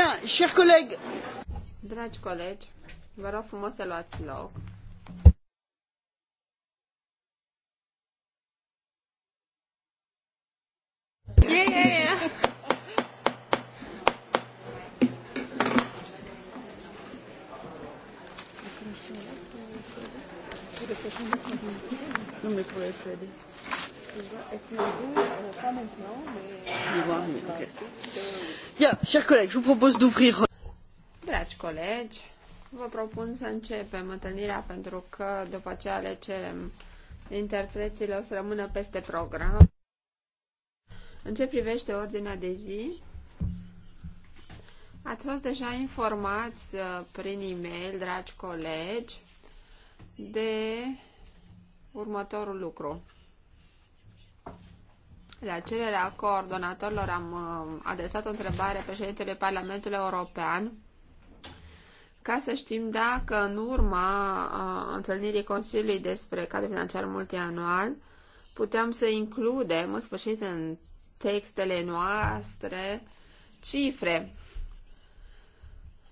Bien, chers collègues. Dragi colegi, vă rog frumos să luați loc. chers collègues, je vous propose d'ouvrir. Dragi colegi, vă propun să începem întâlnirea pentru că după aceea le cerem interpreților o să rămână peste program. În ce privește ordinea de zi, ați fost deja informați uh, prin e-mail, dragi colegi, de următorul lucru. La cererea coordonatorilor am uh, adresat o întrebare președintelui Parlamentului European ca să știm dacă în urma uh, întâlnirii Consiliului despre cadrul financiar multianual putem să includem în sfârșit în textele noastre cifre.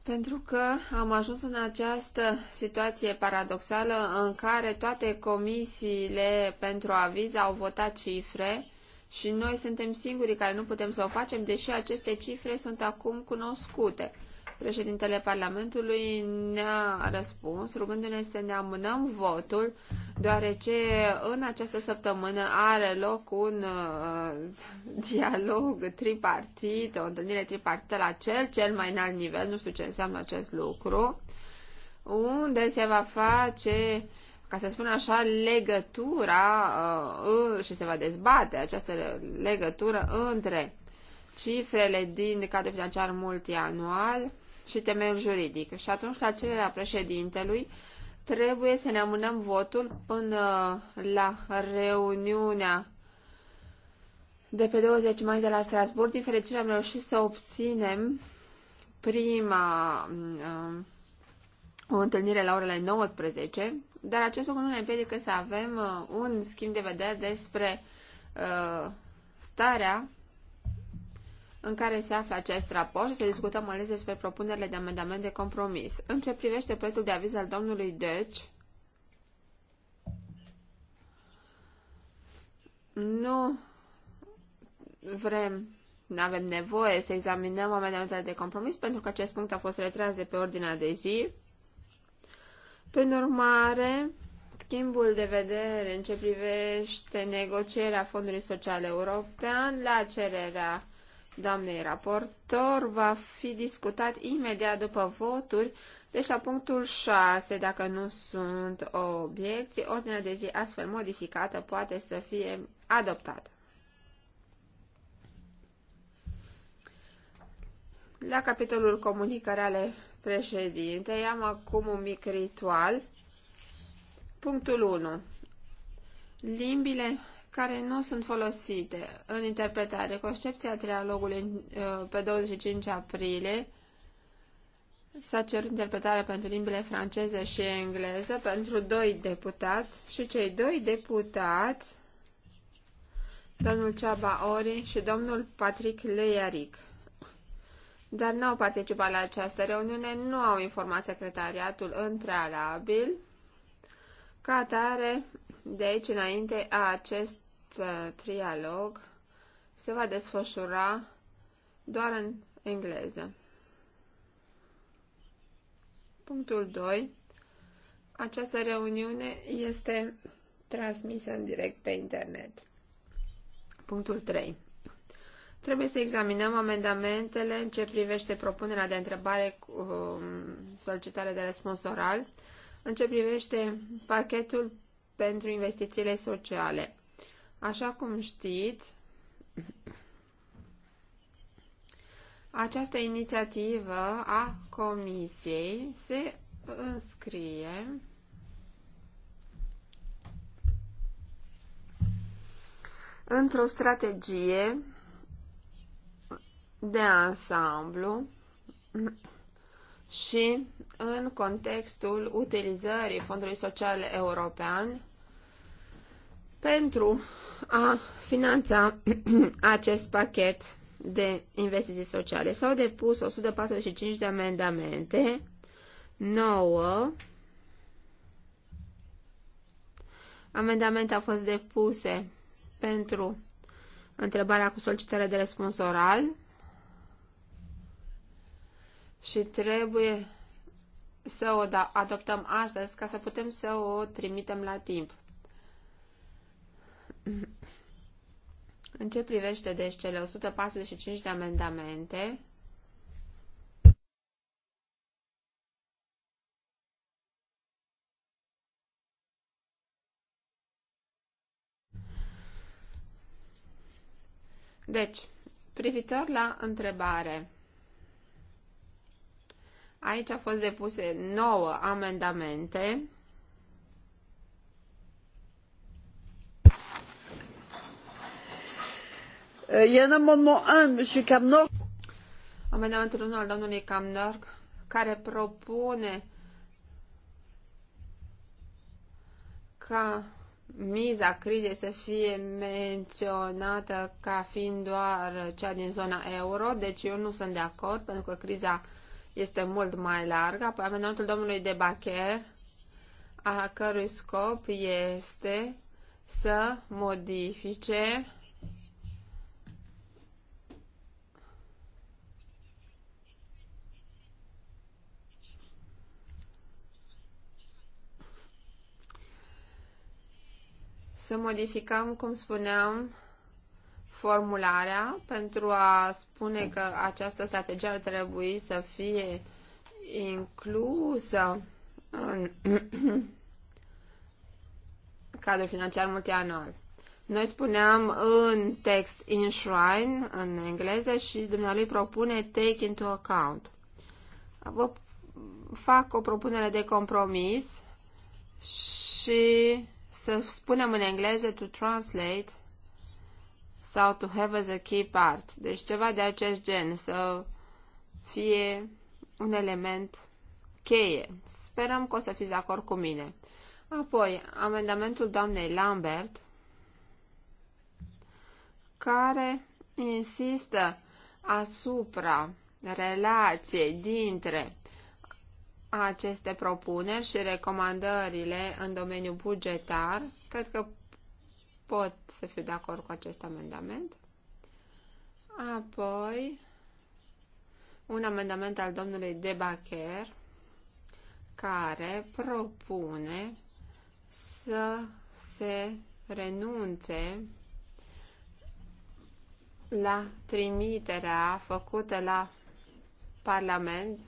Pentru că am ajuns în această situație paradoxală în care toate comisiile pentru aviz au votat cifre și noi suntem singurii care nu putem să o facem, deși aceste cifre sunt acum cunoscute. Președintele Parlamentului ne-a răspuns rugându-ne să ne amânăm votul, deoarece în această săptămână are loc un uh, dialog tripartit, o întâlnire tripartită la cel cel mai înalt nivel, nu știu ce înseamnă acest lucru, unde se va face uh, ca să spun așa, legătura uh, și se va dezbate această legătură între cifrele din cadrul financiar multianual și temeiul juridic. Și atunci, la cererea președintelui, trebuie să ne amânăm votul până la reuniunea de pe 20 mai de la Strasburg. Din fericire, am reușit să obținem prima mm, uh, o întâlnire la orele 19 dar acest lucru nu ne împiedică să avem uh, un schimb de vedere despre uh, starea în care se află acest raport și să discutăm ales despre propunerile de amendament de compromis. În ce privește proiectul de aviz al domnului Deci, nu vrem, nu avem nevoie să examinăm amendamentele de compromis pentru că acest punct a fost retras de pe ordinea de zi. Prin urmare, schimbul de vedere în ce privește negocierea Fondului Social European la cererea doamnei raportor va fi discutat imediat după voturi, deci la punctul 6, dacă nu sunt obiecții, ordinea de zi astfel modificată poate să fie adoptată. La capitolul comunicare ale președinte. Am acum un mic ritual. Punctul 1. Limbile care nu sunt folosite în interpretare, cu excepția trialogului uh, pe 25 aprilie, s-a cerut interpretarea pentru limbile franceză și engleză pentru doi deputați și cei doi deputați, domnul Ceaba Ori și domnul Patrick Leiaric dar n-au participat la această reuniune, nu au informat secretariatul în prealabil. Ca atare, de aici înainte, a acest uh, trialog se va desfășura doar în engleză. Punctul 2. Această reuniune este transmisă în direct pe internet. Punctul 3. Trebuie să examinăm amendamentele în ce privește propunerea de întrebare cu um, solicitare de răspuns oral, în ce privește pachetul pentru investițiile sociale. Așa cum știți, această inițiativă a Comisiei se înscrie într-o strategie de ansamblu și în contextul utilizării Fondului Social European pentru a finanța acest pachet de investiții sociale. S-au depus 145 de amendamente, 9 amendamente au fost depuse pentru întrebarea cu solicitare de răspuns oral, și trebuie să o da, adoptăm astăzi ca să putem să o trimitem la timp. În ce privește deci cele 145 de amendamente, Deci, privitor la întrebare, Aici au fost depuse 9 amendamente. Euh, il y a un amendement 1 M. Camnor. Amendamentul 1 al domnului Camnor care propune ca miza crizei să fie menționată ca fiind doar cea din zona euro, deci eu nu sunt de acord, pentru că criza este mult mai larg. Apoi amendamentul domnului de Bacher, a cărui scop este să modifice să modificăm, cum spuneam, formularea pentru a spune că această strategie ar trebui să fie inclusă în cadrul financiar multianual. Noi spuneam în text enshrine în engleză și dumnealui propune take into account. Vă fac o propunere de compromis și să spunem în engleză to translate sau to have as a key part. Deci ceva de acest gen, să fie un element cheie. Sperăm că o să fiți de acord cu mine. Apoi, amendamentul doamnei Lambert, care insistă asupra relației dintre aceste propuneri și recomandările în domeniul bugetar, cred că pot să fiu de acord cu acest amendament. Apoi, un amendament al domnului Debacher care propune să se renunțe la trimiterea făcută la Parlament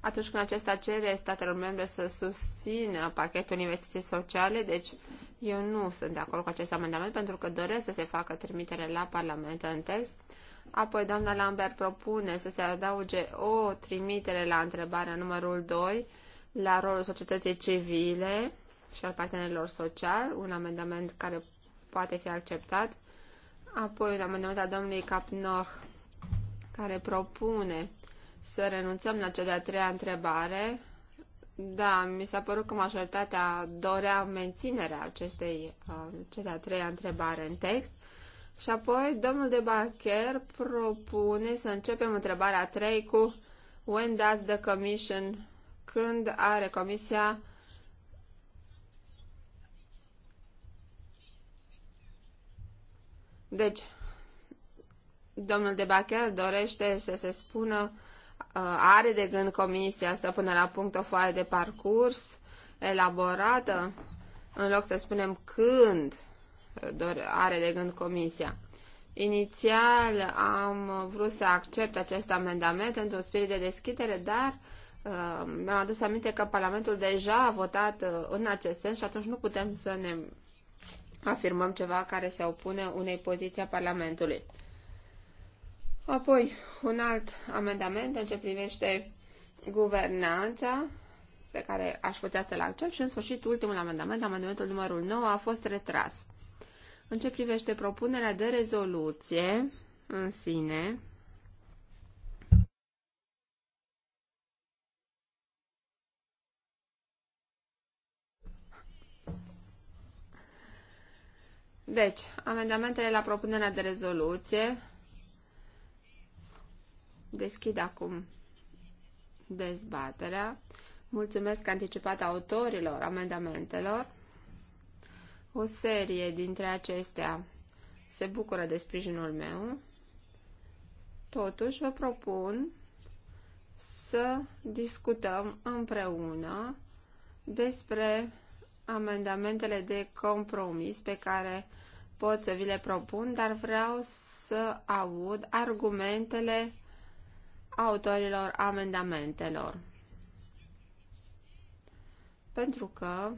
atunci când acesta cere statelor membre să susțină pachetul investiției sociale, deci eu nu sunt de acord cu acest amendament pentru că doresc să se facă trimitere la Parlament în text. Apoi doamna Lambert propune să se adauge o trimitere la întrebarea numărul 2 la rolul societății civile și al partenerilor sociali, un amendament care poate fi acceptat. Apoi un amendament al domnului Capnoch care propune să renunțăm la cea de-a treia întrebare da, mi s-a părut că majoritatea dorea menținerea acestei, uh, cele a treia întrebare în text. Și apoi domnul de Bacher propune să începem întrebarea 3 cu When does the commission, când are comisia Deci, domnul de Bacher dorește să se spună Uh, are de gând comisia să pună la punct o foaie de parcurs elaborată, în loc să spunem când uh, are de gând comisia. Inițial am vrut să accept acest amendament într-un spirit de deschidere, dar uh, mi-am adus aminte că Parlamentul deja a votat uh, în acest sens și atunci nu putem să ne afirmăm ceva care se opune unei poziții a Parlamentului. Apoi, un alt amendament în ce privește guvernanța, pe care aș putea să-l accept și, în sfârșit, ultimul amendament, amendamentul numărul 9, a fost retras. În ce privește propunerea de rezoluție în sine, Deci, amendamentele la propunerea de rezoluție Deschid acum dezbaterea. Mulțumesc anticipat autorilor amendamentelor. O serie dintre acestea se bucură de sprijinul meu. Totuși, vă propun să discutăm împreună despre amendamentele de compromis pe care pot să vi le propun, dar vreau să aud argumentele autorilor amendamentelor. Pentru că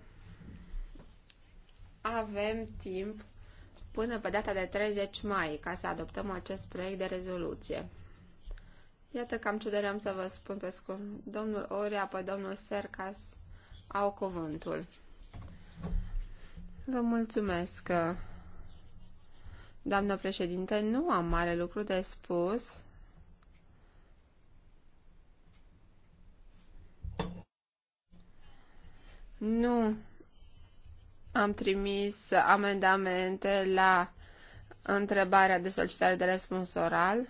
avem timp până pe data de 30 mai ca să adoptăm acest proiect de rezoluție. Iată cam ce doream să vă spun pe scurt. Domnul Oria apoi domnul Sercas au cuvântul. Vă mulțumesc, doamnă președinte. Nu am mare lucru de spus. Nu am trimis amendamente la întrebarea de solicitare de răspuns oral,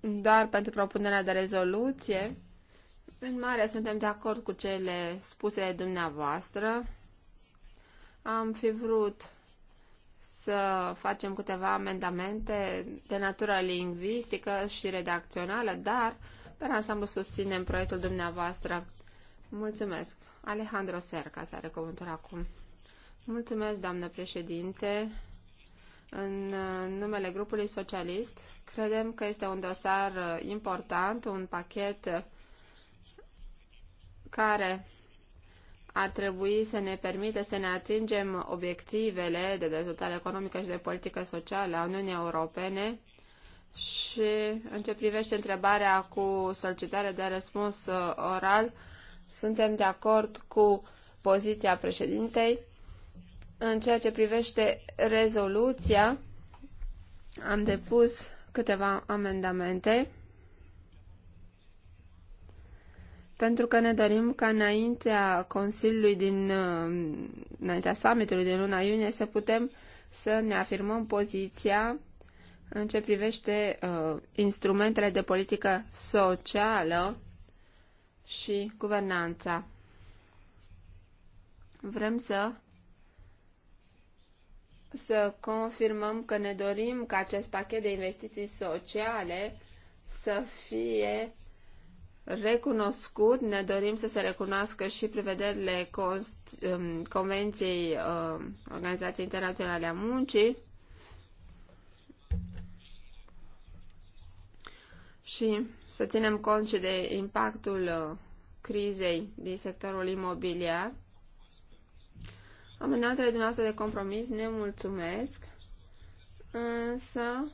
doar pentru propunerea de rezoluție. În mare suntem de acord cu cele spuse de dumneavoastră. Am fi vrut să facem câteva amendamente de natură lingvistică și redacțională, dar pe ansamblu susținem proiectul dumneavoastră. Mulțumesc. Alejandro Serca are cuvântul acum. Mulțumesc, doamnă președinte. În numele grupului socialist, credem că este un dosar uh, important, un pachet uh, care ar trebui să ne permite, să ne atingem obiectivele de dezvoltare economică și de politică socială a Uniunii Europene și în ce privește întrebarea cu solicitare de răspuns uh, oral, suntem de acord cu poziția președintei. În ceea ce privește rezoluția, am depus câteva amendamente pentru că ne dorim ca înaintea Consiliului din, uh, înaintea summitului din luna iunie să putem să ne afirmăm poziția în ce privește uh, instrumentele de politică socială și guvernanța. Vrem să să confirmăm că ne dorim ca acest pachet de investiții sociale să fie recunoscut, ne dorim să se recunoască și prevederile um, Convenției um, Organizației Internaționale a Muncii și să ținem cont și de impactul uh, crizei din sectorul imobiliar. Amendamentele dumneavoastră de compromis ne mulțumesc, însă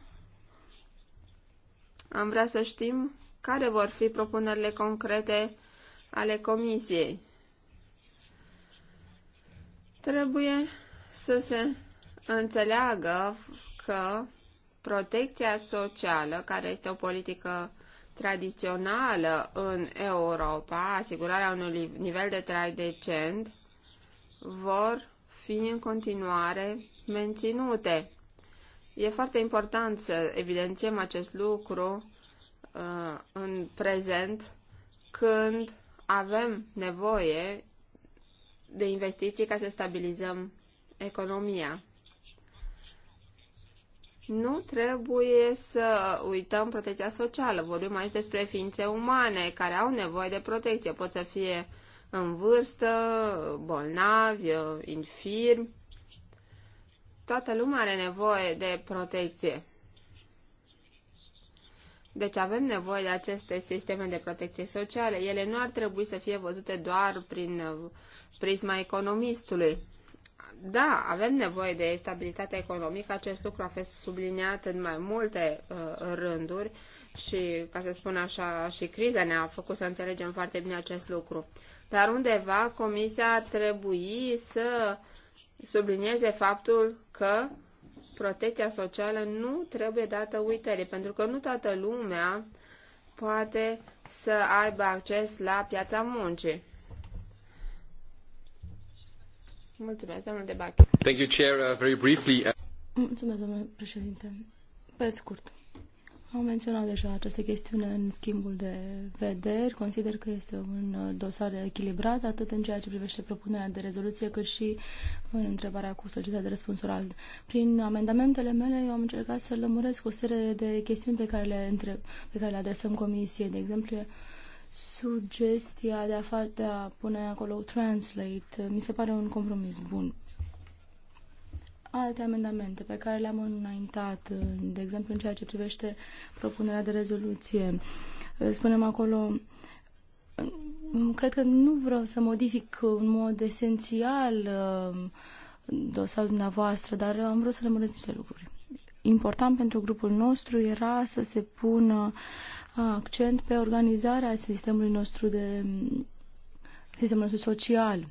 am vrea să știm care vor fi propunerile concrete ale comisiei. Trebuie să se înțeleagă că protecția socială, care este o politică tradițională în Europa, asigurarea unui nivel de trai decent, vor fi în continuare menținute. E foarte important să evidențiem acest lucru uh, în prezent când avem nevoie de investiții ca să stabilizăm economia. Nu trebuie să uităm protecția socială. Vorbim aici despre ființe umane care au nevoie de protecție. Pot să fie în vârstă, bolnavi, infirmi. Toată lumea are nevoie de protecție. Deci avem nevoie de aceste sisteme de protecție sociale. Ele nu ar trebui să fie văzute doar prin prisma economistului da, avem nevoie de stabilitate economică, acest lucru a fost subliniat în mai multe uh, rânduri și, ca să spun așa, și criza ne-a făcut să înțelegem foarte bine acest lucru. Dar undeva Comisia ar trebui să sublinieze faptul că protecția socială nu trebuie dată uitării, pentru că nu toată lumea poate să aibă acces la piața muncii. Mulțumesc, Thank you, Chair. Uh, very briefly. Uh, Mulțumesc, domnule președinte. Pe scurt. Am menționat deja această chestiune în schimbul de vederi. Consider că este un uh, dosar echilibrat, atât în ceea ce privește propunerea de rezoluție, cât și în întrebarea cu societatea de răspuns oral. Prin amendamentele mele, eu am încercat să lămuresc o serie de chestiuni pe care le, între... pe care le adresăm comisiei. De exemplu, sugestia de a, face, de a pune acolo translate. Mi se pare un compromis bun. Alte amendamente pe care le-am înaintat, de exemplu în ceea ce privește propunerea de rezoluție, spunem acolo, cred că nu vreau să modific în mod esențial uh, dosarul dumneavoastră, dar am vrut să lămuresc niște lucruri. Important pentru grupul nostru era să se pună uh, accent pe organizarea sistemului nostru de sistemul nostru social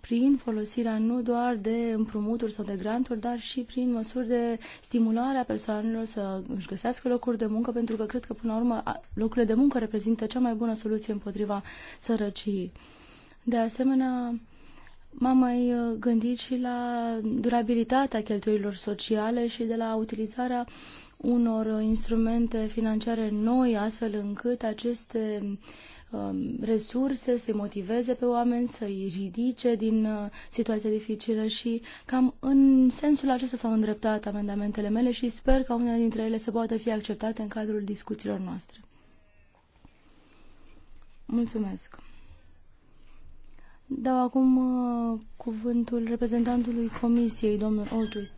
prin folosirea nu doar de împrumuturi sau de granturi, dar și prin măsuri de stimulare a persoanelor să își găsească locuri de muncă, pentru că cred că, până la urmă, locurile de muncă reprezintă cea mai bună soluție împotriva sărăciei. De asemenea, m-am mai uh, gândit și la durabilitatea cheltuielilor sociale și de la utilizarea unor instrumente financiare noi, astfel încât aceste um, resurse să-i motiveze pe oameni, să-i ridice din uh, situația dificilă și cam în sensul acesta s-au îndreptat amendamentele mele și sper ca unele dintre ele să poată fi acceptate în cadrul discuțiilor noastre. Mulțumesc! Dau acum uh, cuvântul reprezentantului Comisiei, domnul Oltwist.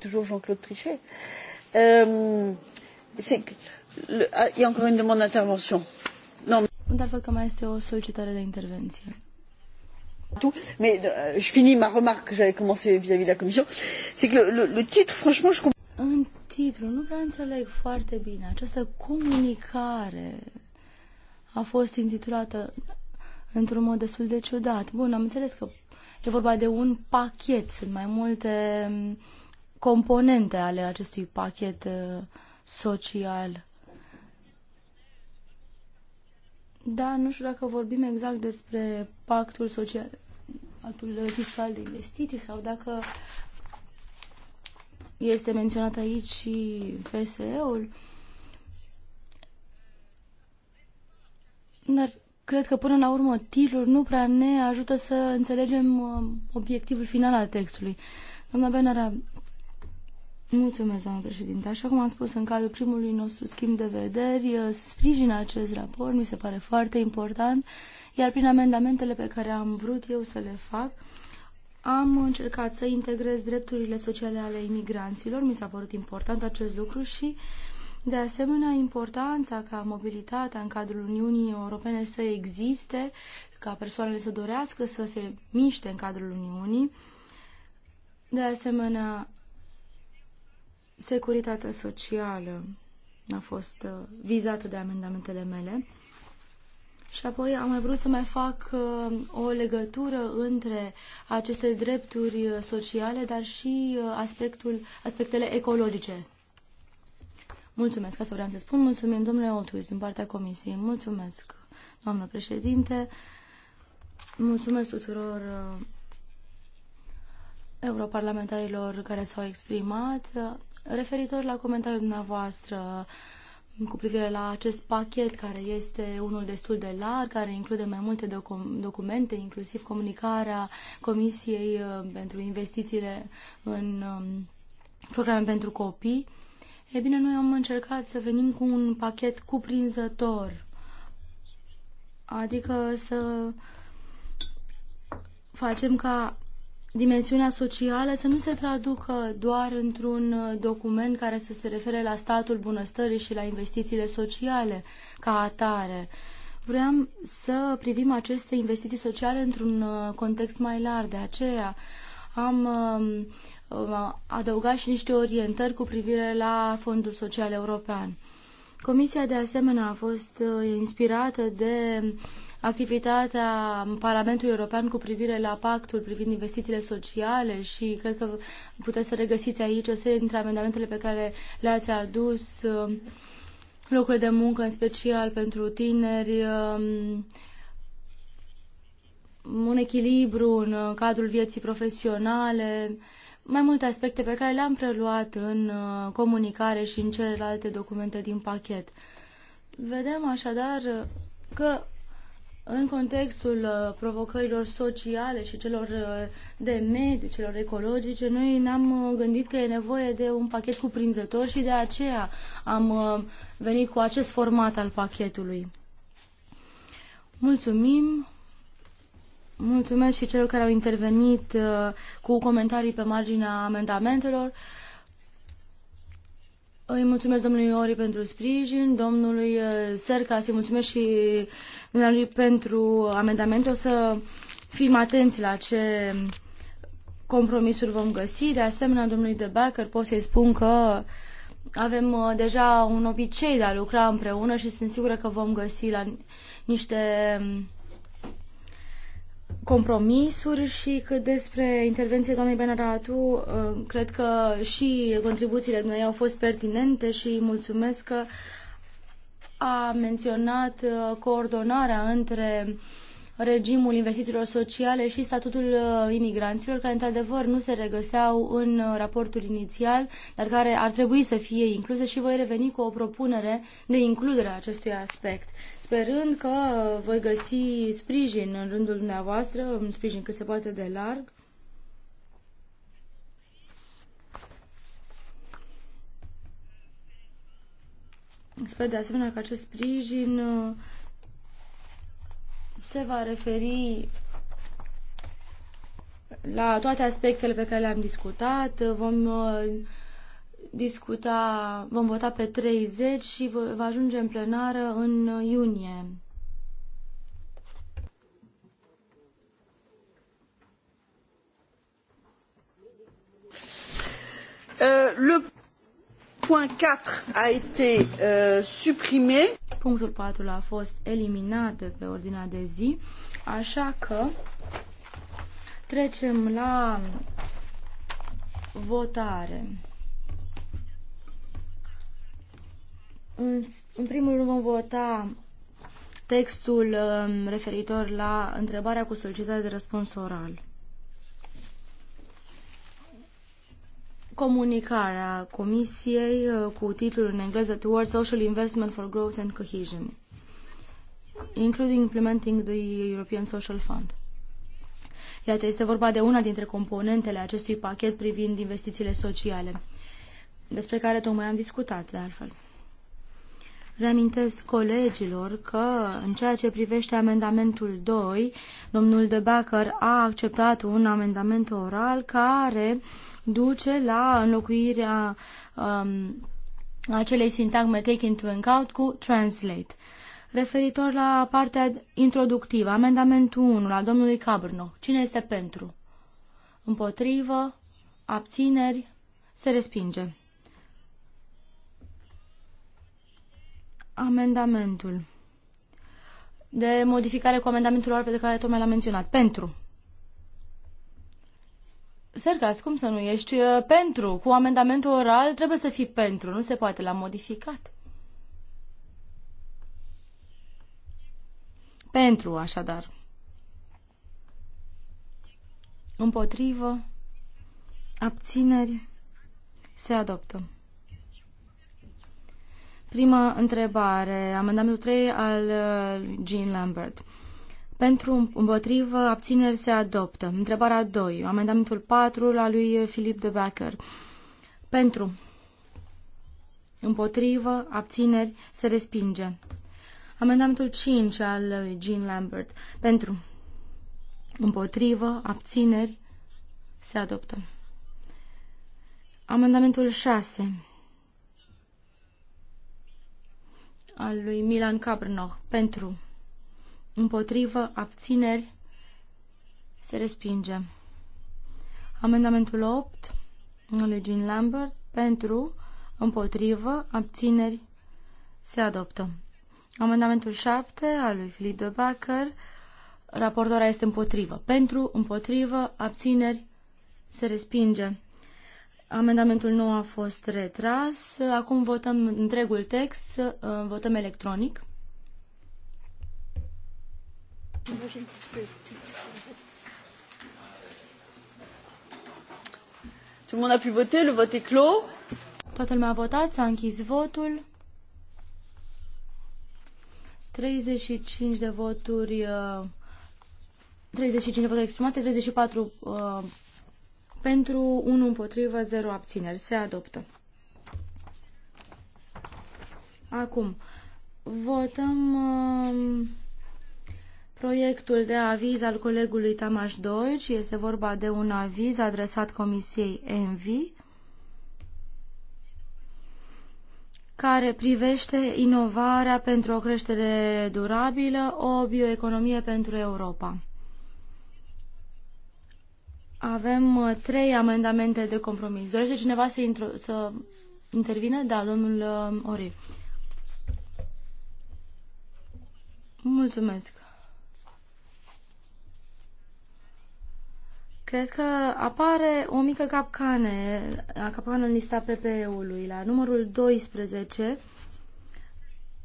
Toujours Jean-Claude Trichet. Ehm, e encore une demande d'intervention. Non. Dar văd că mai este o solicitare de intervenție. Tout, mais euh, je finis ma remarque que j'avais commencé vis-à-vis -vis de la Commission. C'est que le, le, le titre, franchement, je comprends. În titlu, nu prea înțeleg foarte bine. Această comunicare a fost intitulată într-un mod destul de ciudat. Bun, am înțeles că e vorba de un pachet, sunt mai multe uh, componente ale acestui pachet uh, social. Da, nu știu dacă vorbim exact despre pactul social, pactul fiscal de investiții sau dacă este menționat aici și FSE-ul. Dar cred că până la urmă titlul nu prea ne ajută să înțelegem uh, obiectivul final al textului. Doamna Benara Mulțumesc, doamnă președinte. Așa cum am spus în cadrul primului nostru schimb de vederi, uh, sprijin acest raport, mi se pare foarte important, iar prin amendamentele pe care am vrut eu să le fac, am încercat să integrez drepturile sociale ale imigranților, mi s-a părut important acest lucru și, de asemenea, importanța ca mobilitatea în cadrul Uniunii Europene să existe, ca persoanele să dorească să se miște în cadrul Uniunii, de asemenea, Securitatea socială a fost uh, vizată de amendamentele mele. Și apoi am mai vrut să mai fac uh, o legătură între aceste drepturi uh, sociale, dar și aspectul, aspectele ecologice. Mulțumesc, asta vreau să spun. Mulțumim, domnule Oltuis, din partea Comisiei. Mulțumesc, doamnă președinte. Mulțumesc tuturor europarlamentarilor care s-au exprimat. Referitor la comentariul dumneavoastră mm, cu privire la acest pachet care este unul destul de larg, care include mai multe docu- documente, inclusiv comunicarea Comisiei uh, pentru investițiile în um, programe pentru copii, e bine, noi am încercat să venim cu un pachet cuprinzător, adică să facem ca dimensiunea socială să nu se traducă doar într-un uh, document care să se refere la statul bunăstării și la investițiile sociale ca atare. Vreau să privim aceste investiții sociale într-un uh, context mai larg, de aceea am um, uh, adăugat și niște orientări cu privire la Fondul Social European. Comisia de asemenea a fost inspirată de uh, activitatea Parlamentului European cu privire la pactul privind investițiile sociale și cred că puteți să regăsiți aici o serie dintre amendamentele pe care le-ați adus, uh, locuri de muncă în special pentru tineri, um, un echilibru în uh, cadrul vieții profesionale, mai multe aspecte pe care le-am preluat în uh, comunicare și în celelalte documente din pachet. Vedem așadar că în contextul uh, provocărilor sociale și celor uh, de mediu, celor ecologice, noi ne-am uh, gândit că e nevoie de un pachet cuprinzător și de aceea am venit cu acest format al pachetului. Mulțumim! Mulțumesc și celor care au intervenit cu comentarii pe marginea amendamentelor. Îi mulțumesc domnului Ori pentru sprijin, domnului uh, Serca îi mulțumesc și domnului pentru amendamente. O să fim atenți la ce compromisuri vom găsi. De asemenea, domnului De Becker pot să-i spun că avem uh, deja un obicei de a lucra împreună și sunt sigură că vom găsi la niște um, compromisuri și cât despre intervenția doamnei Benaratu, uh, cred că și contribuțiile dumneavoastră au fost pertinente și mulțumesc că a menționat uh, coordonarea între regimul investițiilor sociale și statutul uh, imigranților, care într-adevăr nu se regăseau în raportul inițial, dar care ar trebui să fie incluse și voi reveni cu o propunere de includere a acestui aspect sperând că voi găsi sprijin în rândul dumneavoastră, un sprijin cât se poate de larg. Sper de asemenea că acest sprijin uh, se va referi la toate aspectele pe care le-am discutat. Vom uh, discuta, vom vota pe 30 și va ajunge în plenară în iunie. Uh, le point 4 a été uh, supprimé. Punctul 4 a fost eliminat pe ordinea de zi, așa că trecem la votare. În, în primul rând vom vota textul um, referitor la întrebarea cu solicitare de răspuns oral. Comunicarea Comisiei uh, cu titlul în engleză Towards Social Investment for Growth and Cohesion, including implementing the European Social Fund. Iată, este vorba de una dintre componentele acestui pachet privind investițiile sociale, despre care tocmai am discutat, de altfel. Reamintesc colegilor că, în ceea ce privește amendamentul 2, domnul De Bacăr a acceptat un amendament oral care duce la înlocuirea um, acelei sintagme take into account cu translate. Referitor la partea introductivă, amendamentul 1 la domnului Cabrno. Cine este pentru? Împotrivă? Abțineri? Se respinge. amendamentul de modificare cu amendamentul oral pe care tocmai l-am menționat. Pentru. Sergas, cum să nu ești uh, pentru? Cu amendamentul oral trebuie să fii pentru. Nu se poate. L-am modificat. Pentru, așadar. Împotrivă. Abțineri. Se adoptă. Prima întrebare, amendamentul 3 al uh, Jean Lambert. Pentru împotrivă, abțineri se adoptă. Întrebarea 2, amendamentul 4 al lui Philip de Becker. Pentru împotrivă, abțineri se respinge. Amendamentul 5 al lui Jean Lambert. Pentru împotrivă, abțineri se adoptă. Amendamentul 6 al lui Milan Cabrnoch pentru împotrivă abțineri se respinge. Amendamentul 8 al lui Jean Lambert pentru împotrivă abțineri se adoptă. Amendamentul 7 al lui Philip de Bacher raportora este împotrivă. Pentru împotrivă abțineri se respinge. Amendamentul nu a fost retras. Acum votăm întregul text, uh, votăm electronic. Tout le monde a pu voter, le vote est clos. Toată lumea a votat, s-a închis votul. 35 de voturi 35 uh, de voturi exprimate, 34 uh, pentru 1 împotrivă, 0 abțineri. Se adoptă. Acum, votăm uh, proiectul de aviz al colegului Tamaș Deutsch. Este vorba de un aviz adresat Comisiei ENVI care privește inovarea pentru o creștere durabilă, o bioeconomie pentru Europa. Avem uh, trei amendamente de compromis. Dorește cineva să, intru, să intervine? Da, domnul uh, Ori. Mulțumesc. Cred că apare o mică capcane, capcană în lista PPE-ului. La numărul 12,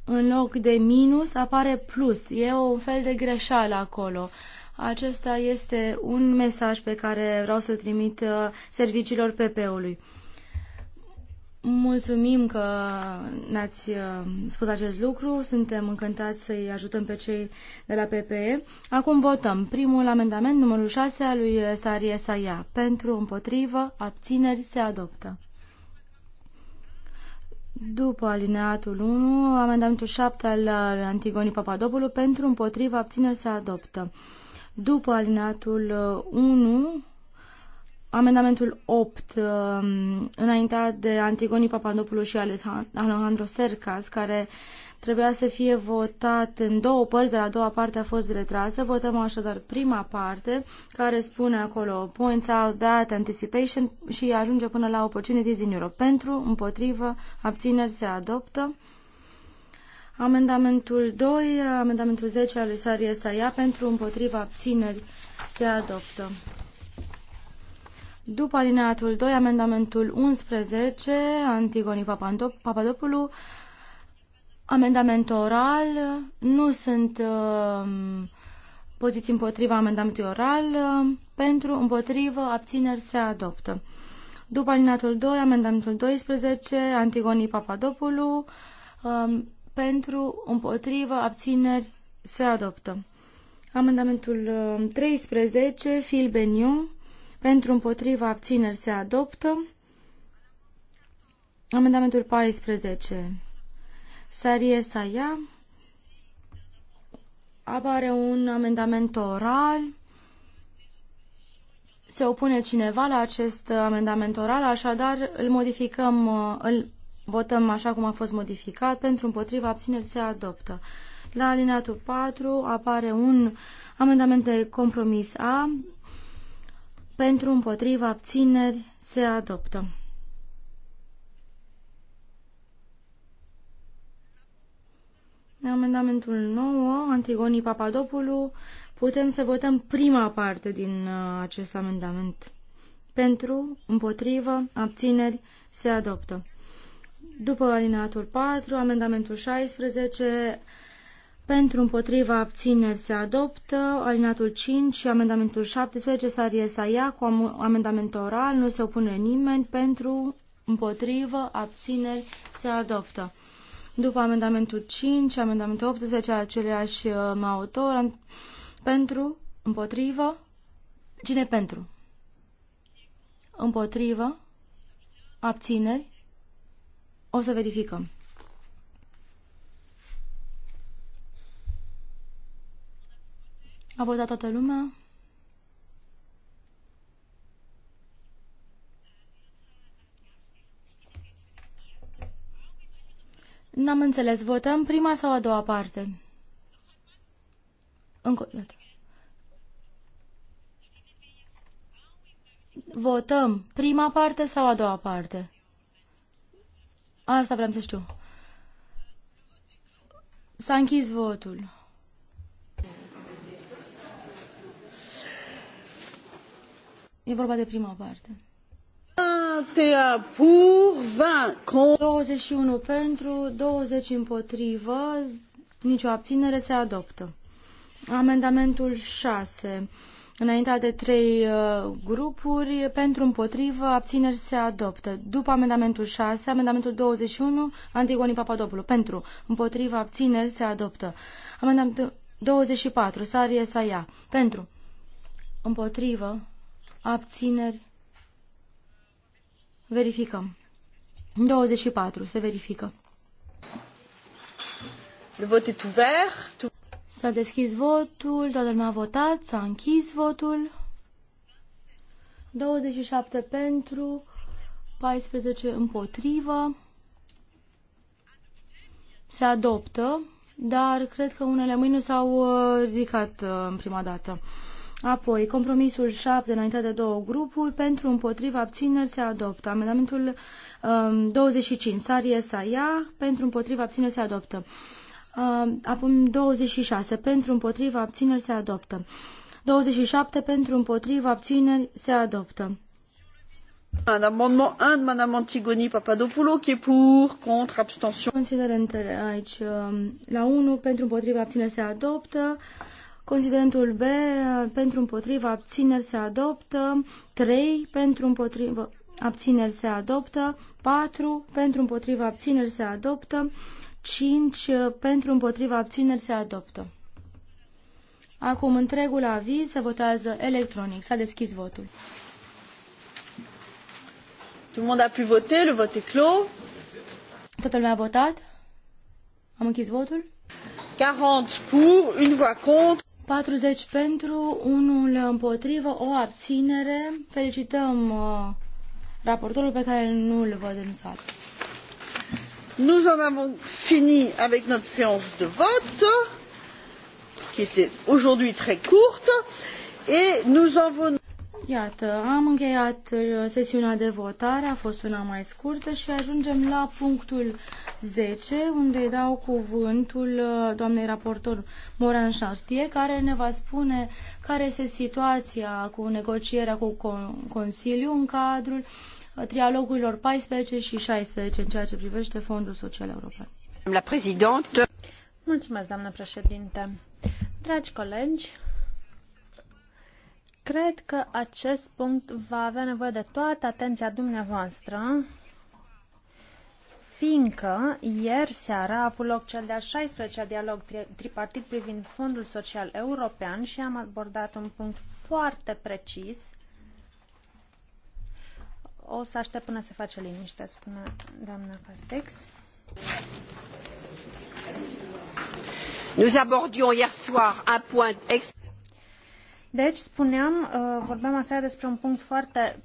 în loc de minus, apare plus. E un fel de greșeală acolo. Acesta este un mesaj pe care vreau să-l trimit uh, serviciilor PP-ului. Mulțumim că ne-ați uh, spus acest lucru. Suntem încântați să-i ajutăm pe cei de la PPE. Acum votăm primul amendament, numărul 6 al lui Sarie Saia. Pentru, împotrivă, abțineri, se adoptă. După alineatul 1, amendamentul 7 al lui Antigonii Papadopoulou, pentru, împotrivă, abțineri, se adoptă. După alineatul 1, uh, amendamentul 8 uh, înaintat de Antigoni Papandopoulos și Alejandro Sercas, care trebuia să fie votat în două părți, dar a doua parte a fost retrasă. Votăm așadar prima parte, care spune acolo points out that anticipation și ajunge până la opportunities in Europe. Pentru, împotrivă, abțineri se adoptă. Amendamentul 2, amendamentul 10 al lui Sarie Saia pentru împotriva abțineri se adoptă. După alineatul 2, amendamentul 11, Antigoni Papadopoulou, amendament oral, nu sunt uh, poziții împotriva amendamentului oral, uh, pentru, împotrivă, abțineri se adoptă. După alineatul 2, amendamentul 12, Antigoni Papadopoulou, um, pentru, împotrivă, abțineri, se adoptă. Amendamentul 13, uh, Beniu pentru, împotrivă, abțineri, se adoptă. Amendamentul 14, Sarie Saia, apare un amendament oral. Se opune cineva la acest amendament oral, așadar îl modificăm, uh, îl Votăm așa cum a fost modificat. Pentru împotriva abțineri se adoptă. La alineatul 4 apare un amendament de compromis A. Pentru împotriva abțineri se adoptă. Amendamentul 9, Antigonii Papadopoulou, putem să votăm prima parte din uh, acest amendament. Pentru, împotrivă, abțineri, se adoptă. După alineatul 4, amendamentul 16, pentru împotriva abțineri se adoptă, alineatul 5 și amendamentul 17, Sarie Saia, cu amendament oral, nu se opune nimeni, pentru împotrivă abțineri se adoptă. După amendamentul 5, amendamentul 18, aceleași uh, autor, pentru împotrivă, cine pentru? Împotrivă, abțineri, o să verificăm. A votat toată lumea? N-am înțeles. Votăm prima sau a doua parte? Încă o dată. Votăm prima parte sau a doua parte? Asta vreau să știu. S-a închis votul. E vorba de prima parte. 21 pentru, 20 împotrivă, nicio abținere se adoptă. Amendamentul 6 înaintea de trei uh, grupuri, pentru împotrivă, abțineri se adoptă. După amendamentul 6, amendamentul 21, Antigoni Papadopoulou, pentru împotrivă, abțineri se adoptă. Amendamentul 24, Sarie Saia, pentru împotrivă, abțineri, verificăm. 24, se verifică. Le vot est ouvert. S-a deschis votul, toată lumea a votat, s-a închis votul. 27 pentru, 14 împotrivă. Se adoptă, dar cred că unele mâini nu s-au uh, ridicat uh, în prima dată. Apoi, compromisul 7 înainte de două grupuri, pentru împotriva abțineri se adoptă. Amendamentul um, 25, Sarie Saia, pentru împotriva abțineri se adoptă. Uh, acum 26 pentru împotriva abțineri se adoptă. 27 pentru împotriva abțineri se adoptă. Un amendement 1 de Madame Antigoni Papadopoulou qui est pour, contre, abstention. Considerentele aici um, la 1 pentru împotriva abțineri se adoptă. Considerentul B uh, pentru împotriva abțineri se adoptă. 3 pentru împotriva abțineri se adoptă. 4 pentru împotriva abțineri se adoptă. 5 pentru împotriva abțineri se adoptă. Acum întregul aviz se votează electronic. S-a deschis votul. Tout le monde a pu voter, le vote est clos. Toată lumea a votat? Am închis votul? 40 pour, une voix contre. 40 pentru, unul împotrivă, o abținere. Felicităm uh, raportorul pe care nu-l văd în sală nous en avons fini avec notre séance de vote qui était aujourd'hui très courte et nous en venons Iată, am încheiat uh, sesiunea de votare, a fost una mai scurtă și ajungem la punctul 10, unde îi dau cuvântul uh, doamnei raportor Moran Chartier, care ne va spune care este situația cu negocierea cu Consiliul în cadrul trialogurilor 14 și 16 în ceea ce privește Fondul Social European. La președinte. Mulțumesc, doamnă președinte. Dragi colegi, cred că acest punct va avea nevoie de toată atenția dumneavoastră, fiindcă ieri seara a avut loc cel de a 16-a dialog tripartit privind Fondul Social European și am abordat un punct foarte precis o să aștept până se face liniște, spune doamna Castex. Nous abordions hier soir un point ex... Deci, spuneam, uh, vorbeam aseară despre un punct foarte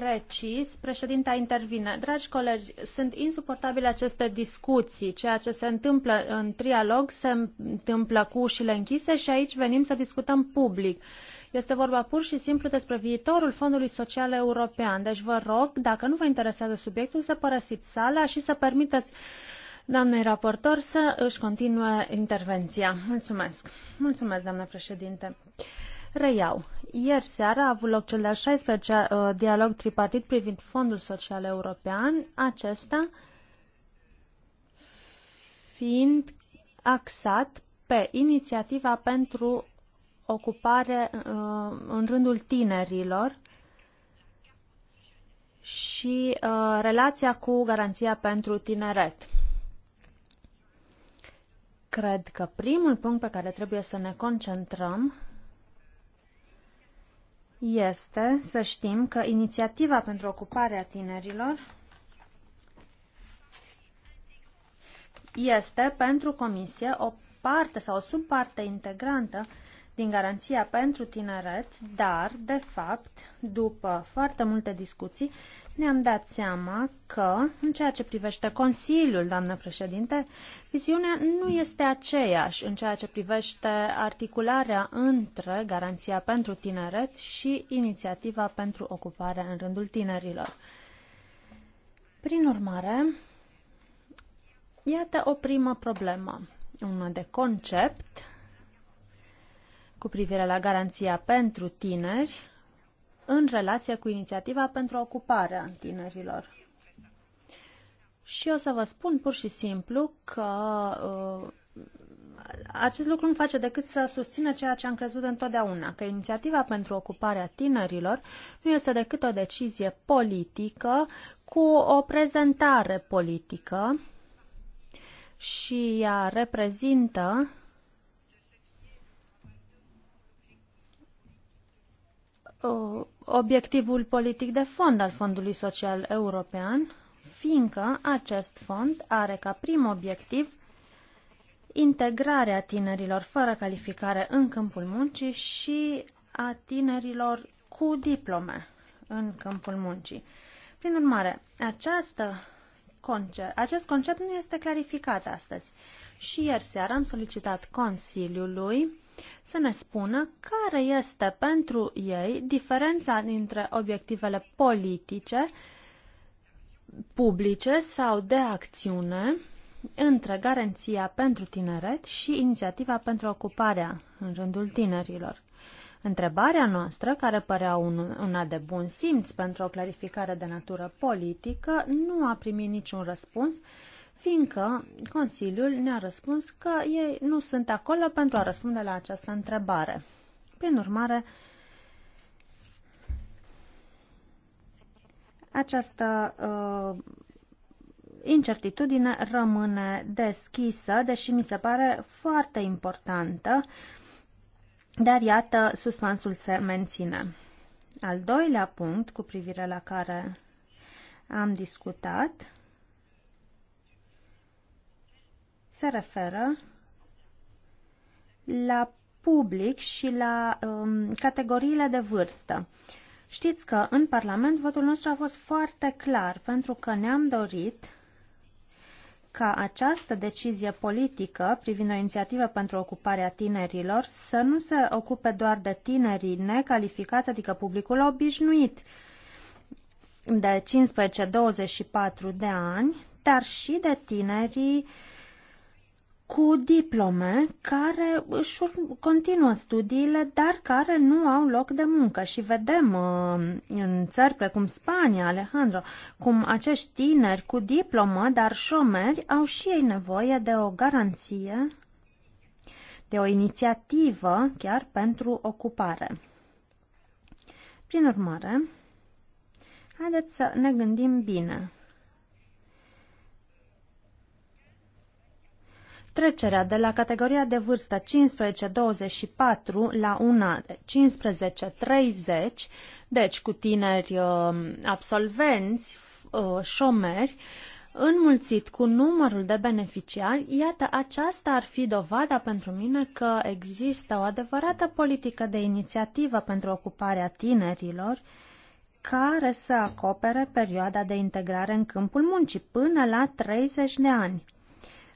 precis, președinta intervine. Dragi colegi, sunt insuportabile aceste discuții. Ceea ce se întâmplă în trialog se întâmplă cu ușile închise și aici venim să discutăm public. Este vorba pur și simplu despre viitorul Fondului Social European. Deci vă rog, dacă nu vă interesează subiectul, să părăsiți sala și să permiteți doamnei raportor să își continue intervenția. Mulțumesc. Mulțumesc, doamnă președinte. Uh, Reiau. Ieri seara a avut loc cel de-al 16-a uh, dialog tripartit privind Fondul Social European, acesta fiind axat pe inițiativa pentru ocupare uh, în rândul tinerilor și uh, relația cu garanția pentru tineret. Cred că primul punct pe care trebuie să ne concentrăm este să știm că inițiativa pentru ocuparea tinerilor este pentru Comisie o parte sau o subparte integrantă din garanția pentru tineret, dar, de fapt, după foarte multe discuții, ne-am dat seama că, în ceea ce privește Consiliul, doamnă președinte, viziunea nu este aceeași în ceea ce privește articularea între garanția pentru tineret și inițiativa pentru ocupare în rândul tinerilor. Prin urmare, iată o primă problemă, una de concept cu privire la garanția pentru tineri în relație cu inițiativa pentru ocuparea tinerilor. Și o să vă spun pur și simplu că uh, acest lucru nu face decât să susțină ceea ce am crezut întotdeauna, că inițiativa pentru ocuparea tinerilor nu este decât o decizie politică cu o prezentare politică și ea reprezintă Uh, obiectivul politic de fond al Fondului Social European, fiindcă acest fond are ca prim obiectiv integrarea tinerilor fără calificare în câmpul muncii și a tinerilor cu diplome în câmpul muncii. Prin urmare, această concept, acest concept nu este clarificat astăzi. Și ieri seara am solicitat Consiliului să ne spună care este pentru ei diferența dintre obiectivele politice, publice sau de acțiune între garanția pentru tineret și inițiativa pentru ocuparea în rândul tinerilor. Întrebarea noastră, care părea un, una de bun simț pentru o clarificare de natură politică, nu a primit niciun răspuns fiindcă Consiliul ne-a răspuns că ei nu sunt acolo pentru a răspunde la această întrebare. Prin urmare, această uh, incertitudine rămâne deschisă, deși mi se pare foarte importantă, dar iată, suspansul se menține. Al doilea punct cu privire la care am discutat se referă la public și la um, categoriile de vârstă. Știți că în Parlament votul nostru a fost foarte clar pentru că ne-am dorit ca această decizie politică privind o inițiativă pentru ocuparea tinerilor să nu se ocupe doar de tinerii necalificați, adică publicul obișnuit de 15-24 de ani, dar și de tinerii uh, cu diplome care își continuă studiile, dar care nu au loc de muncă. Și vedem uh, în țări precum Spania, Alejandro, cum acești tineri cu diplomă, dar șomeri, au și ei nevoie de o garanție, de o inițiativă chiar pentru ocupare. Prin urmare, haideți să ne gândim bine trecerea de la categoria de vârstă 15-24 la una 15-30, deci cu tineri uh, absolvenți, uh, șomeri, înmulțit cu numărul de beneficiari, iată, aceasta ar fi dovada pentru mine că există o adevărată politică de inițiativă pentru ocuparea tinerilor, care să acopere perioada de integrare în câmpul muncii până la 30 de ani.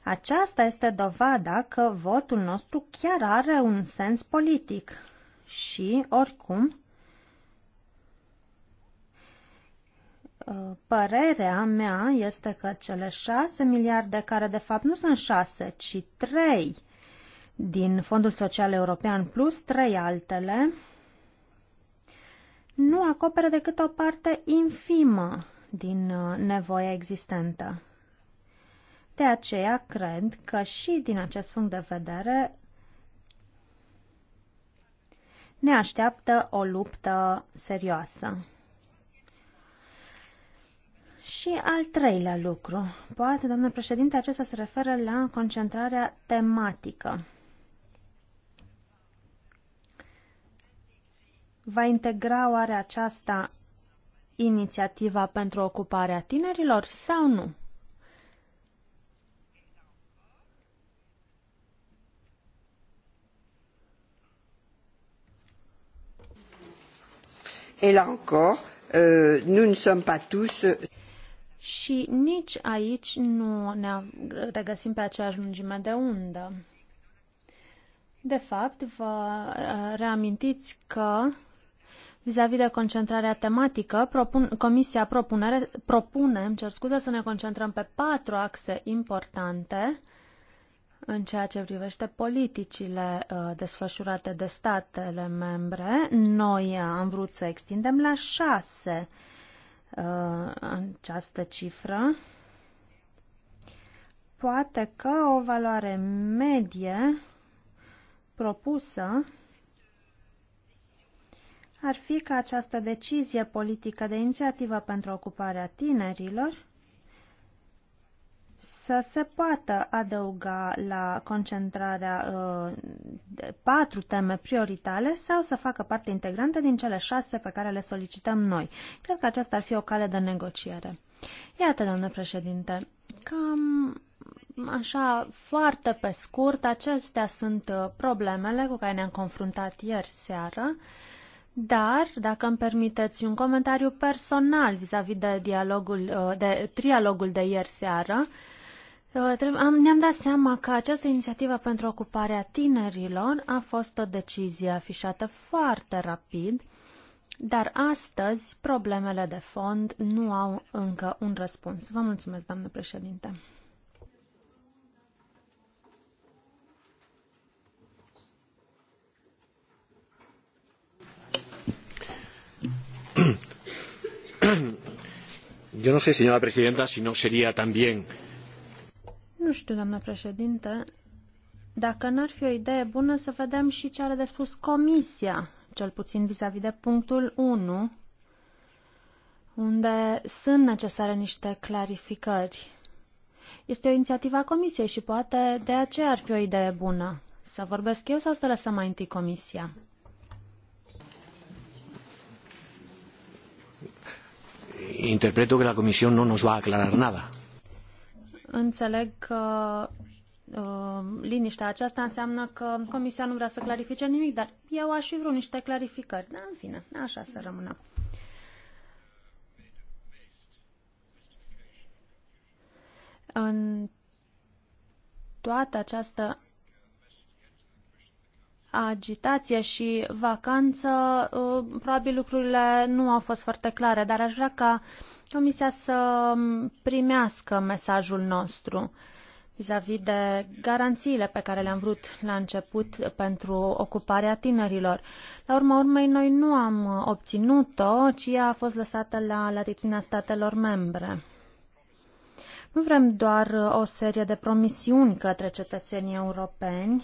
Aceasta este dovada că votul nostru chiar are un sens politic și, oricum, uh, Părerea mea este că cele șase miliarde, care de fapt nu sunt șase, ci trei din Fondul Social European plus trei altele, nu acoperă decât o parte infimă din uh, nevoia existentă. De aceea cred că și din acest punct de vedere ne așteaptă o luptă serioasă. Și al treilea lucru, poate, doamnă președinte, acesta se referă la concentrarea tematică. Va integra oare aceasta inițiativa pentru ocuparea tinerilor sau nu? Et là encore, euh, nous ne sommes pas tous. Euh, Și nici aici nu ne regăsim pe aceeași lungime de undă. De fapt, vă uh, reamintiți că Vis-a-vis -vis de concentrarea tematică, propun, Comisia propune, propune cer scuze, să ne concentrăm pe patru axe importante în ceea ce privește politicile uh, desfășurate de statele membre, noi am vrut să extindem la șase uh, această cifră. Poate că o valoare medie propusă ar fi că această decizie politică de inițiativă pentru ocuparea tinerilor să se poată adăuga la concentrarea uh, de patru teme prioritare sau să facă parte integrantă din cele șase pe care le solicităm noi. Cred că aceasta ar fi o cale de negociere. Iată, domnule președinte, cam așa foarte pe scurt, acestea sunt uh, problemele cu care ne-am confruntat ieri seară. Dar, dacă îmi permiteți un comentariu personal vis-a-vis -vis de, dialogul, uh, de trialogul de ieri seară, uh, Uh, ne-am dat seama că această inițiativă pentru ocuparea tinerilor a fost o decizie afișată foarte rapid, dar astăzi problemele de fond nu au încă un răspuns. Vă mulțumesc, doamnă președinte. Yo no sé, señora presidenta, si no sería también nu știu, doamnă președinte, dacă n-ar fi o idee bună să vedem și ce are de spus Comisia, cel puțin vis-a-vis -vis de punctul 1, unde sunt necesare niște clarificări. Este o inițiativă a Comisiei și poate de aceea ar fi o idee bună. Să vorbesc eu sau să lăsăm mai întâi Comisia? Interpreto că la Comisie nu ne nos va aclara aclarar nada. Înțeleg că uh, liniștea aceasta înseamnă că Comisia nu vrea să clarifice nimic, dar eu aș fi vrut niște clarificări. Da, în fine, așa să rămână. În toată această agitație și vacanță, uh, probabil lucrurile nu au fost foarte clare, dar aș vrea ca uh, Comisia să primească mesajul nostru vis-a-vis -vis de garanțiile pe care le-am vrut la început pentru ocuparea tinerilor. La urma urmei, noi nu am obținut-o, ci ea a fost lăsată la latitudinea statelor membre. Nu vrem doar o serie de promisiuni către cetățenii europeni,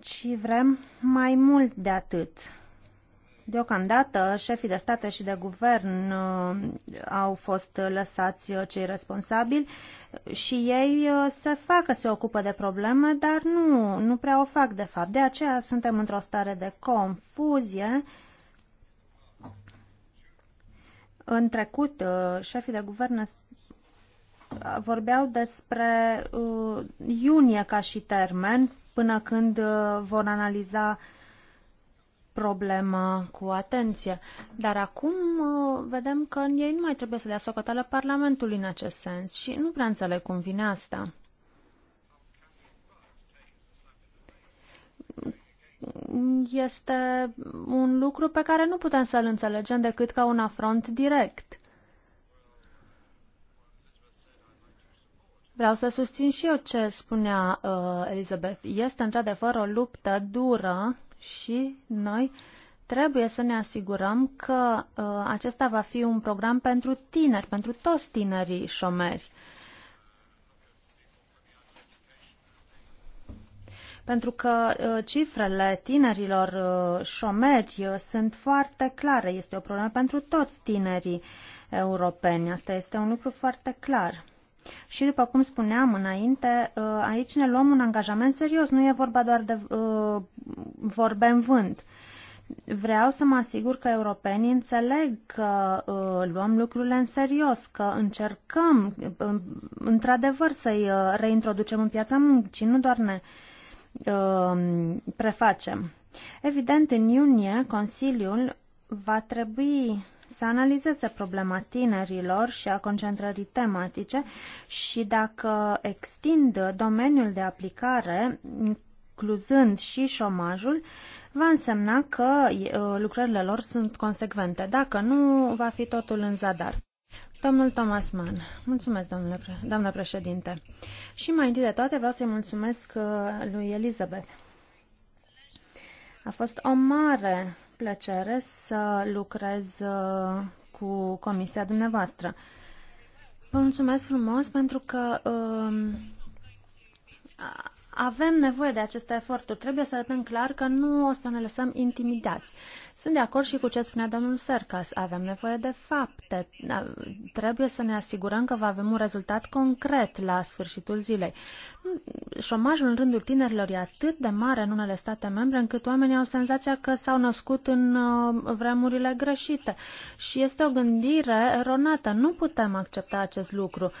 ci vrem mai mult de atât. Deocamdată, șefii de state și de guvern uh, au fost lăsați uh, cei responsabili și ei uh, se facă, se ocupă de probleme, dar nu, nu prea o fac de fapt. De aceea suntem într-o stare de confuzie. În trecut, șefii de guvern vorbeau despre iunie ca și termen, până când vor analiza uh, Problema cu atenție. Dar acum uh, vedem că ei nu mai trebuie să dea socoteală Parlamentului în acest sens și nu prea înțeleg cum vine asta. Este un lucru pe care nu putem să-l înțelegem decât ca un afront direct. Vreau să susțin și eu ce spunea uh, Elizabeth. Este într-adevăr o luptă dură și noi trebuie să ne asigurăm că uh, acesta va fi un program pentru tineri, pentru toți tinerii șomeri. Pentru că uh, cifrele tinerilor uh, șomeri uh, sunt foarte clare. Este o problemă pentru toți tinerii europeni. Asta este un lucru foarte clar. Și, după cum spuneam înainte, uh, aici ne luăm un angajament serios, nu e vorba doar de uh, vorbe în vânt. Vreau să mă asigur că europenii înțeleg că uh, luăm lucrurile în serios, că încercăm uh, într-adevăr să-i uh, reintroducem în piața muncii, nu doar ne uh, prefacem. Evident, în iunie Consiliul va trebui să analizeze problema tinerilor și a concentrării tematice și dacă extind domeniul de aplicare, incluzând și șomajul, va însemna că lucrările lor sunt consecvente. Dacă nu, va fi totul în zadar. Domnul Thomas Mann. Mulțumesc, domnule, doamnă președinte. Și mai întâi de toate vreau să-i mulțumesc uh, lui Elizabeth. A fost o mare plăcere să lucrez uh, cu comisia dumneavoastră. Vă mulțumesc frumos pentru că um, avem nevoie de aceste eforturi. Trebuie să arătăm clar că nu o să ne lăsăm intimidați. Sunt de acord și cu ce spunea domnul Sercas. Avem nevoie de fapte. Da, trebuie să ne asigurăm că va avem un rezultat concret la sfârșitul zilei. Șomajul în rândul tinerilor e atât de mare în unele state membre încât oamenii au senzația că s-au născut în uh, vremurile greșite. Și este o gândire eronată. Nu putem accepta acest lucru.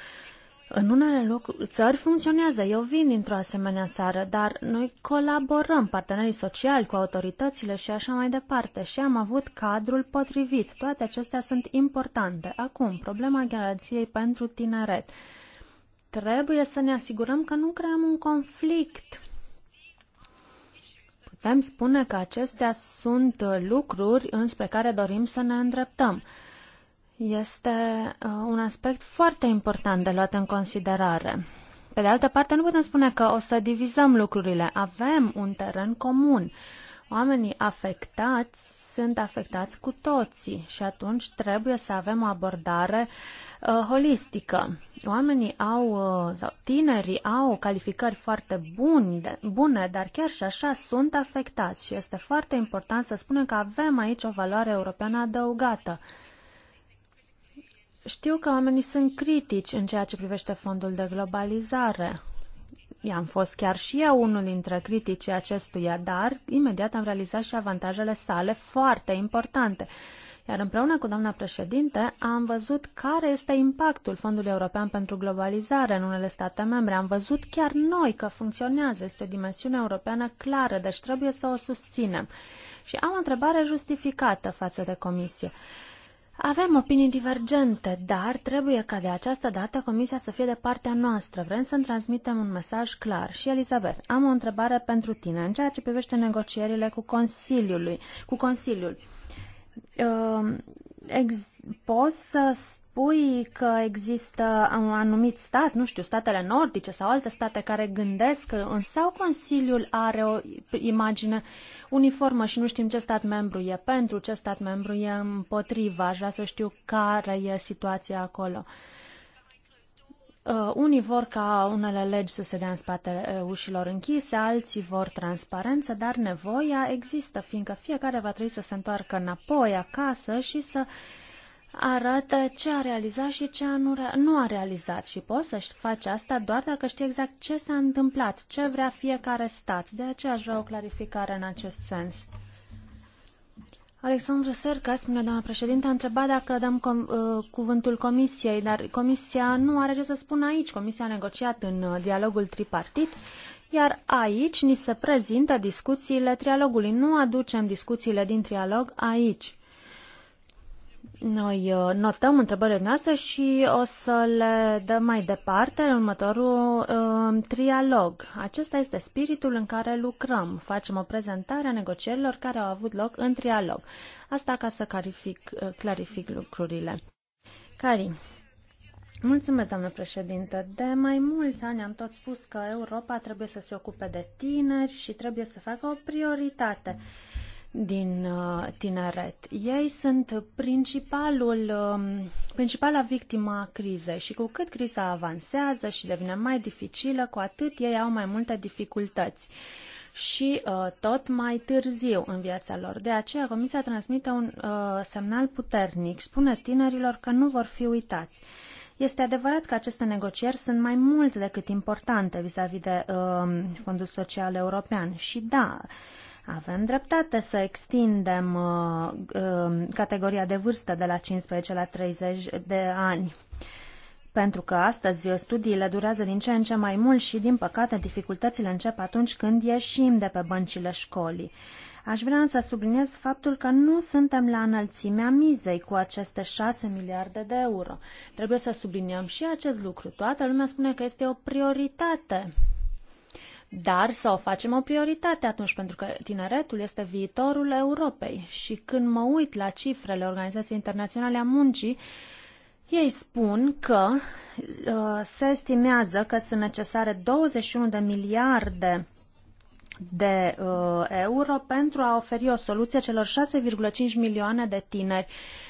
În unele locuri, țări funcționează. Eu vin dintr-o asemenea țară, dar noi colaborăm, partenerii sociali, cu autoritățile și așa mai departe și am avut cadrul potrivit. Toate acestea sunt importante. Acum, problema garanției pentru tineret. Trebuie să ne asigurăm că nu creăm un conflict putem spune că acestea sunt lucruri înspre care dorim să ne îndreptăm este uh, un aspect foarte important de luat în considerare. Pe de altă parte, nu putem spune că o să divizăm lucrurile. Avem un teren comun. Oamenii afectați sunt afectați cu toții și atunci trebuie să avem o abordare uh, holistică. Oamenii au, uh, sau tinerii au calificări foarte bune, bune, dar chiar și așa sunt afectați și este foarte important să spunem că avem aici o valoare europeană adăugată. Uh, știu că oamenii sunt critici în ceea ce privește fondul de globalizare. I-am fost chiar și eu unul dintre criticii acestuia, dar imediat am realizat și avantajele sale foarte importante. Iar împreună cu doamna președinte am văzut care este impactul Fondului European pentru Globalizare în unele state membre. Am văzut chiar noi că funcționează, este o dimensiune europeană clară, deci trebuie să o susținem. Și am o întrebare justificată față de comisie. Avem opinii divergente, dar trebuie ca de această dată Comisia să fie de partea noastră. Vrem să-mi transmitem un mesaj clar. Și, Elisabeth, am o întrebare pentru tine în ceea ce privește negocierile cu Consiliul. Cu Consiliul. Uh, ex- poți să spui că există un anumit stat, nu știu, statele nordice sau alte state care gândesc în sau Consiliul are o imagine uniformă și nu știm ce stat membru e pentru, ce stat membru e împotriva. Aș vrea să știu care e situația acolo. Uh, unii vor ca unele legi să se dea în spatele uh, ușilor închise, alții vor transparență, dar nevoia există, fiindcă fiecare va trebui să se întoarcă înapoi acasă și să uh, arată ce a realizat și ce a nu, nu a realizat și poți să faci asta doar dacă știi exact ce s-a întâmplat, ce vrea fiecare stat. De aceea aș vrea o clarificare în acest sens. Alexandru Serca, spune doamna președinte, a întrebat dacă dăm com, uh, cuvântul comisiei, dar comisia nu are ce să spună aici. Comisia a negociat în uh, dialogul tripartit, iar aici ni se prezintă discuțiile trialogului. Nu aducem discuțiile din trialog aici. Noi uh, notăm întrebările noastre și o să le dăm mai departe în următorul um, trialog. Acesta este spiritul în care lucrăm. Facem o prezentare a negocierilor care au avut loc în trialog. Asta ca să clarific, uh, clarific lucrurile. Cari, Mulțumesc, doamnă președinte. De mai mulți ani am tot spus că Europa trebuie să se ocupe de tineri și trebuie să facă o prioritate. Mm din uh, tineret. Ei sunt principalul, um, principala victima a crizei și cu cât criza avansează și devine mai dificilă, cu atât ei au mai multe dificultăți și uh, tot mai târziu în viața lor. De aceea, Comisia transmite un uh, semnal puternic, spune tinerilor că nu vor fi uitați. Este adevărat că aceste negocieri sunt mai mult decât importante vis-a-vis -vis de uh, Fondul Social European și da, uh, avem dreptate să extindem uh, uh, categoria de vârstă de la 15 la 30 de ani. Pentru că astăzi studiile durează din ce în ce mai mult și, din păcate, dificultățile încep atunci când ieșim de pe băncile școlii. Aș vrea să subliniez faptul că nu suntem la înălțimea mizei cu aceste 6 miliarde de euro. Trebuie să subliniem și acest lucru. Toată lumea spune că este o prioritate dar să o facem o prioritate atunci, pentru că tineretul este viitorul Europei. Și când mă uit la cifrele Organizației Internaționale a Muncii, ei spun că uh, se estimează că sunt necesare 21 de miliarde de uh, euro pentru a oferi o soluție celor 6,5 milioane de tineri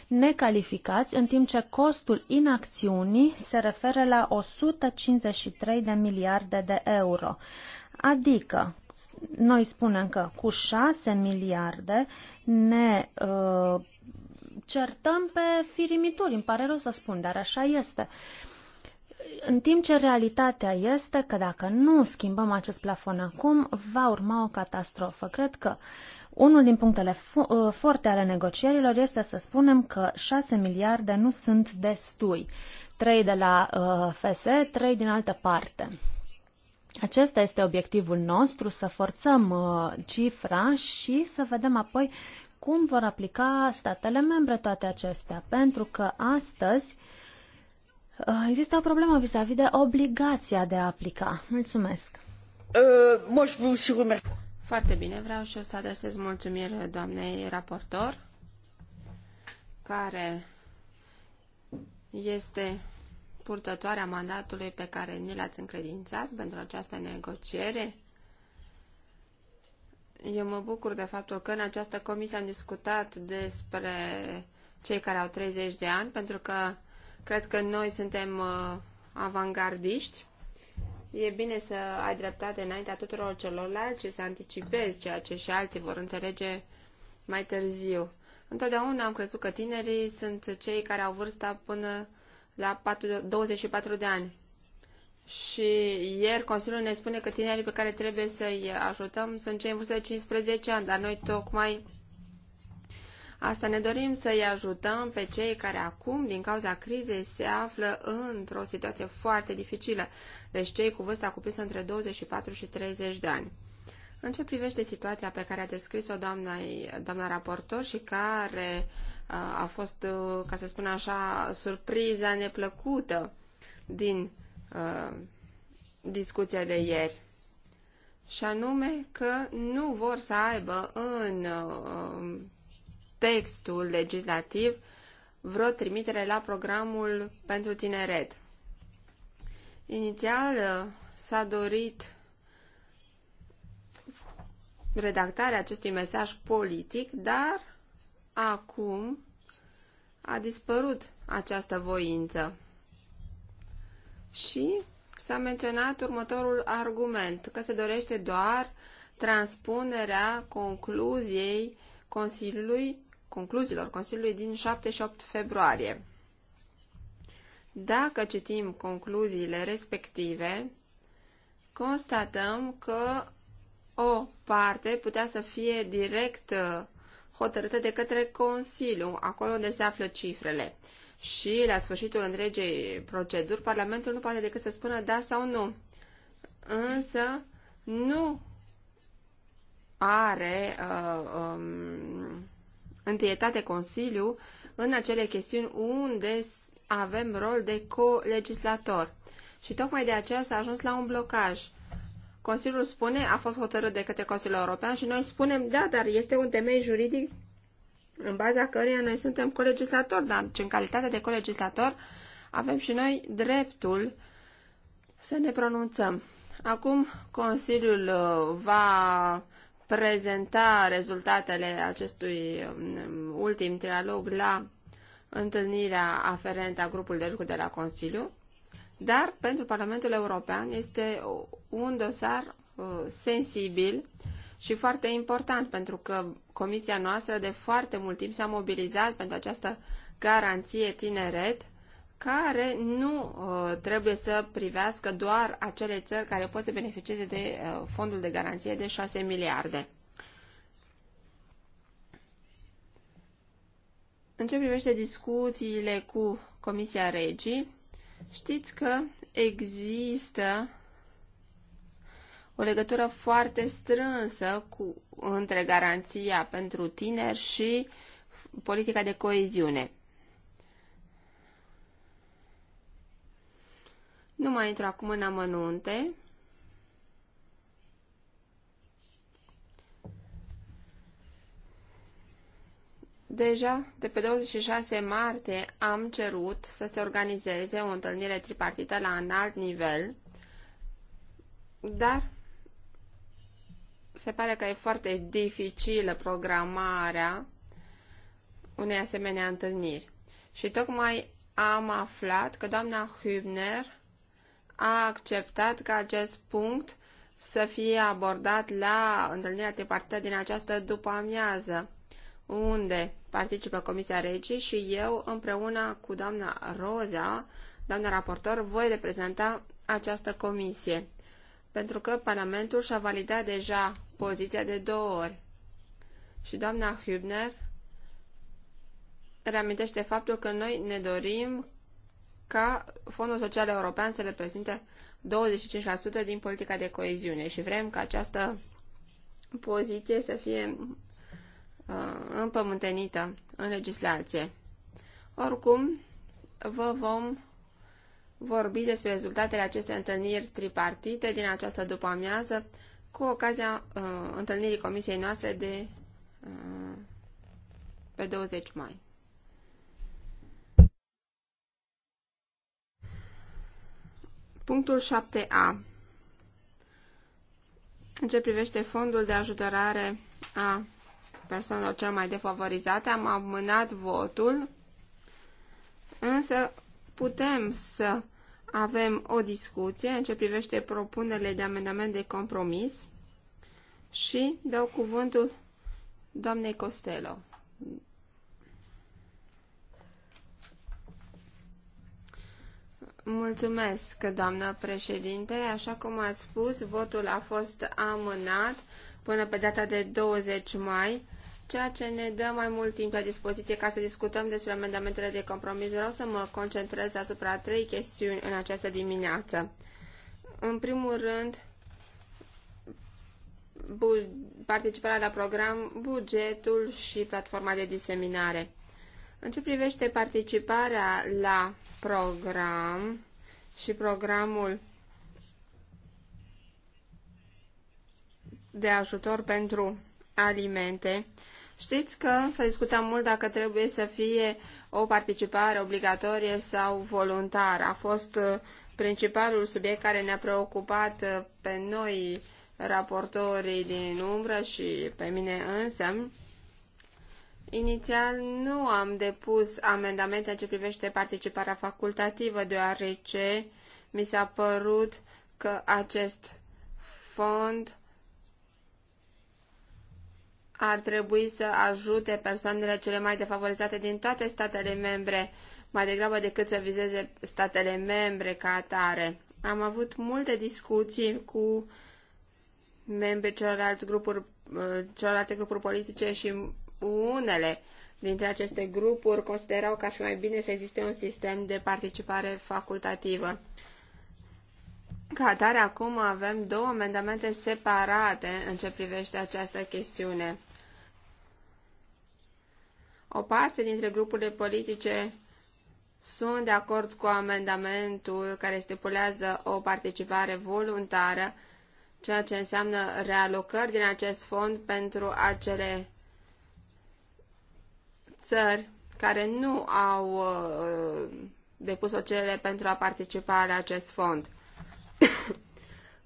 necalificați, în timp ce costul inacțiunii se referă la 153 de miliarde de euro. Adică, noi spunem că cu 6 miliarde ne uh, certăm pe firimituri, îmi pare rău să spun, dar așa este. În timp ce realitatea este că dacă nu schimbăm acest plafon acum, va urma o catastrofă. Cred că unul din punctele fo- uh, forte ale negocierilor este să spunem că 6 miliarde nu sunt destui. 3 de la uh, FSE, 3 din altă parte. Acesta este obiectivul nostru, să forțăm uh, cifra și să vedem apoi cum vor aplica statele membre toate acestea, pentru că astăzi uh, există o problemă vis-a-vis -vis de obligația de a aplica. Mulțumesc! Uh, Foarte bine, vreau și eu să adresez mulțumire doamnei raportor, care este purtătoarea mandatului pe care ni l-ați încredințat pentru această negociere. Eu mă bucur de faptul că în această comisie am discutat despre cei care au 30 de ani, pentru că cred că noi suntem uh, avangardiști. E bine să ai dreptate înaintea tuturor celorlalți și să anticipezi ceea ce și alții vor înțelege mai târziu. Întotdeauna am crezut că tinerii sunt cei care au vârsta până la 4, 24 de ani. Și ieri Consiliul ne spune că tinerii pe care trebuie să-i ajutăm sunt cei în vârstă de 15 ani, dar noi tocmai asta ne dorim să-i ajutăm pe cei care acum, din cauza crizei, se află într-o situație foarte dificilă, deci cei cu vârsta cuprinsă între 24 și 30 de ani. În ce privește situația pe care a descris-o doamna, doamna raportor și care uh, a fost, uh, ca să spun așa, surpriza neplăcută din uh, discuția de ieri. Și anume că nu vor să aibă în uh, textul legislativ vreo trimitere la programul pentru tineret. Inițial uh, s-a dorit redactarea acestui mesaj politic, dar acum a dispărut această voință. Și s-a menționat următorul argument, că se dorește doar transpunerea concluziei Consiliului, concluziilor Consiliului din 7 și 8 februarie. Dacă citim concluziile respective, constatăm că o parte putea să fie direct hotărâtă de către Consiliu, acolo unde se află cifrele. Și la sfârșitul întregii proceduri, Parlamentul nu poate decât să spună da sau nu. Însă nu are uh, um, întâietate Consiliu în acele chestiuni unde avem rol de co-legislator. Și tocmai de aceea s-a ajuns la un blocaj. Consiliul spune, a fost hotărât de către Consiliul European și noi spunem, da, dar este un temei juridic în baza căruia noi suntem colegislatori, dar în calitate de colegislator avem și noi dreptul să ne pronunțăm. Acum Consiliul uh, va prezenta rezultatele acestui um, ultim trialog la întâlnirea aferentă a grupului de lucru de la Consiliu dar pentru Parlamentul European este un dosar uh, sensibil și foarte important, pentru că comisia noastră de foarte mult timp s-a mobilizat pentru această garanție tineret, care nu uh, trebuie să privească doar acele țări care pot să beneficieze de uh, fondul de garanție de 6 miliarde. În ce privește discuțiile cu Comisia Regii, Știți că există o legătură foarte strânsă cu, între garanția pentru tineri și politica de coeziune. Nu mai intru acum în amănunte, Deja, de pe 26 martie, am cerut să se organizeze o întâlnire tripartită la un alt nivel, dar se pare că e foarte dificilă programarea unei asemenea întâlniri. Și tocmai am aflat că doamna Hübner a acceptat ca acest punct să fie abordat la întâlnirea tripartită din această după amiază unde participă Comisia Regii și eu, împreună cu doamna Roza, doamna raportor, voi reprezenta această comisie, pentru că Parlamentul și-a validat deja poziția de două ori. Și doamna Hübner reamintește faptul că noi ne dorim ca Fondul Social European să reprezinte 25% din politica de coeziune și vrem ca această poziție să fie Uh, împământenită în legislație. Oricum, vă vom vorbi despre rezultatele acestei întâlniri tripartite din această după-amiază cu ocazia uh, întâlnirii comisiei noastre de uh, pe 20 mai. Punctul 7a În ce privește fondul de ajutorare a persoanelor cel mai defavorizate, am amânat votul, însă putem să avem o discuție în ce privește propunerile de amendament de compromis și dau cuvântul doamnei Costello. Mulțumesc, doamnă președinte. Așa cum ați spus, votul a fost amânat până pe data de 20 mai ceea ce ne dă mai mult timp la dispoziție ca să discutăm despre amendamentele de compromis. Vreau să mă concentrez asupra trei chestiuni în această dimineață. În primul rând, participarea la program, bugetul și platforma de diseminare. În ce privește participarea la program și programul de ajutor pentru alimente, Știți că să discutăm mult dacă trebuie să fie o participare obligatorie sau voluntară. A fost uh, principalul subiect care ne-a preocupat uh, pe noi raportorii din umbră și pe mine însă. Inițial nu am depus amendamente în ce privește participarea facultativă, deoarece mi s-a părut că acest fond ar trebui să ajute persoanele cele mai defavorizate din toate statele membre, mai degrabă decât să vizeze statele membre ca atare. Am avut multe discuții cu membrii celorlalți grupuri, eh, celorlalte grupuri politice și unele dintre aceste grupuri considerau că ar fi mai bine să existe un sistem de participare facultativă. Ca atare, acum avem două amendamente separate în ce privește această chestiune. O parte dintre grupurile politice sunt de acord cu amendamentul care stipulează o participare voluntară, ceea ce înseamnă realocări din acest fond pentru acele țări care nu au uh, depus o cerere pentru a participa la acest fond.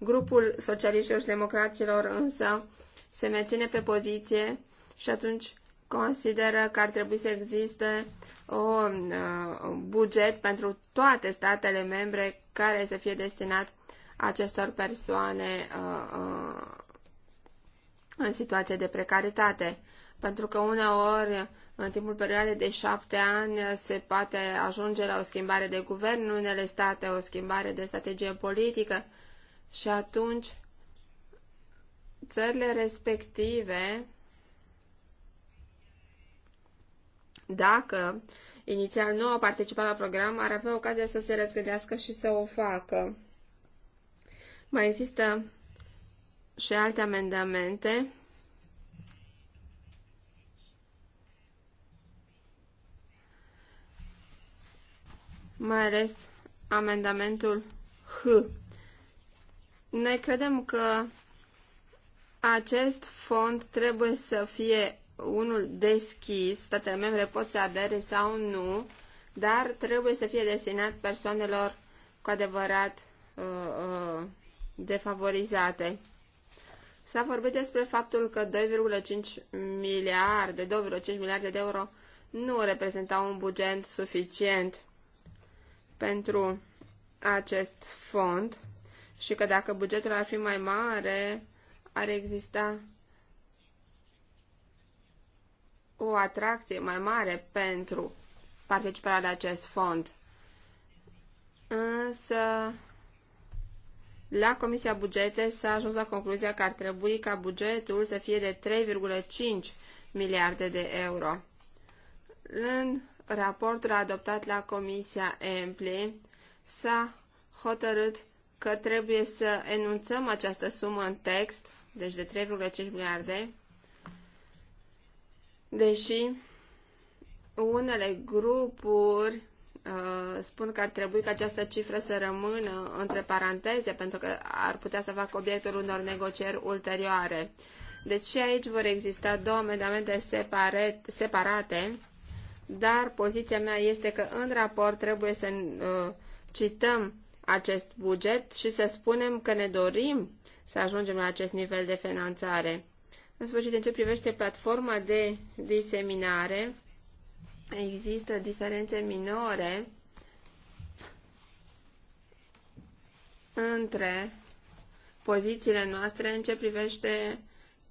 Grupul Socialiștilor și Democraților însă se menține pe poziție și atunci consideră că ar trebui să existe o, uh, un buget pentru toate statele membre care să fie destinat acestor persoane uh, uh, în situație de precaritate. Pentru că uneori, în timpul perioadei de șapte ani, se poate ajunge la o schimbare de guvern în unele state, o schimbare de strategie politică și atunci țările respective, dacă inițial nu au participat la program, ar avea ocazia să se răzgândească și să o facă. Mai există și alte amendamente. Mai ales amendamentul H. Noi credem că acest fond trebuie să fie unul deschis, statele membre pot să adere sau nu, dar trebuie să fie destinat persoanelor cu adevărat uh, uh, defavorizate. S-a vorbit despre faptul că 2,5 miliarde, 2,5 miliarde de euro nu reprezentau un buget suficient pentru acest fond și că dacă bugetul ar fi mai mare, ar exista o atracție mai mare pentru participarea la acest fond. Însă, la Comisia Bugete s-a ajuns la concluzia că ar trebui ca bugetul să fie de 3,5 miliarde de euro. În raportul adoptat la Comisia Empli s-a hotărât că trebuie să enunțăm această sumă în text, deci de 3,5 miliarde, deși unele grupuri uh, spun că ar trebui ca această cifră să rămână între paranteze, pentru că ar putea să facă obiectul unor negocieri ulterioare. Deci și aici vor exista două amendamente separate, dar poziția mea este că în raport trebuie să uh, cităm acest buget și să spunem că ne dorim să ajungem la acest nivel de finanțare. În sfârșit, în ce privește platforma de diseminare, există diferențe minore între pozițiile noastre în ce privește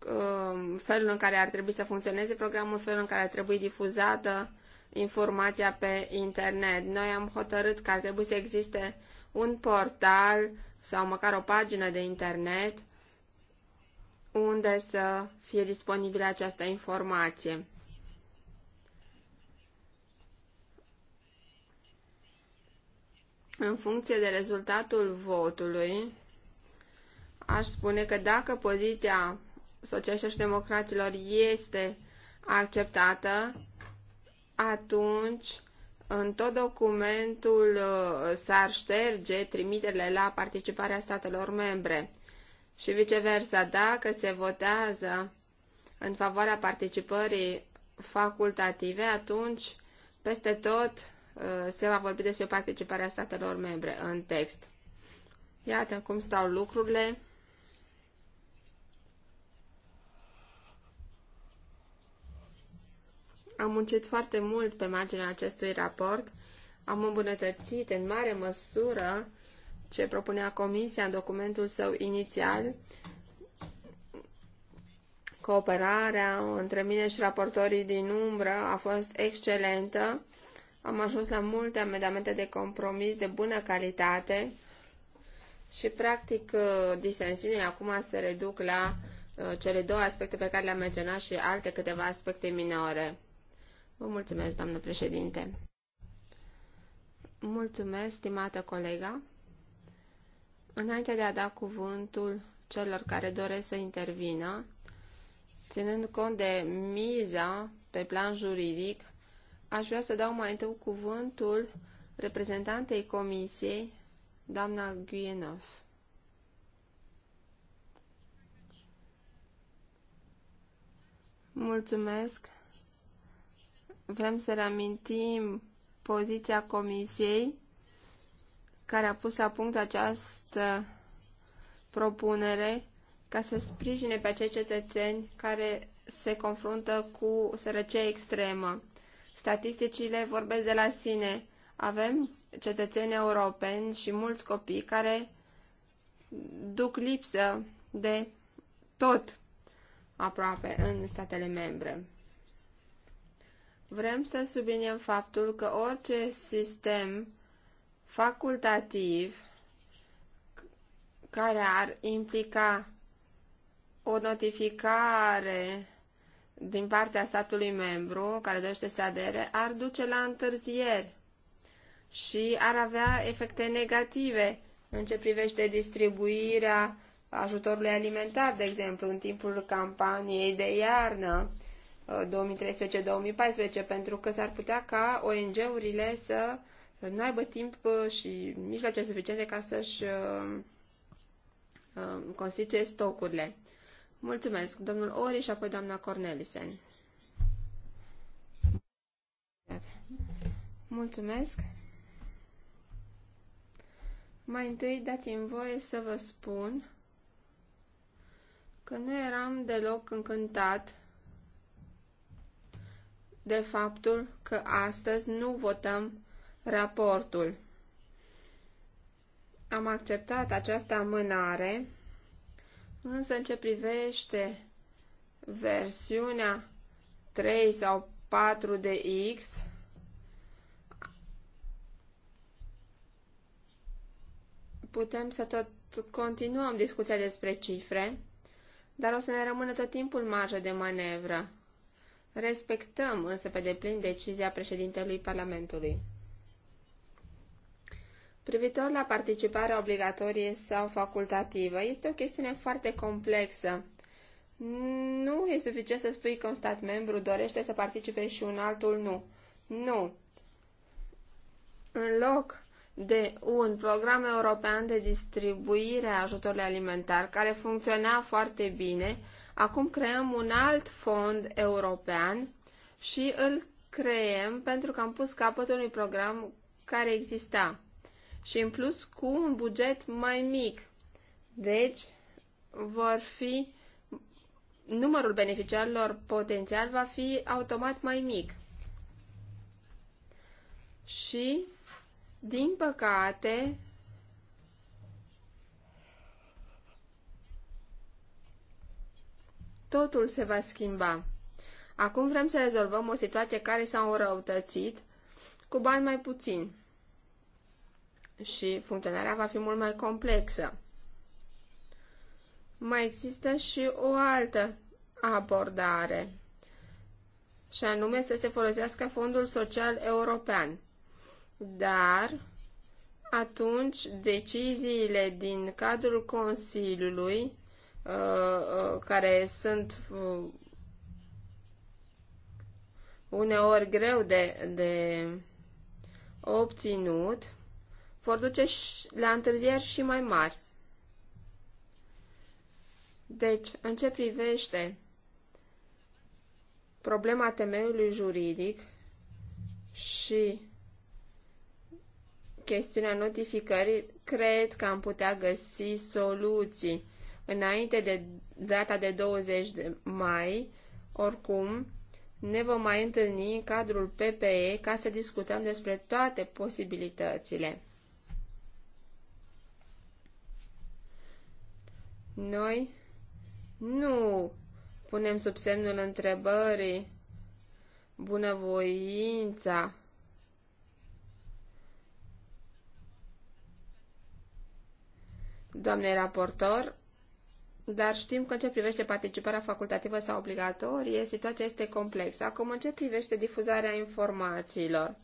uh, felul în care ar trebui să funcționeze programul, felul în care ar trebui difuzată informația pe internet. Noi am hotărât că ar trebui să existe un portal sau măcar o pagină de internet unde să fie disponibilă această informație. În funcție de rezultatul votului, aș spune că dacă poziția socialiștilor și democraților este acceptată, atunci în tot documentul uh, s-ar șterge trimiterile la participarea statelor membre și viceversa, dacă se votează în favoarea participării facultative, atunci peste tot uh, se va vorbi despre participarea statelor membre în text. Iată cum stau lucrurile. Am muncit foarte mult pe marginea acestui raport. Am îmbunătățit în mare măsură ce propunea Comisia în documentul său inițial, cooperarea între mine și raportorii din umbră a fost excelentă. Am ajuns la multe amendamente de compromis de bună calitate și, practic, disensiunile acum se reduc la uh, cele două aspecte pe care le-am menționat și alte câteva aspecte minore. Vă mulțumesc, doamnă președinte. Mulțumesc, stimată colega. Înainte de a da cuvântul celor care doresc să intervină, ținând cont de miza pe plan juridic, aș vrea să dau mai întâi cuvântul reprezentantei comisiei, doamna Guienov. Mulțumesc! Vrem să reamintim poziția Comisiei care a pus la punct această propunere ca să sprijine pe acei cetățeni care se confruntă cu sărăcie extremă. Statisticile vorbesc de la sine. Avem cetățeni europeni și mulți copii care duc lipsă de tot aproape în statele membre. Vrem să subliniem faptul că orice sistem facultativ care ar implica o notificare din partea statului membru care dorește să adere ar duce la întârzieri și ar avea efecte negative în ce privește distribuirea ajutorului alimentar, de exemplu, în timpul campaniei de iarnă 2013-2014, pentru că s-ar putea ca ONG-urile să nu aibă timp uh, și mijloace suficiente ca să-și uh, uh, constituie stocurile. Mulțumesc, domnul Ori și apoi doamna Cornelisen. Mulțumesc. Mai întâi dați-mi voie să vă spun că nu eram deloc încântat de faptul că astăzi nu votăm raportul. Am acceptat această amânare, însă în ce privește versiunea 3 sau 4 de X, putem să tot continuăm discuția despre cifre, dar o să ne rămână tot timpul marjă de manevră. Respectăm însă pe deplin decizia președintelui Parlamentului. Privitor la participarea obligatorie sau facultativă, este o chestiune foarte complexă. Nu e suficient să spui că un stat membru dorește să participe și un altul nu. Nu. În loc de un program european de distribuire a ajutorului alimentar care funcționa foarte bine, Acum creăm un alt fond european și îl creăm pentru că am pus capăt unui program care exista și în plus cu un buget mai mic. Deci vor fi numărul beneficiarilor potențial va fi automat mai mic. Și din păcate, totul se va schimba. Acum vrem să rezolvăm o situație care s-a înrăutățit cu bani mai puțin și funcționarea va fi mult mai complexă. Mai există și o altă abordare, și anume să se folosească Fondul Social European. Dar atunci deciziile din cadrul Consiliului Uh, care sunt uh, uneori greu de, de obținut, vor duce la întârzieri și mai mari. Deci, în ce privește problema temeiului juridic și chestiunea notificării, cred că am putea găsi soluții înainte de data de 20 de mai, oricum, ne vom mai întâlni în cadrul PPE ca să discutăm despre toate posibilitățile. Noi nu punem sub semnul întrebării bunăvoința Doamne raportor, dar știm că în ce privește participarea facultativă sau obligatorie, situația este complexă. Acum, în ce privește difuzarea informațiilor?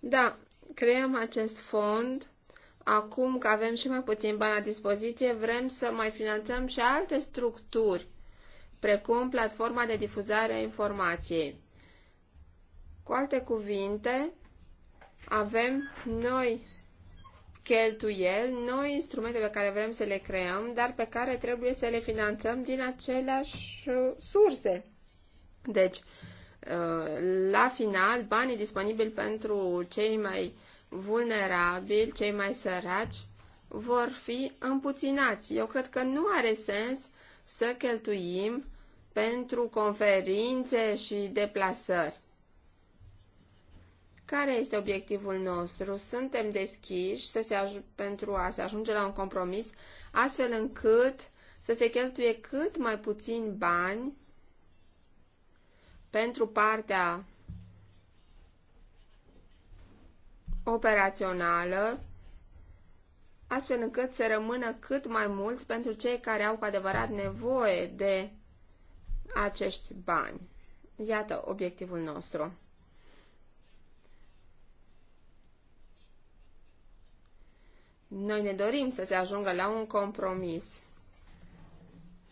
Da, creăm acest fond. Acum că avem și mai puțin bani la dispoziție, vrem să mai finanțăm și alte structuri, precum platforma de difuzare a informației. Cu alte cuvinte, avem noi cheltuieli, noi instrumente pe care vrem să le creăm, dar pe care trebuie să le finanțăm din aceleași uh, surse. Deci, uh, la final, banii disponibili pentru cei mai vulnerabili, cei mai săraci, vor fi împuținați. Eu cred că nu are sens să cheltuim pentru conferințe și deplasări. Care este obiectivul nostru? Suntem deschiși să se pentru a se ajunge la un compromis, astfel încât să se cheltuie cât mai puțin bani pentru partea operațională, astfel încât să rămână cât mai mulți pentru cei care au cu adevărat nevoie de acești bani. Iată obiectivul nostru. Noi ne dorim să se ajungă la un compromis.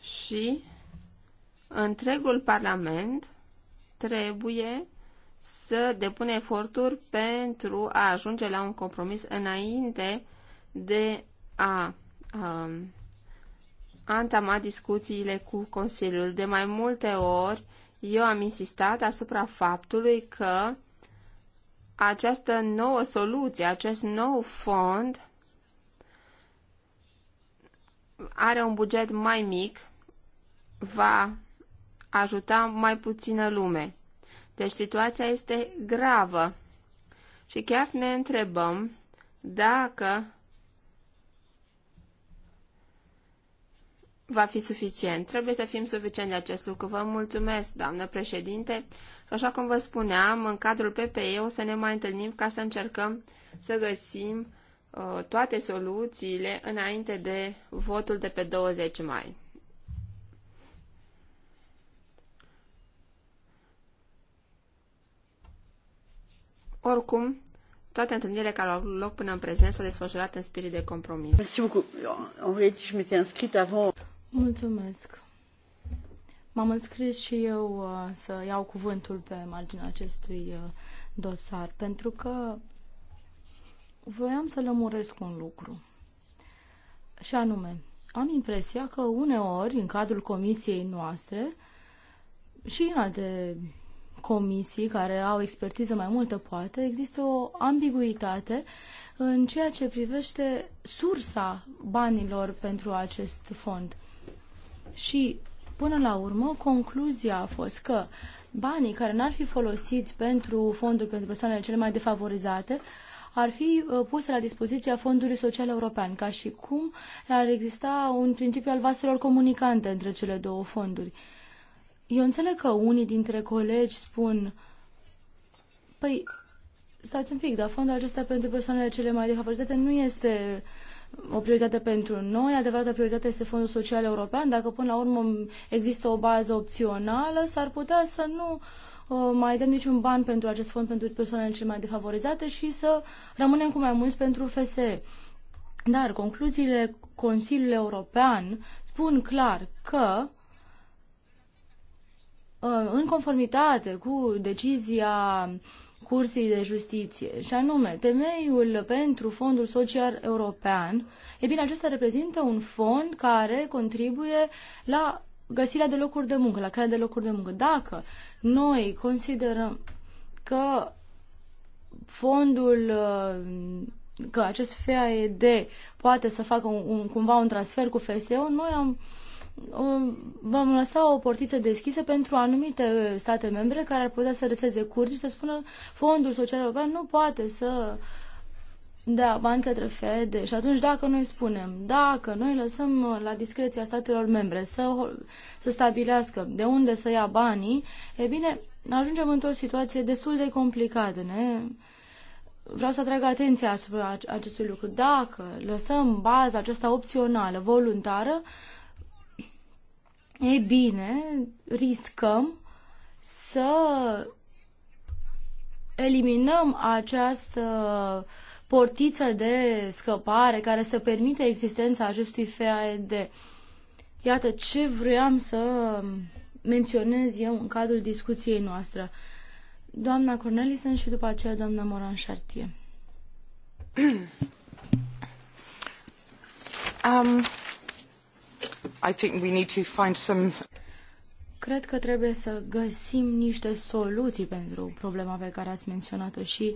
Și întregul Parlament trebuie să depună eforturi pentru a ajunge la un compromis înainte de a a um, antama discuțiile cu Consiliul. De mai multe ori eu am insistat asupra faptului că această nouă soluție, acest nou fond are un buget mai mic, va ajuta mai puțină lume. Deci situația este gravă și chiar ne întrebăm dacă va fi suficient. Trebuie să fim suficient de acest lucru. Vă mulțumesc, doamnă președinte. Și așa cum vă spuneam, în cadrul PPE o să ne mai întâlnim ca să încercăm să găsim Uh, toate soluțiile înainte de votul de pe 20 mai. Oricum, toate întâlnirile care au loc până în prezent s-au desfășurat în spirit de compromis. Mulțumesc. M-am înscris și eu uh, să iau cuvântul pe marginea acestui uh, dosar, pentru că voiam să lămuresc un lucru. Și anume, am impresia că uneori, în cadrul comisiei noastre și în alte comisii care au expertiză mai multă, poate, există o ambiguitate în ceea ce privește sursa banilor pentru acest fond. Și, până la urmă, concluzia a fost că banii care n-ar fi folosiți pentru fondul pentru persoanele cele mai defavorizate ar fi uh, puse la dispoziția Fondului Social European, ca și cum ar exista un principiu al vaselor comunicante între cele două fonduri. Eu înțeleg că unii dintre colegi spun, păi, stați un pic, dar fondul acesta pentru persoanele cele mai defavorizate nu este uh, o prioritate pentru noi, adevărata prioritate este Fondul Social European, dacă până la urmă există o bază opțională, s-ar putea să nu uh, Uh, mai dăm niciun ban pentru acest fond pentru persoanele cele mai defavorizate și să rămânem cu mai mulți pentru FSE. Dar concluziile Consiliului European spun clar că uh, în conformitate cu decizia cursii de Justiție, și anume temeiul pentru Fondul Social European, e bine, acesta reprezintă un fond care contribuie la găsirea de locuri de muncă, la crearea de locuri de muncă. Dacă noi considerăm că fondul, uh, că acest FAED poate să facă un, un, cumva un transfer cu FSO, noi am um, vom lăsa o portiță deschisă pentru anumite state membre care ar putea să reseze curs, și să spună fondul social european nu poate să uh, da, bani către Fed și atunci dacă noi spunem, dacă noi lăsăm uh, la discreția statelor membre să, să stabilească de unde să ia banii, e bine, ajungem într-o situație destul de complicată. Ne? Vreau să atrag atenția asupra acestui lucru. Dacă lăsăm baza aceasta opțională, voluntară, e bine, riscăm să eliminăm această uh, portiță de scăpare care să permite existența acestui FAED. Iată ce vroiam să menționez eu în cadrul discuției noastre. Doamna Cornelison și după aceea doamna Moran Chartier. Um, I think we need to find some... Cred că trebuie să găsim niște soluții pentru problema pe care ați menționat-o și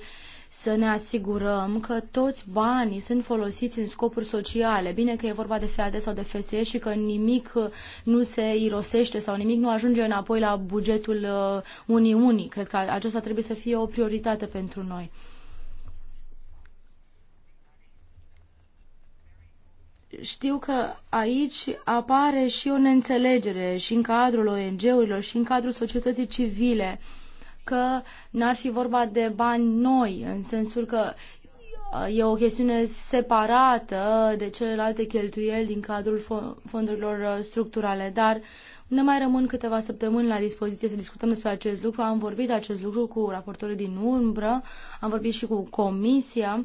să ne asigurăm că toți banii sunt folosiți în scopuri sociale. Bine că e vorba de FAD sau de FSE și că nimic nu se irosește sau nimic nu ajunge înapoi la bugetul uh, Uniunii. Cred că aceasta trebuie să fie o prioritate pentru noi. știu că aici apare și o neînțelegere și în cadrul ONG-urilor și în cadrul societății civile că n-ar fi vorba de bani noi, în sensul că uh, e o chestiune separată de celelalte cheltuieli din cadrul fondurilor uh, structurale, dar ne mai rămân câteva săptămâni la dispoziție să discutăm despre acest lucru. Am vorbit acest lucru cu raportorii din umbră, am vorbit și cu comisia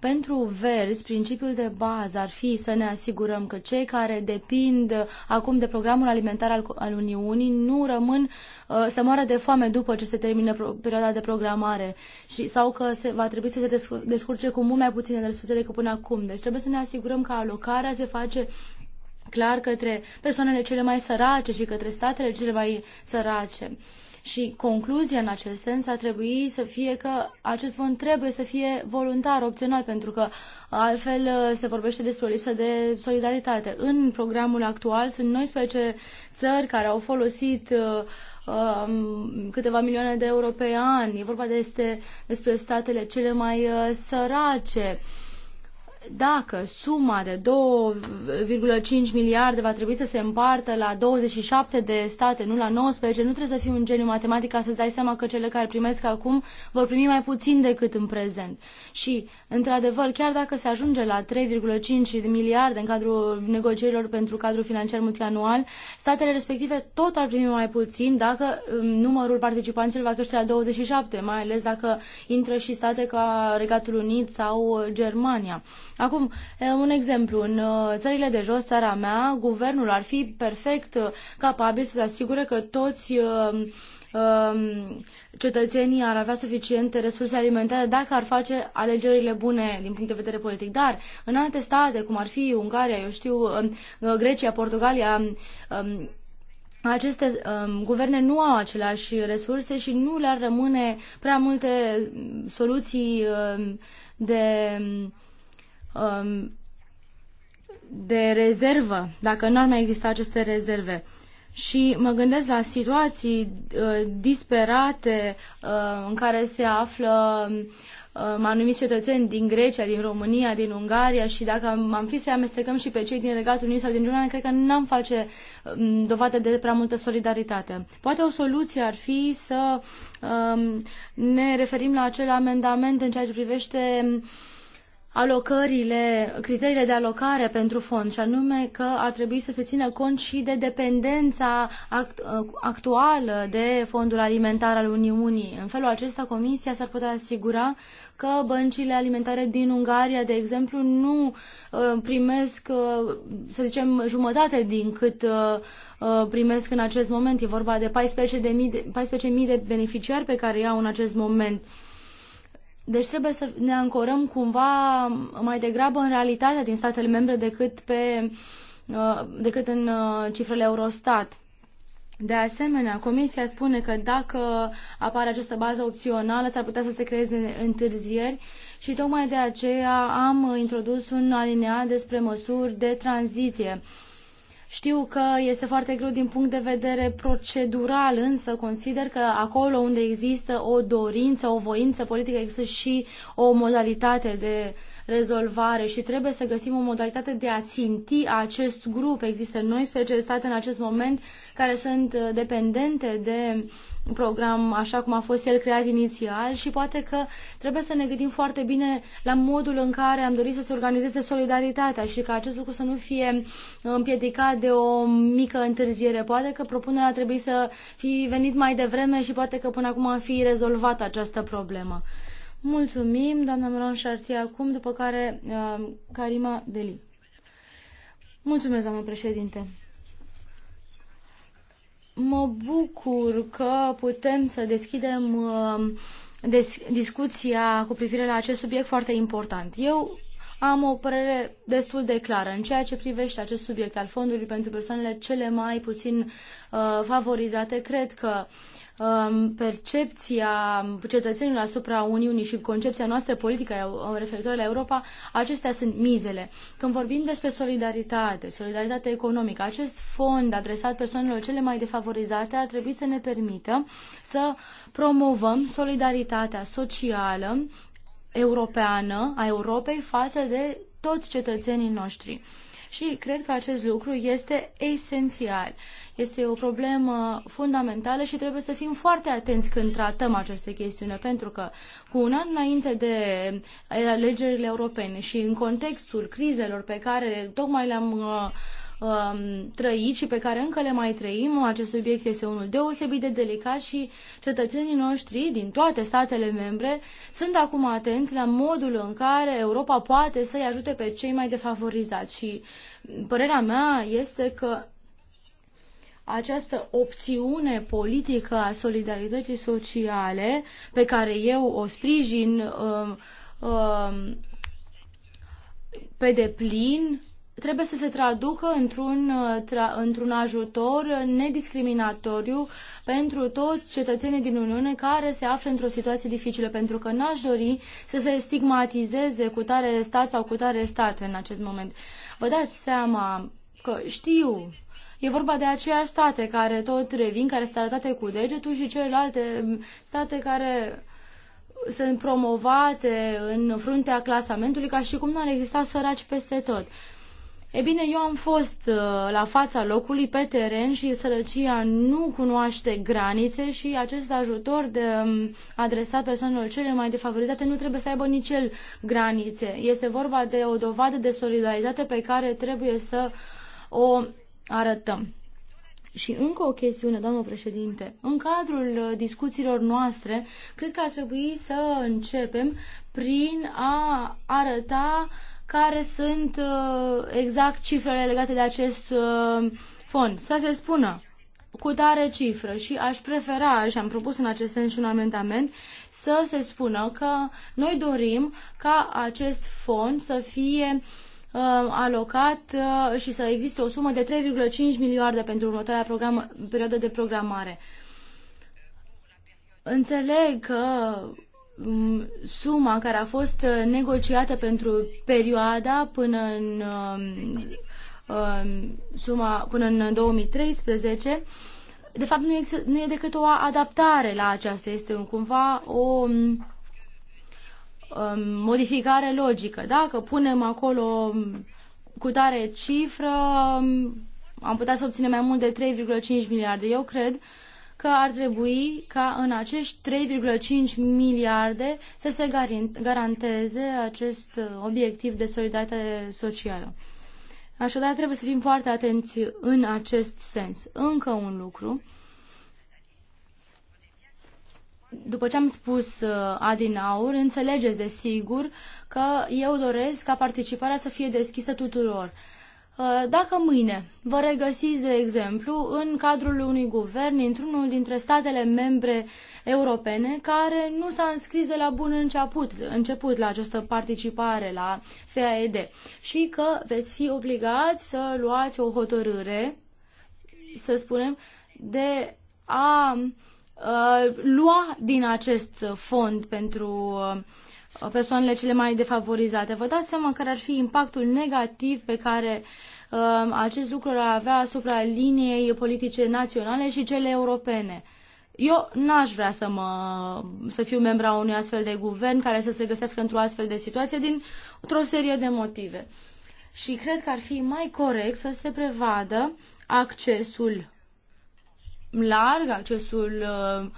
pentru verzi, principiul de bază ar fi să ne asigurăm că cei care depind acum de programul alimentar al, al Uniunii nu rămân uh, să moară de foame după ce se termină pro, perioada de programare și, sau că se, va trebui să se descurce cu mult mai puține resurse decât până acum. Deci trebuie să ne asigurăm că alocarea se face clar către persoanele cele mai sărace și către statele cele mai sărace. Uh, și concluzia în acest sens ar trebui să fie că acest fond trebuie să fie voluntar, opțional, pentru că altfel uh, se vorbește despre o lipsă de solidaritate. În programul actual sunt 19 țări care au folosit uh, um, câteva milioane de europeani. E vorba de este, despre statele cele mai uh, sărace. Uh, dacă suma de 2,5 miliarde va trebui să se împartă la 27 de state, nu la 19, nu trebuie să fii un geniu matematic ca să-ți dai seama că cele care primesc acum vor primi mai puțin decât în prezent. Și, într-adevăr, chiar dacă se ajunge la 3,5 miliarde în cadrul negocierilor pentru cadrul financiar multianual, statele respective tot ar primi mai puțin dacă um, numărul participanților va crește la 27, mai ales dacă intră și state ca Regatul Unit sau uh, Germania. Acum, un exemplu, în uh, țările de jos, țara mea, guvernul ar fi perfect uh, capabil să se asigure că toți uh, um, cetățenii ar avea suficiente resurse alimentare dacă ar face alegerile bune din punct de vedere politic. Dar în alte state, cum ar fi Ungaria, eu știu, um, Grecia, Portugalia, um, aceste um, guverne nu au aceleași resurse și nu le-ar rămâne prea multe mm, soluții um, de um, um, de rezervă, dacă nu ar mai exista aceste rezerve. Și mă gândesc la situații uh, disperate uh, în care se află uh, anumiți cetățeni din Grecia, din România, din Ungaria și dacă am fi să amestecăm și pe cei din Regatul Unit sau din Germania, cred că n-am face um, dovadă de prea multă solidaritate. Poate o soluție ar fi să um, ne referim la acel amendament în ceea ce privește um, alocările, criteriile de alocare pentru fond, și anume că ar trebui să se țină cont și de dependența act, uh, actuală de fondul alimentar al Uniunii. În felul acesta, Comisia s-ar putea asigura că băncile alimentare din Ungaria, de exemplu, nu uh, primesc, uh, să zicem, jumătate din cât primesc în acest moment. E vorba de 14.000 de, 14 de beneficiari pe care i-au în acest moment deci trebuie să ne ancorăm cumva mai degrabă în realitatea din statele membre decât, pe, uh, decât în uh, cifrele Eurostat. De asemenea, Comisia spune că dacă apare această bază opțională, s-ar putea să se creeze întârzieri și tocmai de aceea am introdus un alineat despre măsuri de tranziție știu că este foarte greu din punct de vedere procedural, însă consider că acolo unde există o dorință, o voință politică, există și o modalitate de rezolvare și trebuie să găsim o modalitate de a ținti acest grup. Există 19 state în acest moment care sunt uh, dependente de program așa cum a fost el creat inițial și poate că trebuie să ne gândim foarte bine la modul în care am dorit să se organizeze solidaritatea și ca acest lucru să nu fie uh, împiedicat de o mică întârziere. Poate că propunerea trebuie să fi venit mai devreme și poate că până acum a fi rezolvat această problemă. Mulțumim, doamna Melon Șartie, acum, după care uh, Karima Deli. Mulțumesc, doamnă președinte. Mă bucur că putem să deschidem uh, des discuția cu privire la acest subiect foarte important. Eu am o părere destul de clară în ceea ce privește acest subiect al fondului pentru persoanele cele mai puțin uh, favorizate. Cred că uh, Um, percepția cetățenilor asupra Uniunii și concepția noastră politică referitoare la Europa, acestea sunt mizele. Când vorbim despre solidaritate, solidaritate economică, acest fond adresat persoanelor cele mai defavorizate ar trebui să ne permită să promovăm solidaritatea socială europeană a Europei față de toți cetățenii noștri. Și cred că acest lucru este esențial. Este o problemă fundamentală și trebuie să fim foarte atenți când tratăm aceste chestiune, pentru că cu un an înainte de alegerile europene și în contextul crizelor pe care tocmai le-am uh, um, trăit și pe care încă le mai trăim. Acest subiect este unul deosebit de delicat și cetățenii noștri din toate statele membre sunt acum atenți la modul în care Europa poate să-i ajute pe cei mai defavorizați și părerea mea este că această opțiune politică a solidarității sociale pe care eu o sprijin um, um pe deplin trebuie să se traducă într-un, tra, într ajutor nediscriminatoriu pentru toți cetățenii din Uniune care se află într-o situație dificilă, pentru că n-aș dori să se stigmatizeze cu tare stat sau cu tare stat în acest moment. Vă dați seama că știu E vorba de aceleași state care tot revin, care sunt arătate cu degetul și celelalte mm, state care sunt promovate în fruntea clasamentului ca și cum nu ar exista săraci peste tot. E bine, eu am fost uh, la fața locului, pe teren și sărăcia nu cunoaște granițe și acest ajutor de mm, adresat persoanelor cele mai defavorizate nu trebuie să aibă nici el granițe. Este vorba de o dovadă de solidaritate pe care trebuie să o arătăm. Și încă o chestiune, domnul președinte. În cadrul uh, discuțiilor noastre, cred că ar trebui să începem prin a arăta care sunt uh, exact cifrele legate de acest uh, fond. Să se spună cu tare cifră și aș prefera, și am propus în acest sens și un amendament, să se spună că noi dorim ca acest fond să fie uh, Um, alocat uh, și să existe o sumă de 3,5 miliarde pentru următoarea perioadă de programare. Înțeleg că um, suma care a fost uh, negociată pentru perioada până în um, suma până în 2013 de fapt nu e, nu e decât o adaptare la aceasta, este cumva o Um, modificare logică. Dacă punem acolo um, cu tare cifră, um, am putea să obținem mai mult de 3,5 miliarde. Eu cred că ar trebui ca în acești 3,5 miliarde să se garanteze acest uh, obiectiv de solidaritate socială. Așadar, trebuie să fim foarte atenți în acest sens. Încă un lucru după ce am spus uh, adinaur, înțelegeți de sigur că eu doresc ca participarea să fie deschisă tuturor. Uh, dacă mâine vă regăsiți, de exemplu, în cadrul unui guvern într-unul dintre statele membre europene care nu s-a înscris de la bun început, început la această participare la FAED și că veți fi obligați să luați o hotărâre, să spunem, de a uh, Uh, lua din acest fond pentru uh, persoanele cele mai defavorizate. Vă dați seama care ar fi impactul negativ pe care uh, acest lucru ar avea asupra liniei politice naționale și cele europene. Eu n-aș vrea să, mă, să fiu membra unui astfel de guvern care să se găsească într-o astfel de situație din o serie de motive. Și cred că ar fi mai corect să se prevadă accesul larg, accesul uh,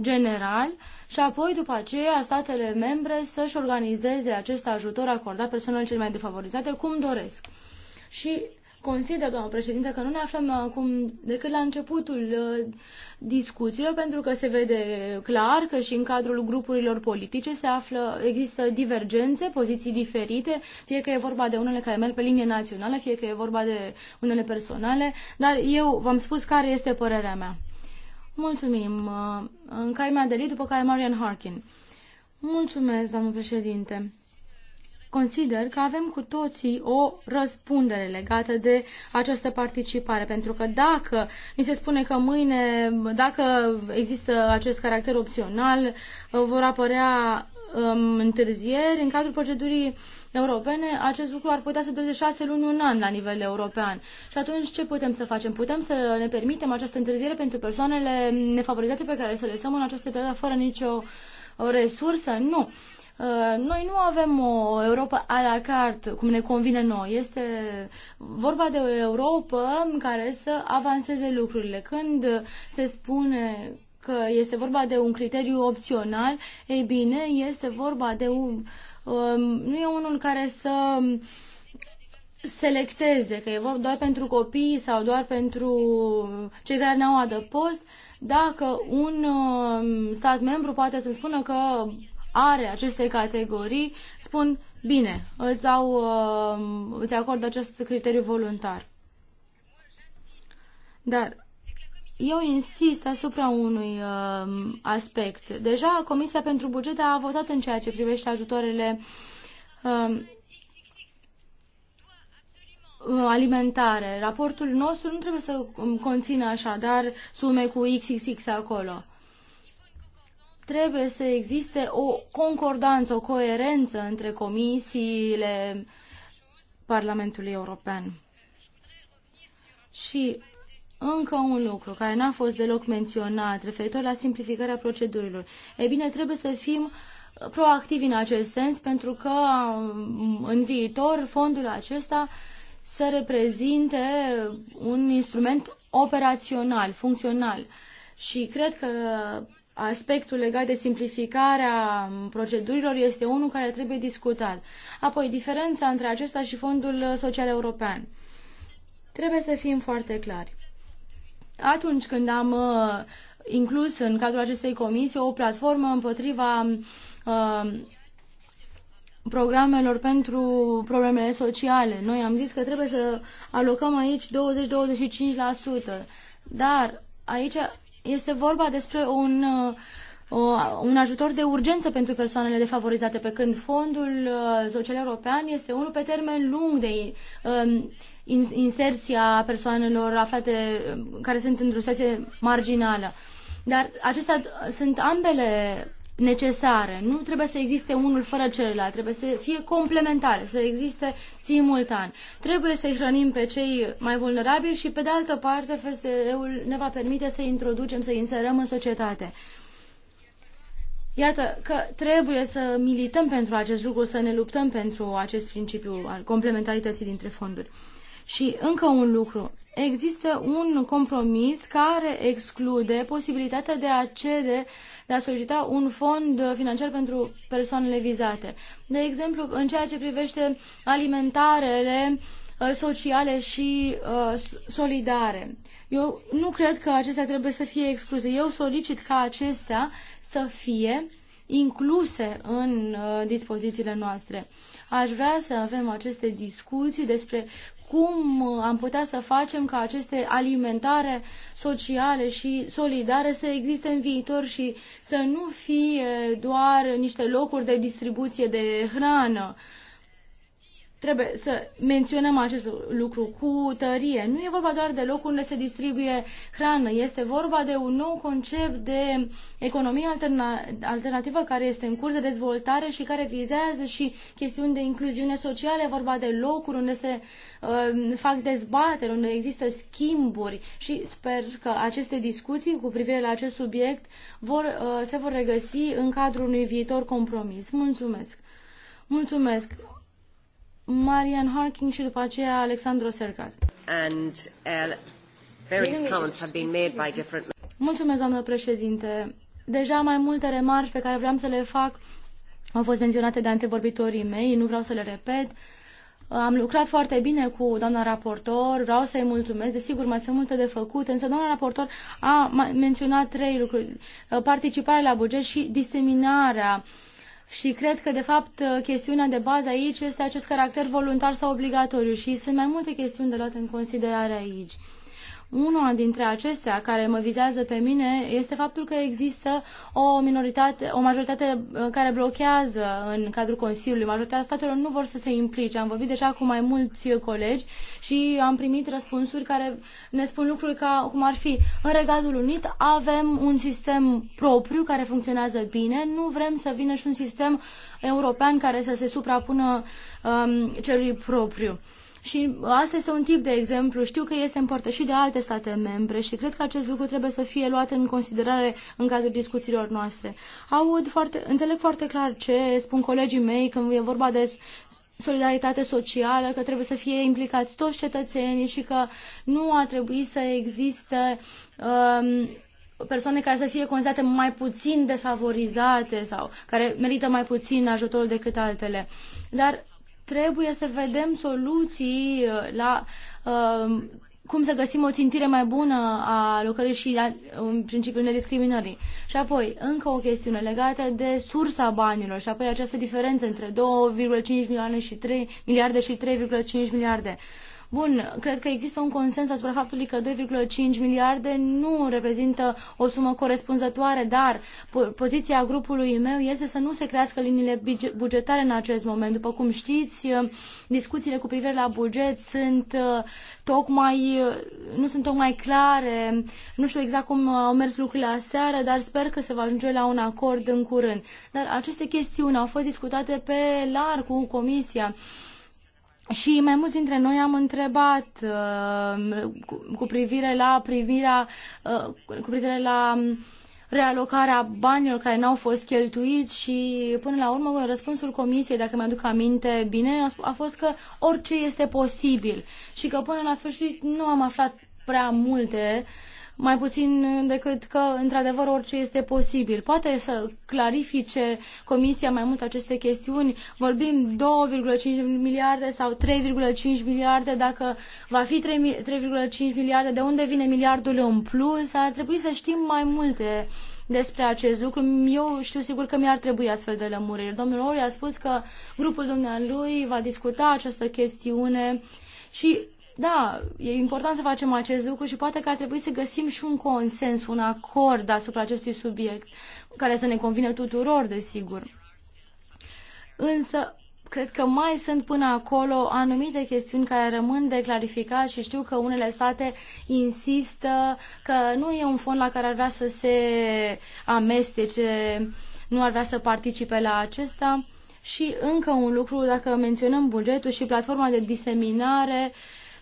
general și apoi după aceea statele membre să-și organizeze acest ajutor acordat persoanelor cele mai defavorizate cum doresc. Și Consider, doamnă președinte, că nu ne aflăm acum decât la începutul uh, discuțiilor, pentru că se vede clar că și în cadrul grupurilor politice se află, există divergențe, poziții diferite, fie că e vorba de unele care merg pe linie națională, fie că e vorba de unele personale, dar eu v-am spus care este părerea mea. Mulțumim. Uh, în Caimea Deli, după care Marian Harkin. Mulțumesc, doamnă președinte. Consider că avem cu toții o răspundere legată de această participare, pentru că dacă ni se spune că mâine, dacă există acest caracter opțional, vor apărea um, întârzieri în cadrul procedurii europene, acest lucru ar putea să dureze șase luni, un an la nivel european. Și atunci ce putem să facem? Putem să ne permitem această întârziere pentru persoanele nefavorizate pe care să le lăsăm în această perioadă fără nicio resursă? Nu. Uh, noi nu avem o Europa a la carte, cum ne convine noi. Este vorba de o Europa în care să avanseze lucrurile. Când se spune că este vorba de un criteriu opțional, ei bine, este vorba de un... Um, nu e unul care să selecteze, că e vorba doar pentru copii sau doar pentru cei care n-au adăpost, dacă un um, stat membru poate să spună că are aceste categorii spun, bine, îți, dau, uh, îți acord acest criteriu voluntar. Dar eu insist asupra unui uh, aspect. Deja Comisia pentru Buget a votat în ceea ce privește ajutoarele uh, alimentare. Raportul nostru nu trebuie să conțină așadar sume cu XXX acolo trebuie să existe o concordanță, o coerență între comisiile Parlamentului European. Și încă un lucru care n-a fost deloc menționat, referitor la simplificarea procedurilor. e bine, trebuie să fim proactivi în acest sens, pentru că în viitor fondul acesta să reprezinte un instrument operațional, funcțional. Și cred că aspectul legat de simplificarea procedurilor este unul care trebuie discutat. Apoi, diferența între acesta și Fondul Social European. Trebuie să fim foarte clari. Atunci când am uh, inclus în cadrul acestei comisii o platformă împotriva uh, programelor pentru problemele sociale, noi am zis că trebuie să alocăm aici 20-25%, dar aici este vorba despre un, uh, un ajutor de urgență pentru persoanele defavorizate, pe când fondul uh, social european este unul pe termen lung de um, inserția persoanelor aflate um, care sunt într-o situație marginală. Dar acestea sunt ambele necesare. Nu trebuie să existe unul fără celălalt, trebuie să fie complementare, să existe simultan. Trebuie să-i hrănim pe cei mai vulnerabili și, pe de altă parte, FSE-ul ne va permite să-i introducem, să-i inserăm în societate. Iată că trebuie să milităm pentru acest lucru, să ne luptăm pentru acest principiu al complementarității dintre fonduri. Și încă un lucru. Există un compromis care exclude posibilitatea de a cere, de a solicita un fond financiar pentru persoanele vizate. De exemplu, în ceea ce privește alimentarele uh, sociale și uh, solidare. Eu nu cred că acestea trebuie să fie excluse. Eu solicit ca acestea să fie incluse în uh, dispozițiile noastre. Aș vrea să avem aceste discuții despre cum uh, am putea să facem ca aceste alimentare sociale și solidare să existe în viitor și să nu fie doar niște locuri de distribuție de hrană. Trebuie să menționăm acest lucru cu tărie. Nu e vorba doar de locul unde se distribuie hrană, este vorba de un nou concept de economie alterna- alternativă care este în curs de dezvoltare și care vizează și chestiuni de incluziune socială, e vorba de locuri unde se uh, fac dezbateri, unde există schimburi și sper că aceste discuții cu privire la acest subiect vor, uh, se vor regăsi în cadrul unui viitor compromis. Mulțumesc! Mulțumesc! Marian Harking și după aceea Alexandru Sercas. And uh, various comments have been made by different... Mulțumesc, doamnă președinte. Deja mai multe remarci pe care vreau să le fac au fost menționate de antevorbitorii mei, nu vreau să le repet. Am lucrat foarte bine cu doamna raportor, vreau să-i mulțumesc, desigur mai sunt multe de făcut, însă doamna raportor a menționat trei lucruri, participarea la buget și diseminarea uh, și cred că, de fapt, chestiunea de bază aici este acest caracter voluntar sau obligatoriu și sunt mai multe chestiuni de luat în considerare aici. Una dintre acestea care mă vizează pe mine este faptul că există o minoritate, o majoritate uh, care blochează în cadrul Consiliului. Majoritatea statelor nu vor să se implice. Am vorbit deja cu mai mulți colegi și am primit răspunsuri care ne spun lucruri ca cum ar fi în Regatul Unit avem un sistem propriu care funcționează bine, nu vrem să vină și un sistem european care să se suprapună um, celui propriu. Uh, și asta este un tip de exemplu. Știu că este împărtășit de alte state membre și cred că acest lucru trebuie să fie luat în considerare în cadrul discuțiilor noastre. Aud foarte, înțeleg foarte clar ce spun colegii mei când e vorba de solidaritate socială, că trebuie să fie implicați toți cetățenii și că nu ar trebui să existe um, persoane care să fie considerate mai puțin defavorizate sau care merită mai puțin ajutorul decât altele. Dar trebuie să vedem soluții uh, la uh, cum să găsim o țintire mai bună a lucrării și la în principiul nediscriminării. Și apoi, încă o chestiune legată de sursa banilor și apoi această diferență între 2,5 milioane și 3 miliarde și 3,5 miliarde. Uh, Bun, cred că există un consens asupra faptului că 2,5 miliarde nu reprezintă o sumă corespunzătoare, dar poziția grupului meu este să nu se crească liniile bugetare în acest moment. După cum știți, uh, discuțiile cu privire la buget sunt uh, tocmai, uh, nu sunt tocmai clare, nu știu exact cum au mers lucrurile aseară, dar sper că se va ajunge la un acord în curând. Dar aceste chestiuni au fost discutate pe larg cu Comisia. Și mai mulți dintre noi am întrebat uh, cu, cu privire la privirea, uh, cu privire la realocarea banilor care n-au fost cheltuiți și până la urmă răspunsul comisiei, dacă mi-aduc aminte bine, a fost că orice este posibil și că până la sfârșit nu am aflat prea multe uh, mai puțin decât că, într-adevăr, orice este posibil. Poate să clarifice Comisia mai mult aceste chestiuni. Vorbim 2,5 miliarde sau 3,5 miliarde, dacă va fi 3,5 miliarde, de unde vine miliardul în plus? Ar trebui să știm mai multe despre acest lucru. Eu știu sigur că mi-ar trebui astfel de lămuriri. Domnul Ori a spus că grupul dumnealui va discuta această chestiune și da, e important să facem acest lucru și poate că ar trebui să găsim și un consens, un acord asupra acestui subiect, care să ne convine tuturor, desigur. Însă, cred că mai sunt până acolo anumite chestiuni care rămân de clarificat și știu că unele state insistă că nu e un fond la care ar vrea să se amestece, nu ar vrea să participe la acesta. Și încă un lucru, dacă menționăm bugetul și platforma de diseminare, uh,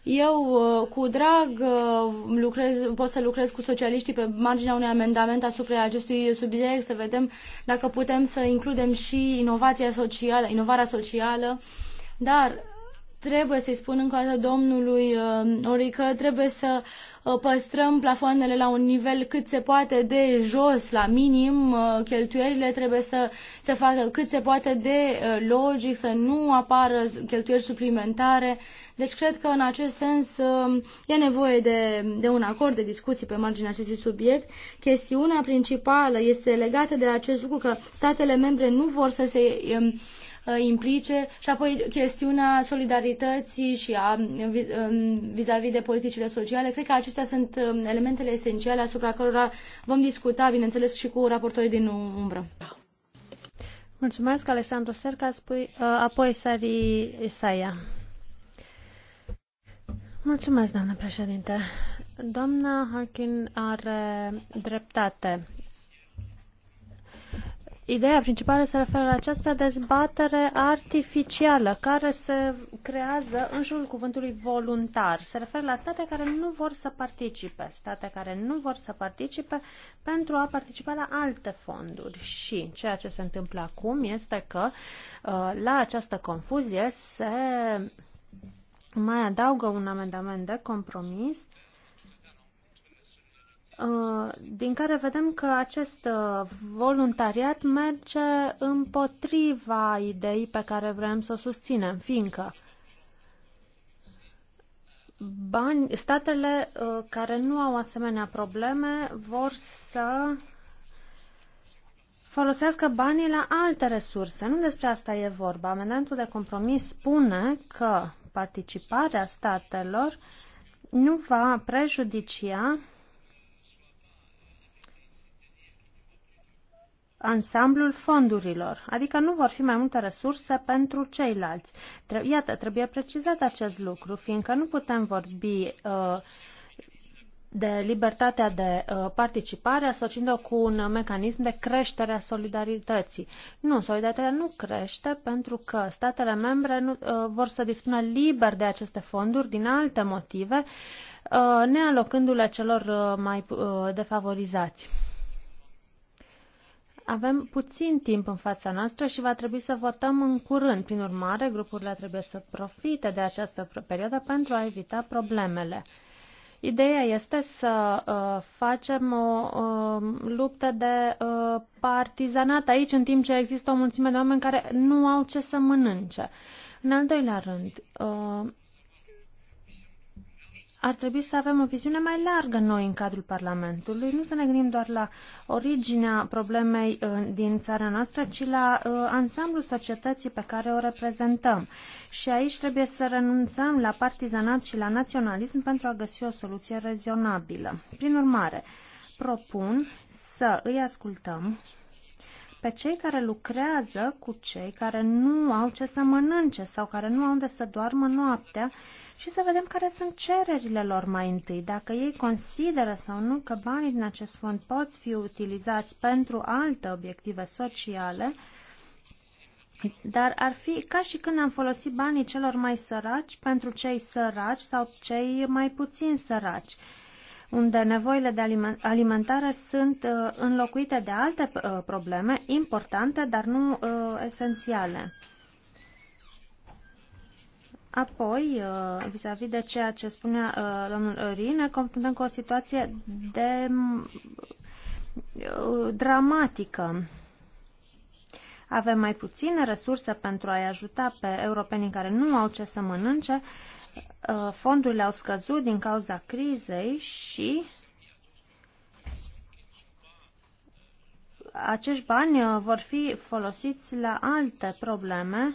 eu uh, cu drag uh, lucrez, pot să lucrez cu socialiștii pe marginea unui amendament asupra acestui subiect, să vedem dacă putem să includem și inovația socială, inovarea socială, dar trebuie să-i spun încă o dată domnului uh, Ori că trebuie să uh, păstrăm plafoanele la un nivel cât se poate de jos, la minim, uh, trebuie să se facă cât se poate de uh, logic, să nu apară cheltuieli suplimentare. Deci cred că în acest sens uh, e nevoie de, de un acord, de discuții pe marginea acestui subiect. Chestiunea principală este legată de acest lucru că statele membre nu vor să se... Uh, Uh, implice și apoi chestiunea solidarității și a um, um, vis-a-vis -vis de politicile sociale. Cred că acestea sunt um, elementele esențiale asupra cărora vom discuta, bineînțeles, și cu raportorii din umbră. Mulțumesc, Alessandro Serca, spui, uh, apoi Sari Isaia. Mulțumesc, doamnă președinte. Doamna Harkin are dreptate. Ideea principală se referă la această dezbatere artificială care se creează în jurul cuvântului voluntar. Se referă la state care nu vor să participe, state care nu vor să participe pentru a participa la alte fonduri. Și ceea ce se întâmplă acum este că uh, la această confuzie se mai adaugă un amendament de compromis Uh, din care vedem că acest uh, voluntariat merge împotriva ideii pe care vrem să o susținem, fiindcă bani, statele uh, care nu au asemenea probleme vor să folosească banii la alte resurse. Nu despre asta e vorba. Amendamentul de compromis spune că participarea statelor nu va prejudicia ansamblul fondurilor, adică nu vor fi mai multe resurse pentru ceilalți. Iată, trebuie precizat acest lucru, fiindcă nu putem vorbi uh, de libertatea de uh, participare, asociindu o cu un mecanism de creștere a solidarității. Nu, solidaritatea nu crește pentru că statele membre nu, uh, vor să dispună liber de aceste fonduri din alte motive, uh, nealocându-le celor mai defavorizați. Avem puțin timp în fața noastră și va trebui să votăm în curând. Prin urmare, grupurile trebuie să profite de această perioadă pentru a evita problemele. Ideea este să uh, facem o uh, luptă de uh, partizanat aici, în timp ce există o mulțime de oameni care nu au ce să mănânce. În al doilea rând, uh, ar trebui să avem o viziune mai largă noi în cadrul Parlamentului, nu să ne gândim doar la originea problemei uh, din țara noastră, ci la uh, ansamblul societății pe care o reprezentăm. Și aici trebuie să renunțăm la partizanat și la naționalism pentru a găsi o soluție rezonabilă. Prin urmare, propun să îi ascultăm pe cei care lucrează cu cei care nu au ce să mănânce sau care nu au unde să doarmă noaptea și să vedem care sunt cererile lor mai întâi, dacă ei consideră sau nu că banii din acest fond pot fi utilizați pentru alte obiective sociale, dar ar fi ca și când am folosit banii celor mai săraci pentru cei săraci sau cei mai puțin săraci unde nevoile de alimentare sunt uh, înlocuite de alte uh, probleme importante, dar nu uh, esențiale. Apoi, vis-a-vis -vis de ceea ce spunea domnul Rine, ne confruntăm cu o situație de dramatică. Avem mai puține resurse pentru a-i ajuta pe europenii care nu au ce să mănânce Uh, fondurile au scăzut din cauza crizei și acești bani uh, vor fi folosiți la alte probleme.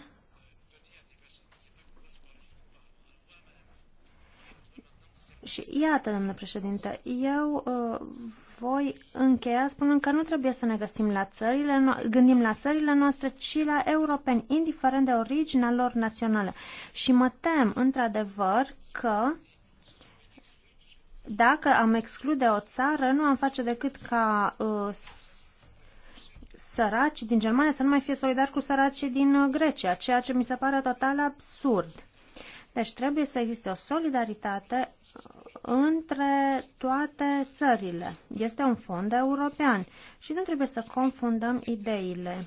Și iată, domnule președinte, eu uh, voi încheia spunând că nu trebuie să ne găsim la țările, gândim la țările noastre, ci la europeni, indiferent de originea lor națională. Și mă tem, într-adevăr, că dacă am exclude o țară, nu am face decât ca uh, din Germania să nu mai fie solidari cu săracii din uh, Grecia, ceea ce mi se pare total absurd. Deci trebuie să existe o solidaritate uh, între toate țările. Este un fond european și nu trebuie să confundăm ideile.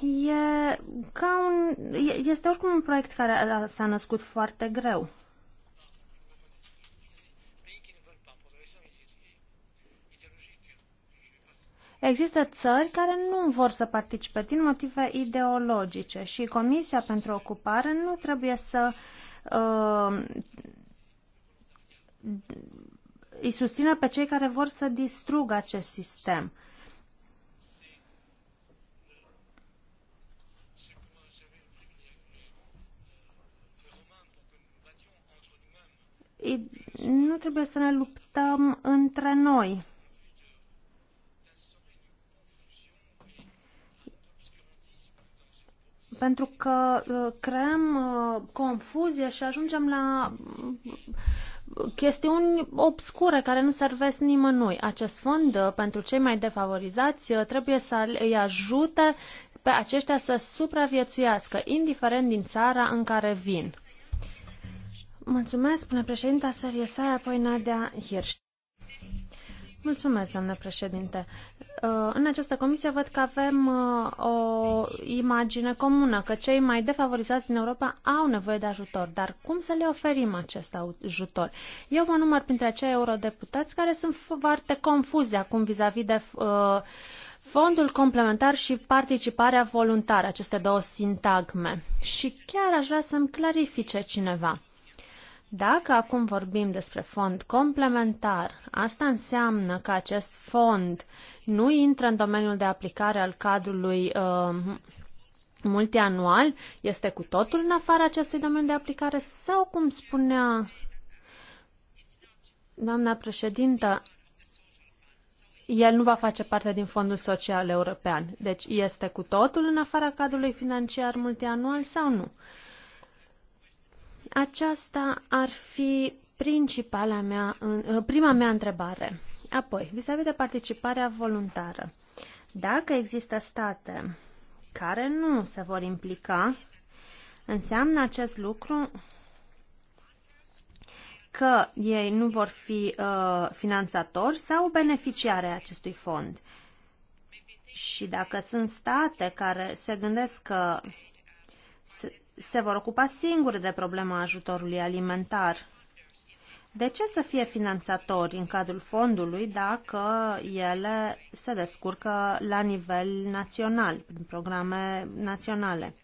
E ca un, este oricum un proiect care s-a născut foarte greu. Există țări care nu vor să participe din motive ideologice și Comisia pentru Ocupare nu trebuie să uh, Uh, îi susțină pe cei care vor să distrugă acest sistem. nu trebuie să ne luptăm între noi. pentru că uh, creăm uh, confuzie și ajungem la uh, chestiuni obscure care nu servesc nimănui. Acest fond pentru cei mai defavorizați trebuie să îi ajute pe aceștia să supraviețuiască, indiferent din țara în care vin. Mulțumesc, până președinta Saia, apoi Nadia Hirsch. Mulțumesc, doamnă președinte. Uh, în această comisie văd că avem uh, o imagine comună, că cei mai defavorizați din Europa au nevoie de ajutor, dar cum să le oferim acest ajutor? Eu mă număr printre acei eurodeputați care sunt foarte confuzi acum vis-a-vis -vis de uh, fondul complementar și participarea voluntară, aceste două sintagme. Și chiar aș vrea să-mi clarifice cineva. Dacă acum vorbim despre fond complementar, asta înseamnă că acest fond nu intră în domeniul de aplicare al cadrului uh, multianual, este cu totul în afara acestui domeniu de aplicare sau, cum spunea doamna președintă, el nu va face parte din Fondul Social European. Deci este cu totul în afara cadrului financiar multianual sau nu? Aceasta ar fi principala mea, uh, prima mea întrebare. Apoi, vis-a-vis -vis de participarea voluntară. Dacă există state care nu se vor implica, înseamnă acest lucru că ei nu vor fi uh, finanțatori sau beneficiare acestui fond. Și dacă sunt state care se gândesc că se vor ocupa singure de problema ajutorului alimentar. De ce să fie finanțatori în cadrul fondului dacă ele se descurcă la nivel național, prin programe naționale?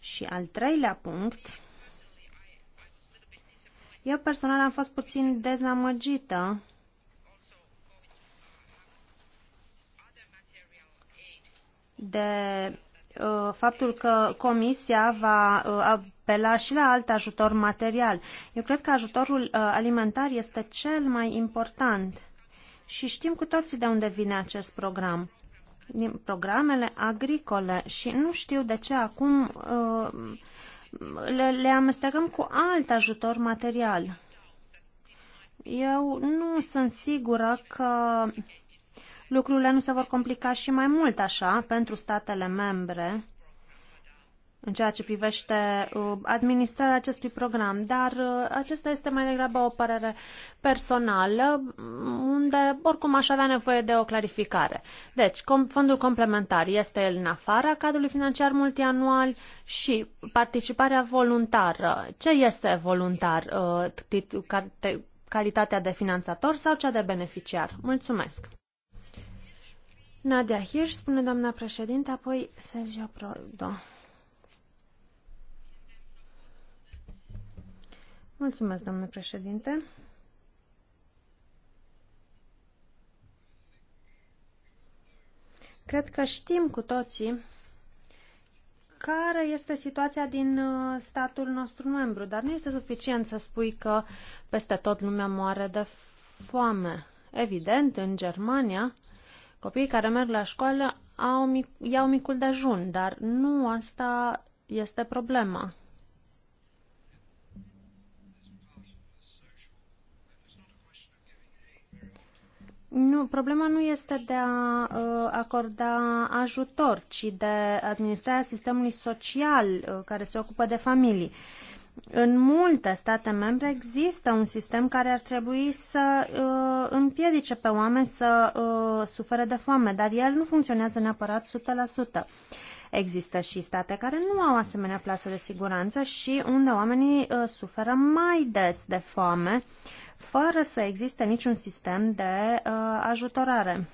Și al treilea punct, eu personal am fost puțin dezamăgită de Uh, faptul că Comisia va uh, apela și la alt ajutor material. Eu cred că ajutorul uh, alimentar este cel mai important și știm cu toții de unde vine acest program din programele agricole și nu știu de ce acum le, le amestecăm cu alt ajutor material. Eu nu sunt sigură că lucrurile nu se vor complica și mai mult așa pentru statele membre în ceea ce privește uh, administrarea acestui program, dar uh, acesta este mai degrabă o părere personală, mm, unde oricum aș avea nevoie de o clarificare. Deci, fondul complementar este el în afara cadrului financiar multianual și participarea voluntară. Ce este voluntar? Uh, calitatea de finanțator sau cea de beneficiar? Mulțumesc! Nadia Hirsch, spune doamna președinte, apoi Sergio Prodo. Mulțumesc, doamna președinte. Cred că știm cu toții care este situația din uh, statul nostru membru, dar nu este suficient să spui că peste tot lumea moare de foame. Evident, în Germania, Copiii care merg la școală au mic, iau micul dejun, dar nu asta este problema. Nu, problema nu este de a uh, acorda ajutor, ci de administrarea sistemului social uh, care se ocupă de familii. Uh, în multe state membre există un sistem care ar trebui să uh, împiedice pe oameni să uh, sufere de foame, dar el nu funcționează neapărat 100%. Există și state care nu au asemenea plasă de siguranță și unde oamenii uh, suferă mai des de foame, fără să existe niciun sistem de uh, ajutorare.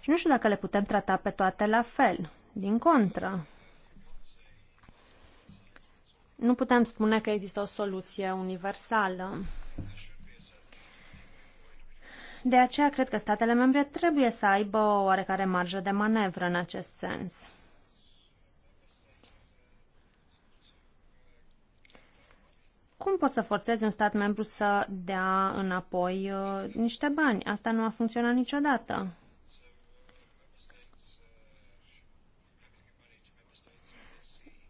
Și nu știu dacă le putem trata pe toate la fel. Din contră nu putem spune că există o soluție universală. De aceea cred că statele membre trebuie să aibă o oarecare marjă de manevră în acest sens. Cum poți să forțezi un stat membru să dea înapoi uh, niște bani? Asta nu a funcționat niciodată.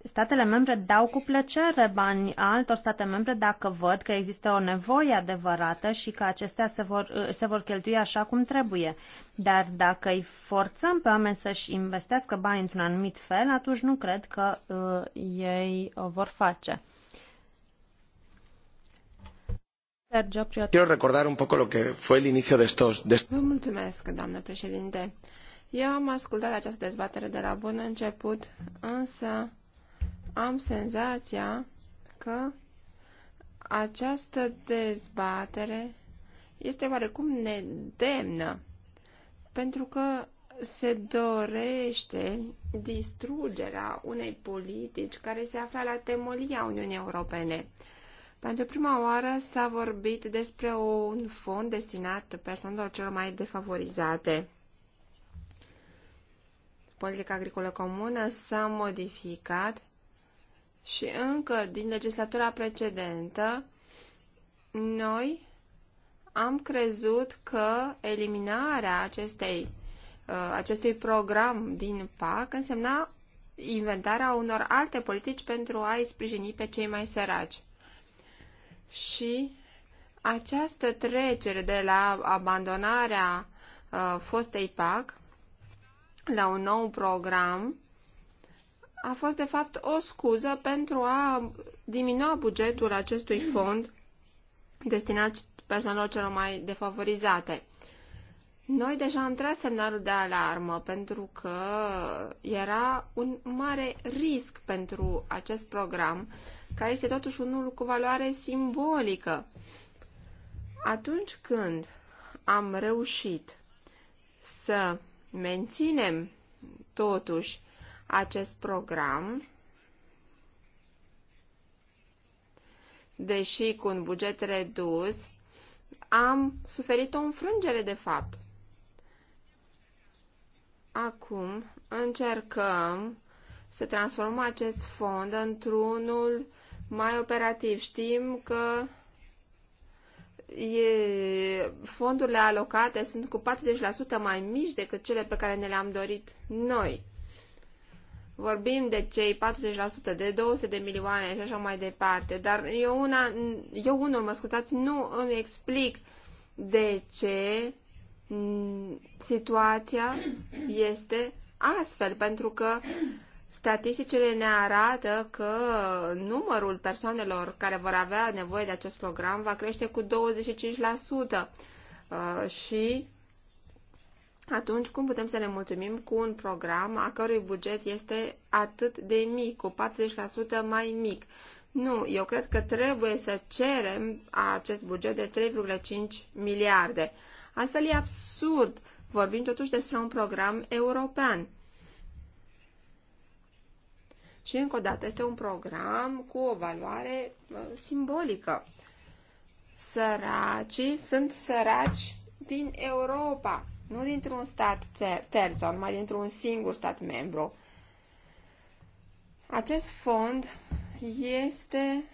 statele membre dau cu plăcere bani altor state membre dacă văd că există o nevoie adevărată și că acestea se vor, se vor cheltui așa cum trebuie. Dar dacă îi forțăm pe oameni să-și investească bani într-un anumit fel, atunci nu cred că uh, ei o vor face. Quiero recordar un poco lo que fue el inicio de estos. De... Vă mulțumesc, doamnă președinte. Eu am ascultat această dezbatere de la bun început, însă am senzația că această dezbatere este oarecum nedemnă, pentru că se dorește distrugerea unei politici care se afla la temolia Uniunii Europene. Pentru prima oară s-a vorbit despre un fond destinat persoanelor celor mai defavorizate. Politica agricolă comună s-a modificat și încă din legislatura precedentă, noi am crezut că eliminarea acestei, uh, acestui program din PAC însemna inventarea unor alte politici pentru a-i sprijini pe cei mai săraci. Și această trecere de la abandonarea uh, fostei PAC la un nou program a fost de fapt o scuză pentru a diminua bugetul acestui fond destinat persoanelor celor mai defavorizate. Noi deja am tras semnalul de alarmă pentru că era un mare risc pentru acest program, care este totuși unul cu valoare simbolică. Atunci când am reușit să menținem totuși acest program, deși cu un buget redus, am suferit o înfrângere de fapt. Acum încercăm să transformăm acest fond într-unul mai operativ. Știm că e, fondurile alocate sunt cu 40% mai mici decât cele pe care ne le-am dorit noi vorbim de cei 40%, de 200 de milioane și așa mai departe, dar eu, una, eu unul, mă scuzați, nu îmi explic de ce situația este astfel, pentru că statisticile ne arată că numărul persoanelor care vor avea nevoie de acest program va crește cu 25% și atunci cum putem să le mulțumim cu un program a cărui buget este atât de mic, cu 40% mai mic? Nu, eu cred că trebuie să cerem acest buget de 3,5 miliarde. Altfel e absurd. Vorbim totuși despre un program european. Și încă o dată, este un program cu o valoare simbolică. Săracii sunt săraci din Europa nu dintr-un stat ter terț, sau numai dintr-un singur stat membru. Acest fond este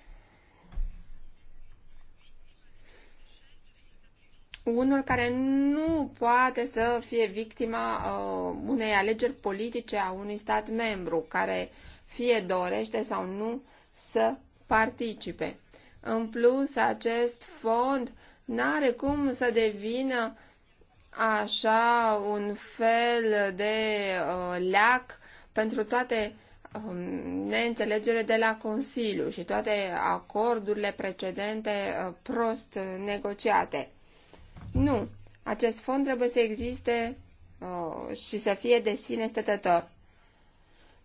unul care nu poate să fie victima uh, unei alegeri politice a unui stat membru care fie dorește sau nu să participe. În plus, acest fond n-are cum să devină așa un fel de uh, leac pentru toate uh, neînțelegere de la Consiliu și toate acordurile precedente uh, prost negociate. Nu, acest fond trebuie să existe uh, și să fie de sine stătător.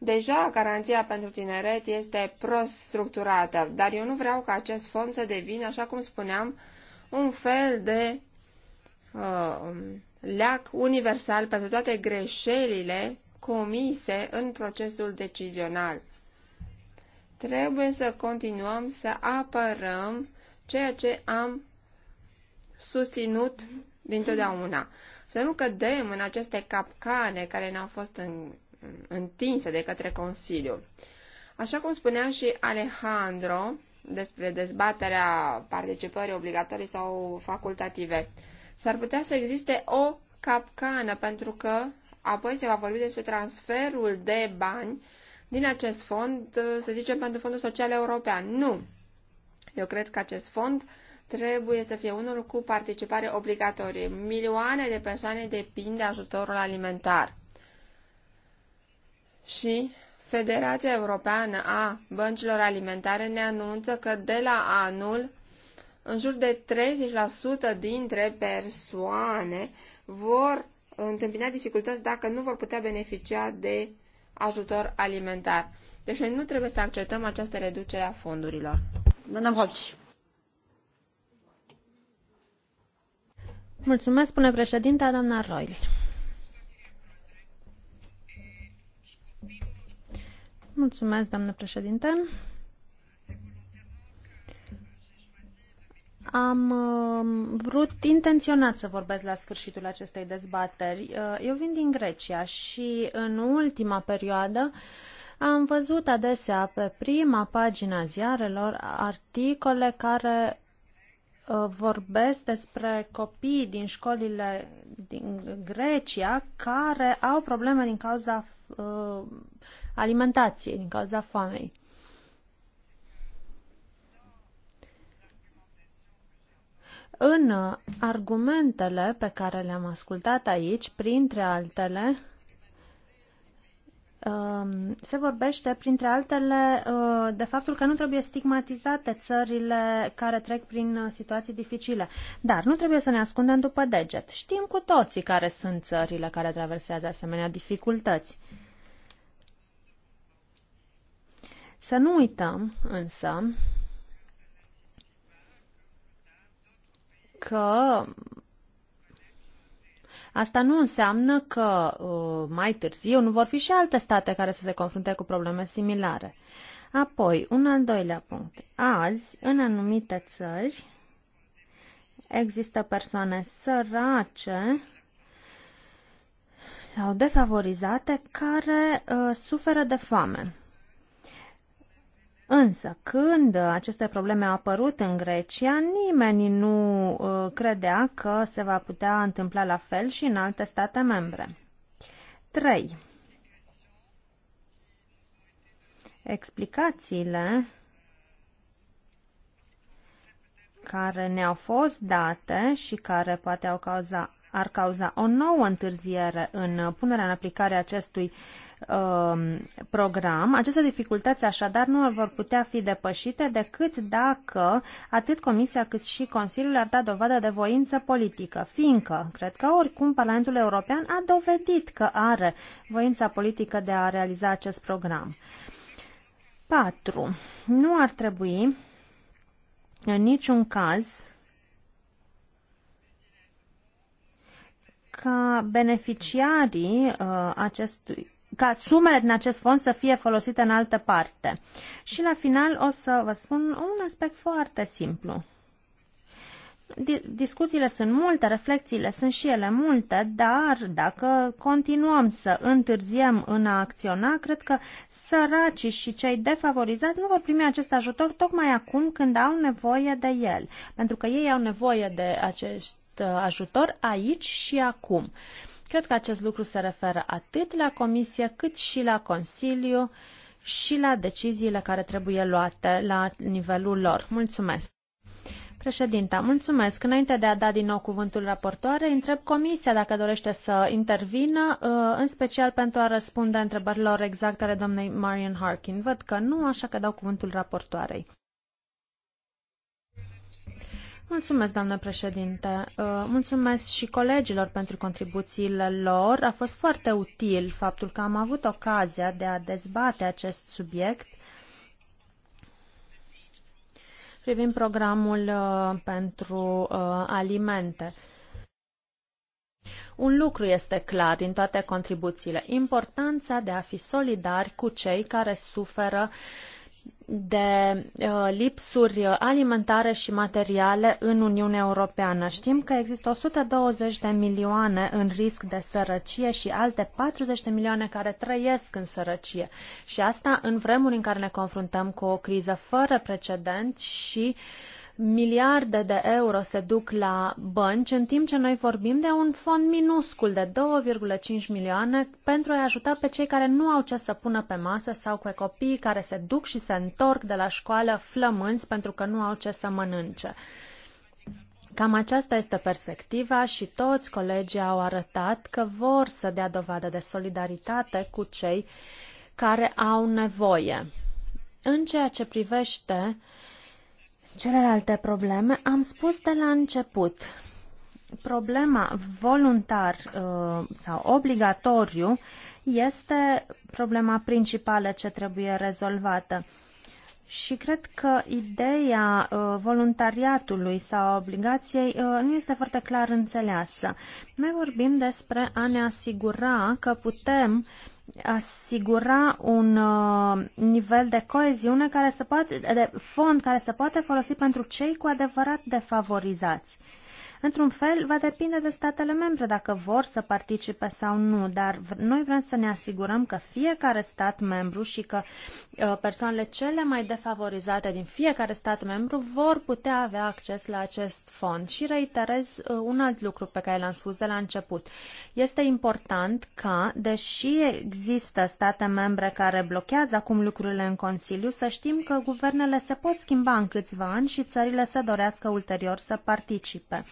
Deja garanția pentru tineret este prost structurată, dar eu nu vreau ca acest fond să devină, așa cum spuneam, un fel de Uh, leac universal pentru toate greșelile comise în procesul decizional. Trebuie să continuăm să apărăm ceea ce am susținut dintotdeauna. Să nu cădem în aceste capcane care ne-au fost în, întinse de către Consiliu. Așa cum spunea și Alejandro despre dezbaterea participării obligatorii sau facultative, S-ar putea să existe o capcană, pentru că apoi se va vorbi despre transferul de bani din acest fond, să zicem, pentru Fondul Social European. Nu! Eu cred că acest fond trebuie să fie unul cu participare obligatorie. Milioane de persoane depind de ajutorul alimentar. Și Federația Europeană a Băncilor Alimentare ne anunță că de la anul în jur de 30% dintre persoane vor întâmpina dificultăți dacă nu vor putea beneficia de ajutor alimentar. Deci noi nu trebuie să acceptăm această reducere a fondurilor. Madame Holci. Mulțumesc, spune președinta, doamna Roil. Mulțumesc, doamnă președinte. Am um, vrut intenționat să vorbesc la sfârșitul acestei dezbateri. Uh, eu vin din Grecia și în ultima perioadă am văzut adesea pe prima pagina ziarelor articole care uh, vorbesc despre copii din școlile din Grecia care au probleme din cauza uh, alimentației, din cauza foamei. În argumentele pe care le-am ascultat aici, printre altele, um, se vorbește, printre altele, uh, de faptul că nu trebuie stigmatizate țările care trec prin uh, situații dificile. Dar nu trebuie să ne ascundem după deget. Știm cu toții care sunt țările care traversează asemenea dificultăți. Să nu uităm, însă, că Asta nu înseamnă că uh, mai târziu nu vor fi și alte state care să se confrunte cu probleme similare. Apoi, un al doilea punct. Azi, în anumite țări, există persoane sărace sau defavorizate care uh, suferă de foame. Însă, când aceste probleme au apărut în Grecia, nimeni nu uh, credea că se va putea întâmpla la fel și în alte state membre. 3. Explicațiile care ne-au fost date și care poate au cauza, ar cauza o nouă întârziere în punerea în aplicare acestui uh, Um, program. Aceste dificultăți așadar nu vor putea fi depășite decât dacă atât Comisia cât și Consiliul ar da dovadă de voință politică, fiindcă cred că oricum Parlamentul European a dovedit că are voința politică de a realiza acest program. 4. Nu ar trebui în niciun caz ca beneficiarii uh, acestui ca sumele din acest fond să fie folosite în altă parte. Și la final o să vă spun un aspect foarte simplu. Discuțiile sunt multe, reflexiile sunt și ele multe, dar dacă continuăm să întârziem în a acționa, cred că săracii și cei defavorizați nu vor primi acest ajutor tocmai acum când au nevoie de el, pentru că ei au nevoie de acest uh, ajutor aici și acum. Cred că acest lucru se referă atât la Comisie cât și la Consiliu și la deciziile care trebuie luate la nivelul lor. Mulțumesc! Președinta, mulțumesc. Înainte de a da din nou cuvântul raportoare, întreb Comisia dacă dorește să intervină, uh, în special pentru a răspunde întrebărilor exacte ale doamnei Marian Harkin. Văd că nu, așa că dau cuvântul raportoarei. Mulțumesc, doamnă președinte. Uh, mulțumesc și colegilor pentru contribuțiile lor. A fost foarte util faptul că am avut ocazia de a dezbate acest subiect privind programul uh, pentru uh, alimente. Un lucru este clar din toate contribuțiile, importanța de a fi solidari cu cei care suferă uh, de uh, lipsuri alimentare și materiale în Uniunea Europeană. Știm că există 120 de milioane în risc de sărăcie și alte 40 de milioane care trăiesc în sărăcie. Și asta în vremuri în care ne confruntăm cu o criză fără precedent și uh, miliarde de euro se duc la bănci, în timp ce noi vorbim de un fond minuscul de 2,5 milioane pentru a-i ajuta pe cei care nu au ce să pună pe masă sau cu copiii care se duc și se întorc de la școală flămânți pentru că nu au ce să mănânce. Cam aceasta este perspectiva și toți colegii au arătat că vor să dea dovadă de solidaritate cu cei care au nevoie. În ceea ce privește uh, Celelalte probleme am spus de la început. Problema voluntar uh, sau obligatoriu este problema principală ce trebuie rezolvată. Și cred că ideea uh, voluntariatului sau obligației uh, nu este foarte clar înțeleasă. Noi vorbim despre a ne asigura că putem asigura un uh, nivel de coeziune care se poate, de fond care se poate folosi pentru cei cu adevărat defavorizați. Într-un fel, va depinde de statele membre dacă vor să participe sau nu, dar noi vrem să ne asigurăm că fiecare stat membru și că uh, persoanele cele mai defavorizate din fiecare stat membru vor putea avea acces la acest fond. Și reiterez uh, un alt lucru pe care l-am spus de la început. Este important ca, deși există state membre care blochează acum lucrurile în Consiliu, să știm că guvernele se pot schimba în câțiva ani și țările să dorească ulterior să participe.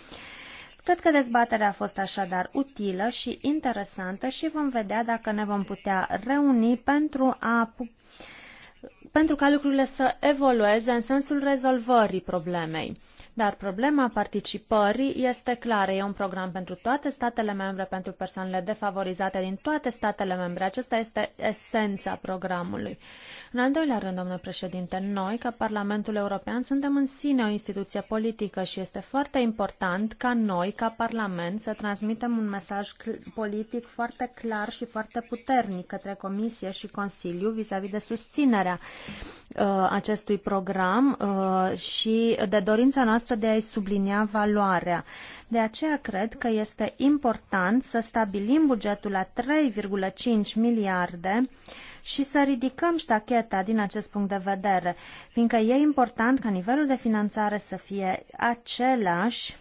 Cred că dezbaterea a fost așadar utilă și interesantă și vom vedea dacă ne vom putea reuni pentru a pentru ca lucrurile să evolueze în sensul rezolvării problemei. Dar problema participării este clară. E un program pentru toate statele membre, pentru persoanele defavorizate din toate statele membre. Acesta este esența programului. În al doilea rând, domnule președinte, noi, ca Parlamentul European, suntem în sine o instituție politică și este foarte important ca noi, ca Parlament, să transmitem un mesaj politic foarte clar și foarte puternic către Comisie și Consiliu vis-a-vis -vis de susținerea uh, acestui program uh, și de dorința noastră noastră de a-i sublinia valoarea. De aceea cred că este important să stabilim bugetul la 3,5 miliarde și să ridicăm ștacheta din acest punct de vedere, fiindcă e important ca nivelul de finanțare să fie același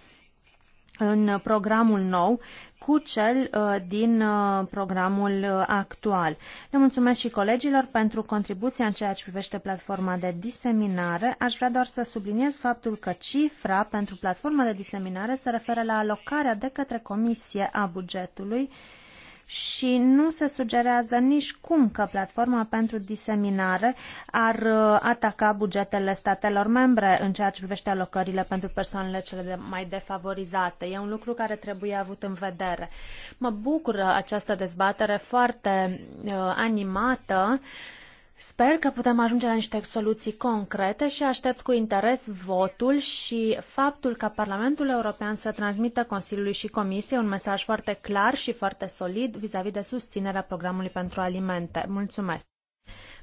în programul nou cu cel uh, din uh, programul uh, actual. Le mulțumesc și colegilor pentru contribuția în ceea ce privește platforma de diseminare. Aș vrea doar să subliniez faptul că cifra pentru platforma de diseminare se referă la alocarea de către Comisie a bugetului uh, și nu se sugerează nici cum că platforma pentru diseminare ar uh, ataca bugetele statelor membre în ceea ce privește alocările pentru persoanele cele mai defavorizate. E un lucru care trebuie avut în vedere. Mă bucură această dezbatere foarte uh, animată. Uh, Sper că putem ajunge la niște soluții concrete și aștept cu interes votul și faptul ca Parlamentul European să transmită Consiliului și Comisiei un mesaj foarte clar și foarte solid vis-a-vis de susținerea programului pentru alimente. Mulțumesc!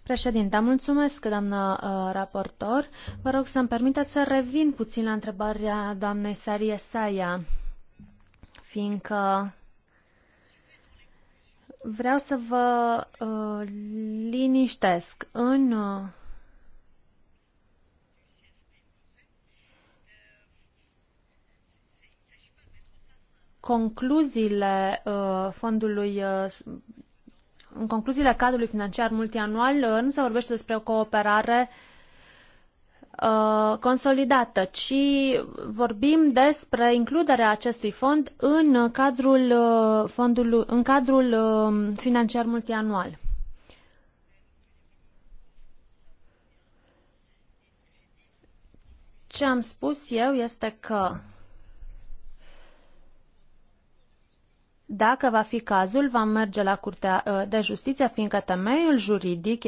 Președinte, mulțumesc, doamnă uh, raportor. Vă rog să-mi permiteți să revin puțin la întrebarea doamnei Sarie Saia, fiindcă Vreau să vă uh, liniștesc. În uh, concluziile uh, fondului uh, în concluziile cadrului financiar multianual uh, nu se vorbește despre o cooperare uh, Uh, consolidată, ci vorbim despre includerea acestui fond în cadrul, uh, fondului, în cadrul um, financiar multianual. Ce am spus eu este că Dacă va fi cazul, va merge la Curtea uh, de Justiție, fiindcă temeiul juridic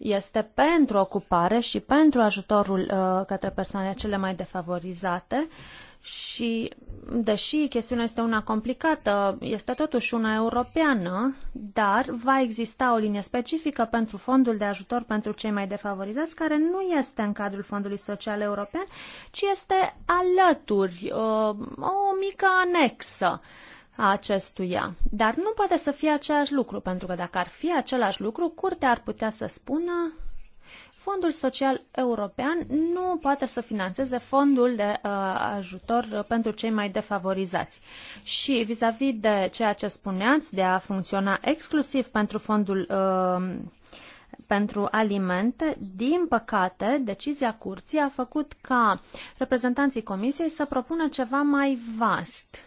este pentru ocupare și pentru ajutorul uh, către persoanele cele mai defavorizate și, deși chestiunea este una complicată, este totuși una europeană, dar va exista o linie specifică pentru fondul de ajutor pentru cei mai defavorizați, care nu este în cadrul Fondului Social European, ci este alături, uh, o mică anexă. Uh, a acestuia. Dar nu poate să fie același lucru, pentru că dacă ar fi același lucru, curtea ar putea să spună Fondul Social European nu poate să financeze fondul de uh, ajutor pentru cei mai defavorizați. Și vis-a-vis -vis de ceea ce spuneați, de a funcționa exclusiv pentru fondul uh, pentru alimente, din păcate, decizia curții a făcut ca reprezentanții comisiei să propună ceva mai vast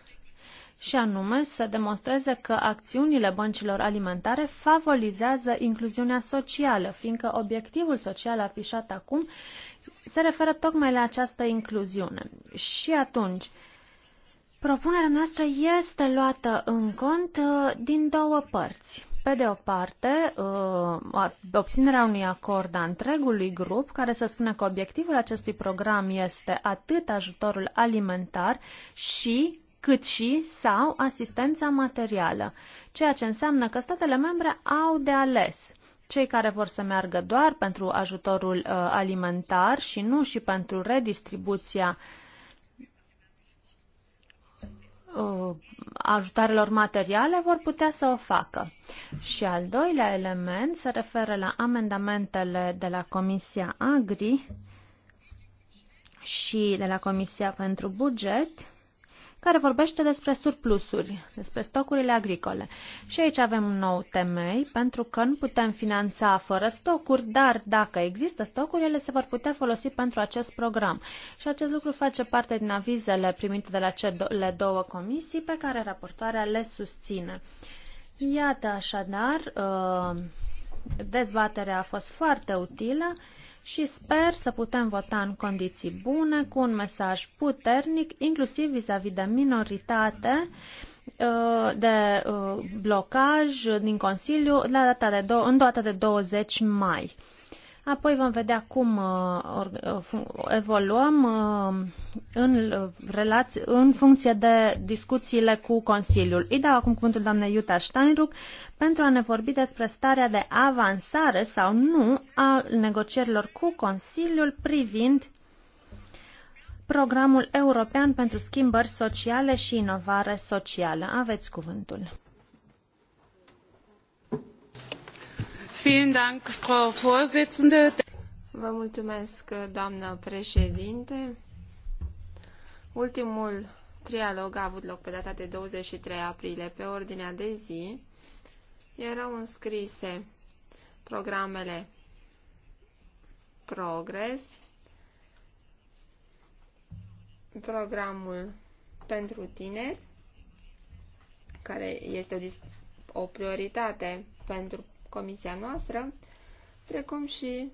și anume să demonstreze că acțiunile băncilor alimentare favorizează incluziunea socială, fiindcă obiectivul social afișat acum se referă tocmai la această incluziune. Și atunci, propunerea noastră este luată în cont uh, din două părți. Pe de o parte, uh, obținerea unui acord a întregului grup, care să spună că obiectivul acestui program este atât ajutorul alimentar și cât și sau asistența materială, ceea ce înseamnă că statele membre au de ales cei care vor să meargă doar pentru ajutorul uh, alimentar și nu și pentru redistribuția uh, ajutarelor materiale vor putea să o facă. Și al doilea element se referă la amendamentele de la Comisia Agri și de la Comisia pentru Buget care vorbește despre surplusuri, despre stocurile agricole. Și aici avem un nou temei, pentru că nu putem finanța fără stocuri, dar dacă există stocuri, ele se vor putea folosi pentru acest program. Și acest lucru face parte din avizele primite de la cele două comisii pe care raportoarea le susține. Iată așadar, uh, dezbaterea a fost foarte utilă și sper să putem vota în condiții bune, cu un mesaj puternic, inclusiv vis-a-vis -vis de minoritate, uh, de uh, blocaj din Consiliu la data de do- în data de 20 mai. Apoi vom vedea cum uh, uh, evoluăm uh, în, relați, în funcție de discuțiile cu Consiliul. Îi dau acum cuvântul doamnei Iuta Steinruck pentru a ne vorbi despre starea de avansare sau nu a negocierilor cu Consiliul privind Programul European pentru Schimbări Sociale și Inovare Socială. Aveți cuvântul. Vă mulțumesc, doamnă președinte. Ultimul trialog a avut loc pe data de 23 aprilie. Pe ordinea de zi erau înscrise programele Progres, programul pentru tineri, care este o, o prioritate pentru comisia noastră, precum și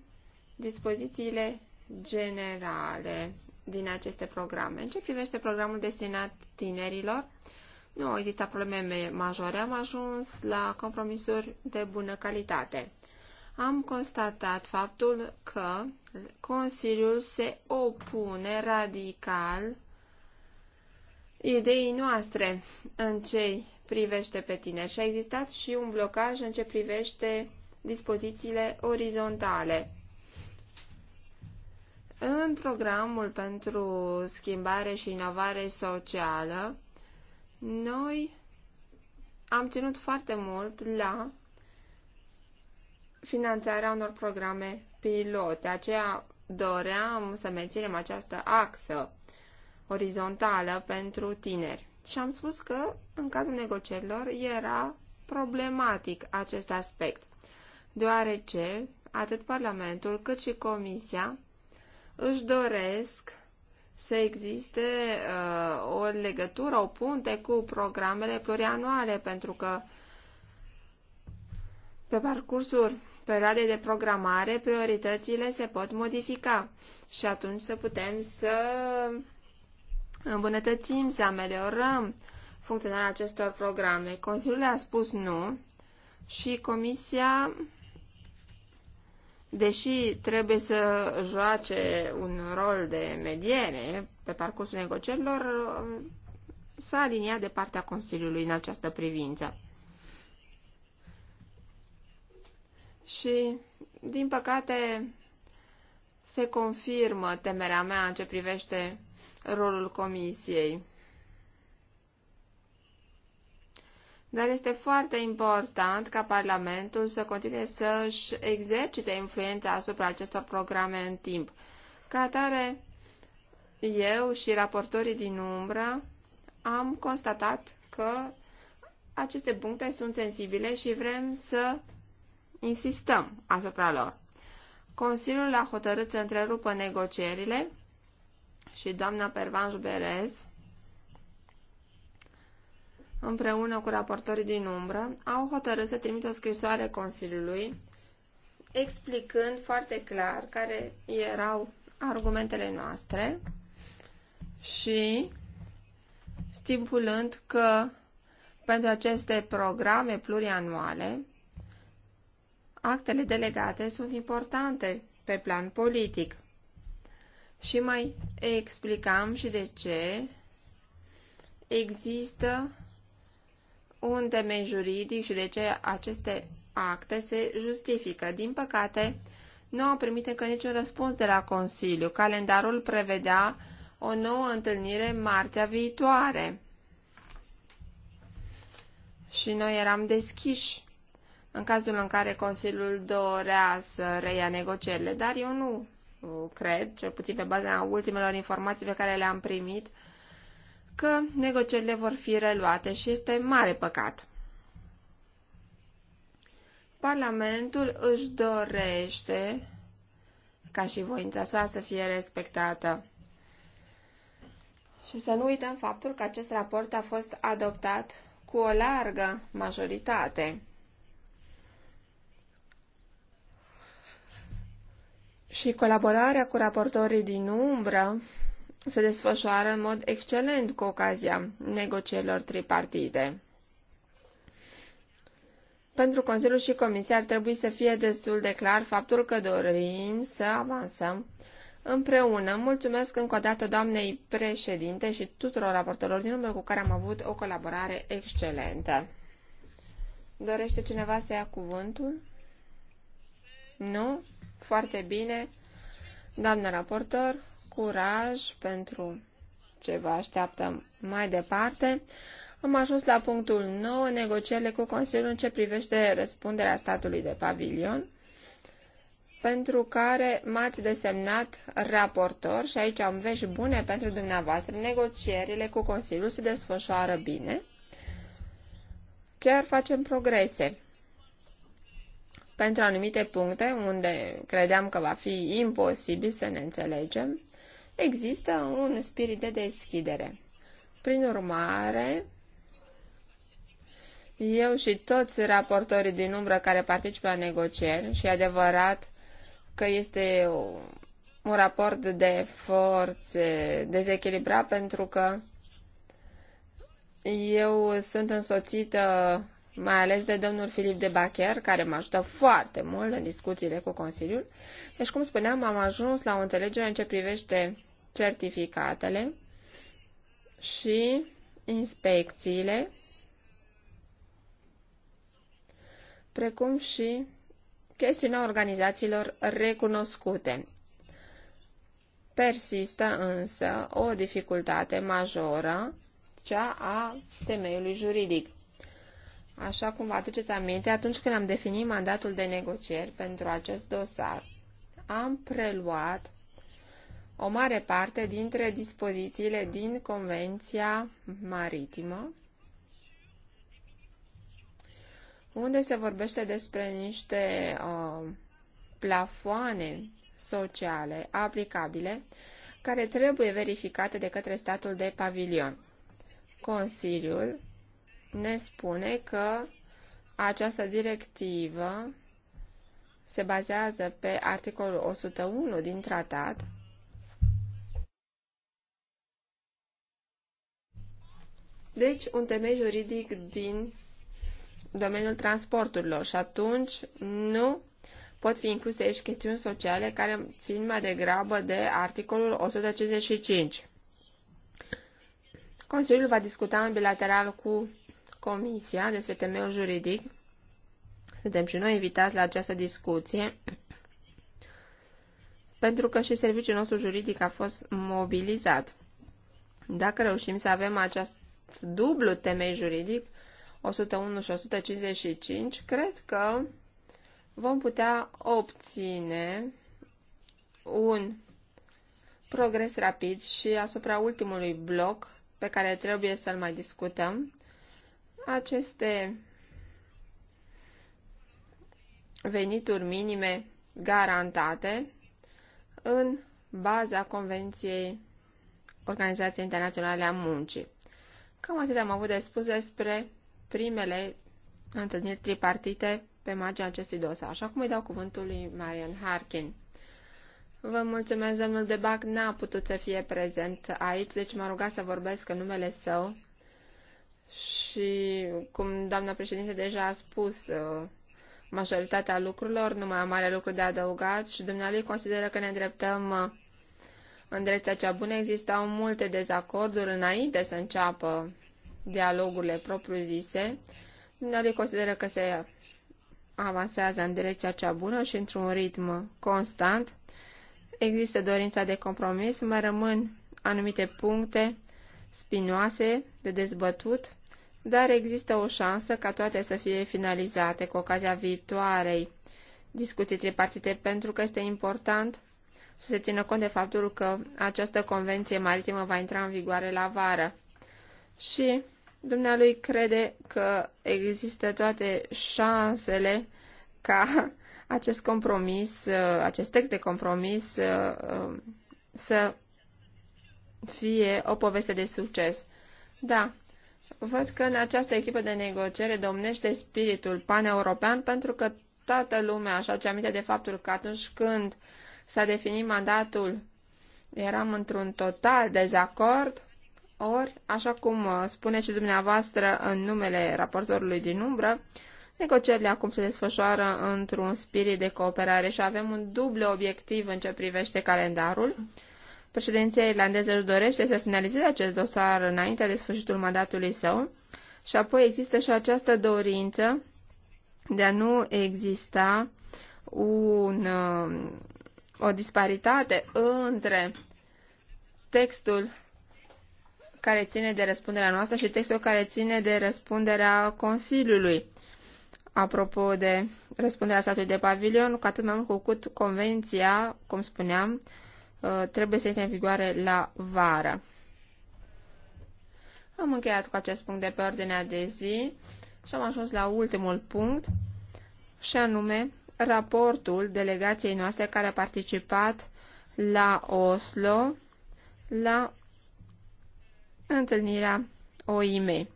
dispozițiile generale din aceste programe. În ce privește programul destinat tinerilor, nu au existat probleme majore, am ajuns la compromisuri de bună calitate. Am constatat faptul că Consiliul se opune radical ideii noastre în, cei, privește pe tine și a existat și un blocaj în ce privește dispozițiile orizontale. În programul pentru schimbare și inovare socială, noi am ținut foarte mult la finanțarea unor programe pilot. De aceea doream să menținem această axă orizontală pentru tineri. Și am spus că în cazul negocierilor era problematic acest aspect, deoarece atât Parlamentul cât și Comisia își doresc să existe uh, o legătură, o punte cu programele plurianuale, pentru că pe parcursul perioadei de programare prioritățile se pot modifica și atunci să putem să îmbunătățim, să ameliorăm funcționarea acestor programe. Consiliul a spus nu și Comisia, deși trebuie să joace un rol de mediere pe parcursul negocierilor, s-a aliniat de partea Consiliului în această privință. Și, din păcate, se confirmă temerea mea în ce privește rolul Comisiei dar este foarte important ca Parlamentul să continue să-și exercite influența asupra acestor programe în timp. Ca atare, eu și raportorii din umbră am constatat că aceste puncte sunt sensibile și vrem să insistăm asupra lor. Consiliul a hotărât să întrerupă negocierile și doamna Pervanj Berez împreună cu raportorii din umbră, au hotărât să trimită o scrisoare Consiliului explicând foarte clar care erau argumentele noastre și stipulând că pentru aceste programe plurianuale, actele delegate sunt importante pe plan politic. Și mai explicam și de ce există un temei juridic și de ce aceste acte se justifică. Din păcate, nu au primit încă niciun răspuns de la Consiliu. Calendarul prevedea o nouă întâlnire marțea viitoare. Și noi eram deschiși în cazul în care Consiliul dorea să reia negocierile, dar eu nu uh, cred, cel puțin pe baza ultimelor informații pe care le-am primit, că negocierile vor fi reluate și este mare păcat. Parlamentul își dorește ca și voința sa să fie respectată. Și să nu uităm faptul că acest raport a fost adoptat cu o largă majoritate. Și colaborarea cu raportorii din umbră se desfășoară în mod excelent cu ocazia negocierilor tripartite. Pentru Consiliul și Comisia ar trebui să fie destul de clar faptul că dorim să avansăm împreună. Mulțumesc încă o dată doamnei președinte și tuturor raportorilor din urmă cu care am avut o colaborare excelentă. Dorește cineva să ia cuvântul? Nu? Foarte bine. Doamna raportor, curaj pentru ce vă așteaptă mai departe. Am ajuns la punctul 9, negocierile cu Consiliul în ce privește răspunderea statului de pavilion, pentru care m-ați desemnat raportor și aici am vești bune pentru dumneavoastră. Negocierile cu Consiliul se desfășoară bine. Chiar facem progrese pentru anumite puncte unde credeam că va fi imposibil să ne înțelegem există un spirit de deschidere. Prin urmare, eu și toți raportorii din umbră care participă la negocieri, și adevărat că este un raport de forțe dezechilibrat pentru că eu sunt însoțită mai ales de domnul Filip de Bacher, care m-a ajutat foarte mult în discuțiile cu Consiliul. Deci, cum spuneam, am ajuns la o înțelegere în ce privește certificatele și inspecțiile, precum și chestiunea organizațiilor recunoscute. Persistă însă o dificultate majoră, cea a temeiului juridic. Așa cum vă aduceți aminte, atunci când am definit mandatul de negocieri pentru acest dosar, am preluat o mare parte dintre dispozițiile din Convenția Maritimă, unde se vorbește despre niște uh, plafoane sociale aplicabile care trebuie verificate de către statul de pavilion. Consiliul ne spune că această directivă se bazează pe articolul 101 din tratat, Deci, un temei juridic din domeniul transporturilor și atunci nu pot fi incluse aici chestiuni sociale care țin mai degrabă de articolul 155. Consiliul va discuta în bilateral cu Comisia despre temeiul juridic. Suntem și noi invitați la această discuție pentru că și serviciul nostru juridic a fost mobilizat. Dacă reușim să avem acest dublu temei juridic, 101 și 155, cred că vom putea obține un progres rapid și asupra ultimului bloc pe care trebuie să-l mai discutăm. Aceste venituri minime garantate în baza Convenției Organizației Internaționale a Muncii. Cam atât am avut de spus despre primele întâlniri tripartite pe marginea acestui dosar. Așa cum îi dau cuvântul lui Marian Harkin. Vă mulțumesc, domnul de Bac n-a putut să fie prezent aici, deci m-a rugat să vorbesc în numele său. Și cum doamna președinte deja a spus uh, majoritatea lucrurilor, nu mai am mare lucru de adăugat și dumnealui consideră că ne îndreptăm uh, în direcția cea bună. Existau multe dezacorduri înainte să înceapă dialogurile propriu-zise. Minorii consideră că se avansează în direcția cea bună și într-un ritm constant. Există dorința de compromis, mai rămân anumite puncte spinoase de dezbătut, dar există o șansă ca toate să fie finalizate cu ocazia viitoarei discuții tripartite, pentru că este important să se țină cont de faptul că această convenție maritimă va intra în vigoare la vară. Și dumnealui crede că există toate șansele ca acest compromis, uh, acest text de compromis uh, um, să fie o poveste de succes. Da, văd că în această echipă de negociere domnește spiritul paneuropean pentru că toată lumea așa ce aminte de faptul că atunci când uh, s-a definit mandatul, eram într-un total dezacord, ori, așa cum uh, spune și dumneavoastră în numele raportorului din umbră, negocierile acum se desfășoară într-un spirit de cooperare și avem un dublu obiectiv în ce privește calendarul. Președinția irlandeză își dorește să finalizeze acest dosar înainte de sfârșitul mandatului său și apoi există și această dorință de a nu exista un uh, o disparitate între textul care ține de răspunderea noastră și textul care ține de răspunderea Consiliului. Apropo de răspunderea statului de pavilion, cu atât mai mult cu cât convenția, cum spuneam, uh, trebuie să intre în vigoare la vară. Am încheiat cu acest punct de pe ordinea de zi și am ajuns la ultimul punct, și anume raportul delegației noastre care a participat la Oslo la întâlnirea OIM.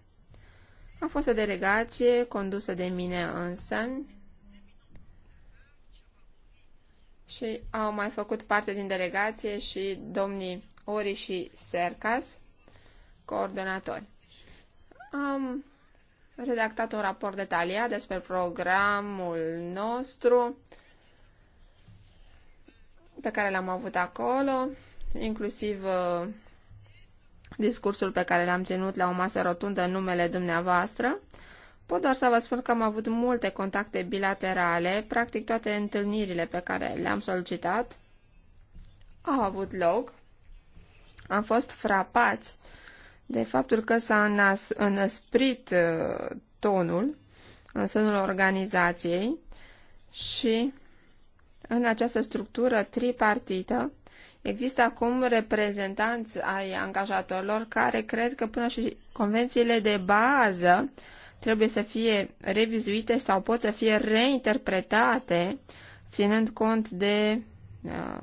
A fost o delegație condusă de mine însă și au mai făcut parte din delegație și domnii Ori și Sercas, coordonatori. Am redactat un raport detaliat despre programul nostru pe care l-am avut acolo, inclusiv uh, discursul pe care l-am ținut la o masă rotundă în numele dumneavoastră. Pot doar să vă spun că am avut multe contacte bilaterale, practic toate întâlnirile pe care le-am solicitat au avut loc. Am fost frapați de faptul că s-a înăsprit uh, tonul în sânul organizației și în această structură tripartită există acum reprezentanți ai angajatorilor care cred că până și convențiile de bază trebuie să fie revizuite sau pot să fie reinterpretate ținând cont de uh,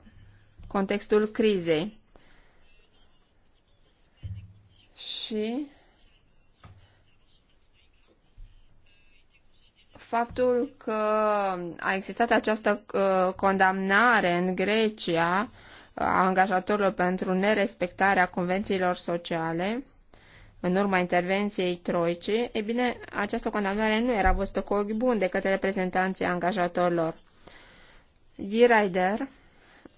contextul crizei și faptul că a existat această uh, condamnare în Grecia a angajatorilor pentru nerespectarea convențiilor sociale în urma intervenției troicii, e bine, această condamnare nu era văzută cu ochi buni de către reprezentanții angajatorilor. Giraider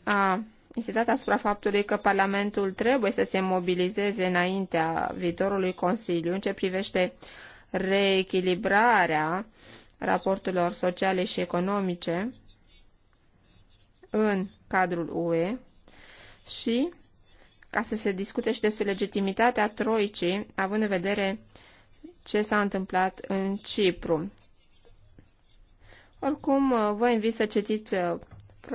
a insistat asupra faptului că Parlamentul trebuie să se mobilizeze înaintea viitorului Consiliu în ce privește reechilibrarea raporturilor sociale și economice în cadrul UE și ca să se discute și despre legitimitatea Troicii, având în vedere ce s-a întâmplat în Cipru. Oricum, vă invit să citiți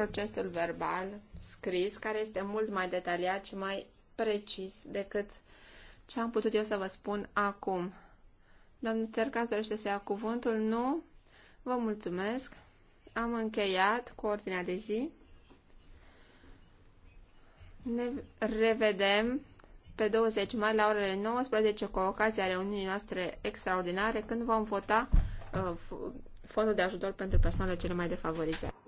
procesul verbal scris, care este mult mai detaliat și mai precis decât ce am putut eu să vă spun acum. Domnul Țercas dorește să ia cuvântul? Nu? Vă mulțumesc. Am încheiat cu ordinea de zi. Ne revedem pe 20 mai la orele 19 cu ocazia reuniunii noastre extraordinare când vom vota uh, fondul de ajutor pentru persoanele cele mai defavorizate.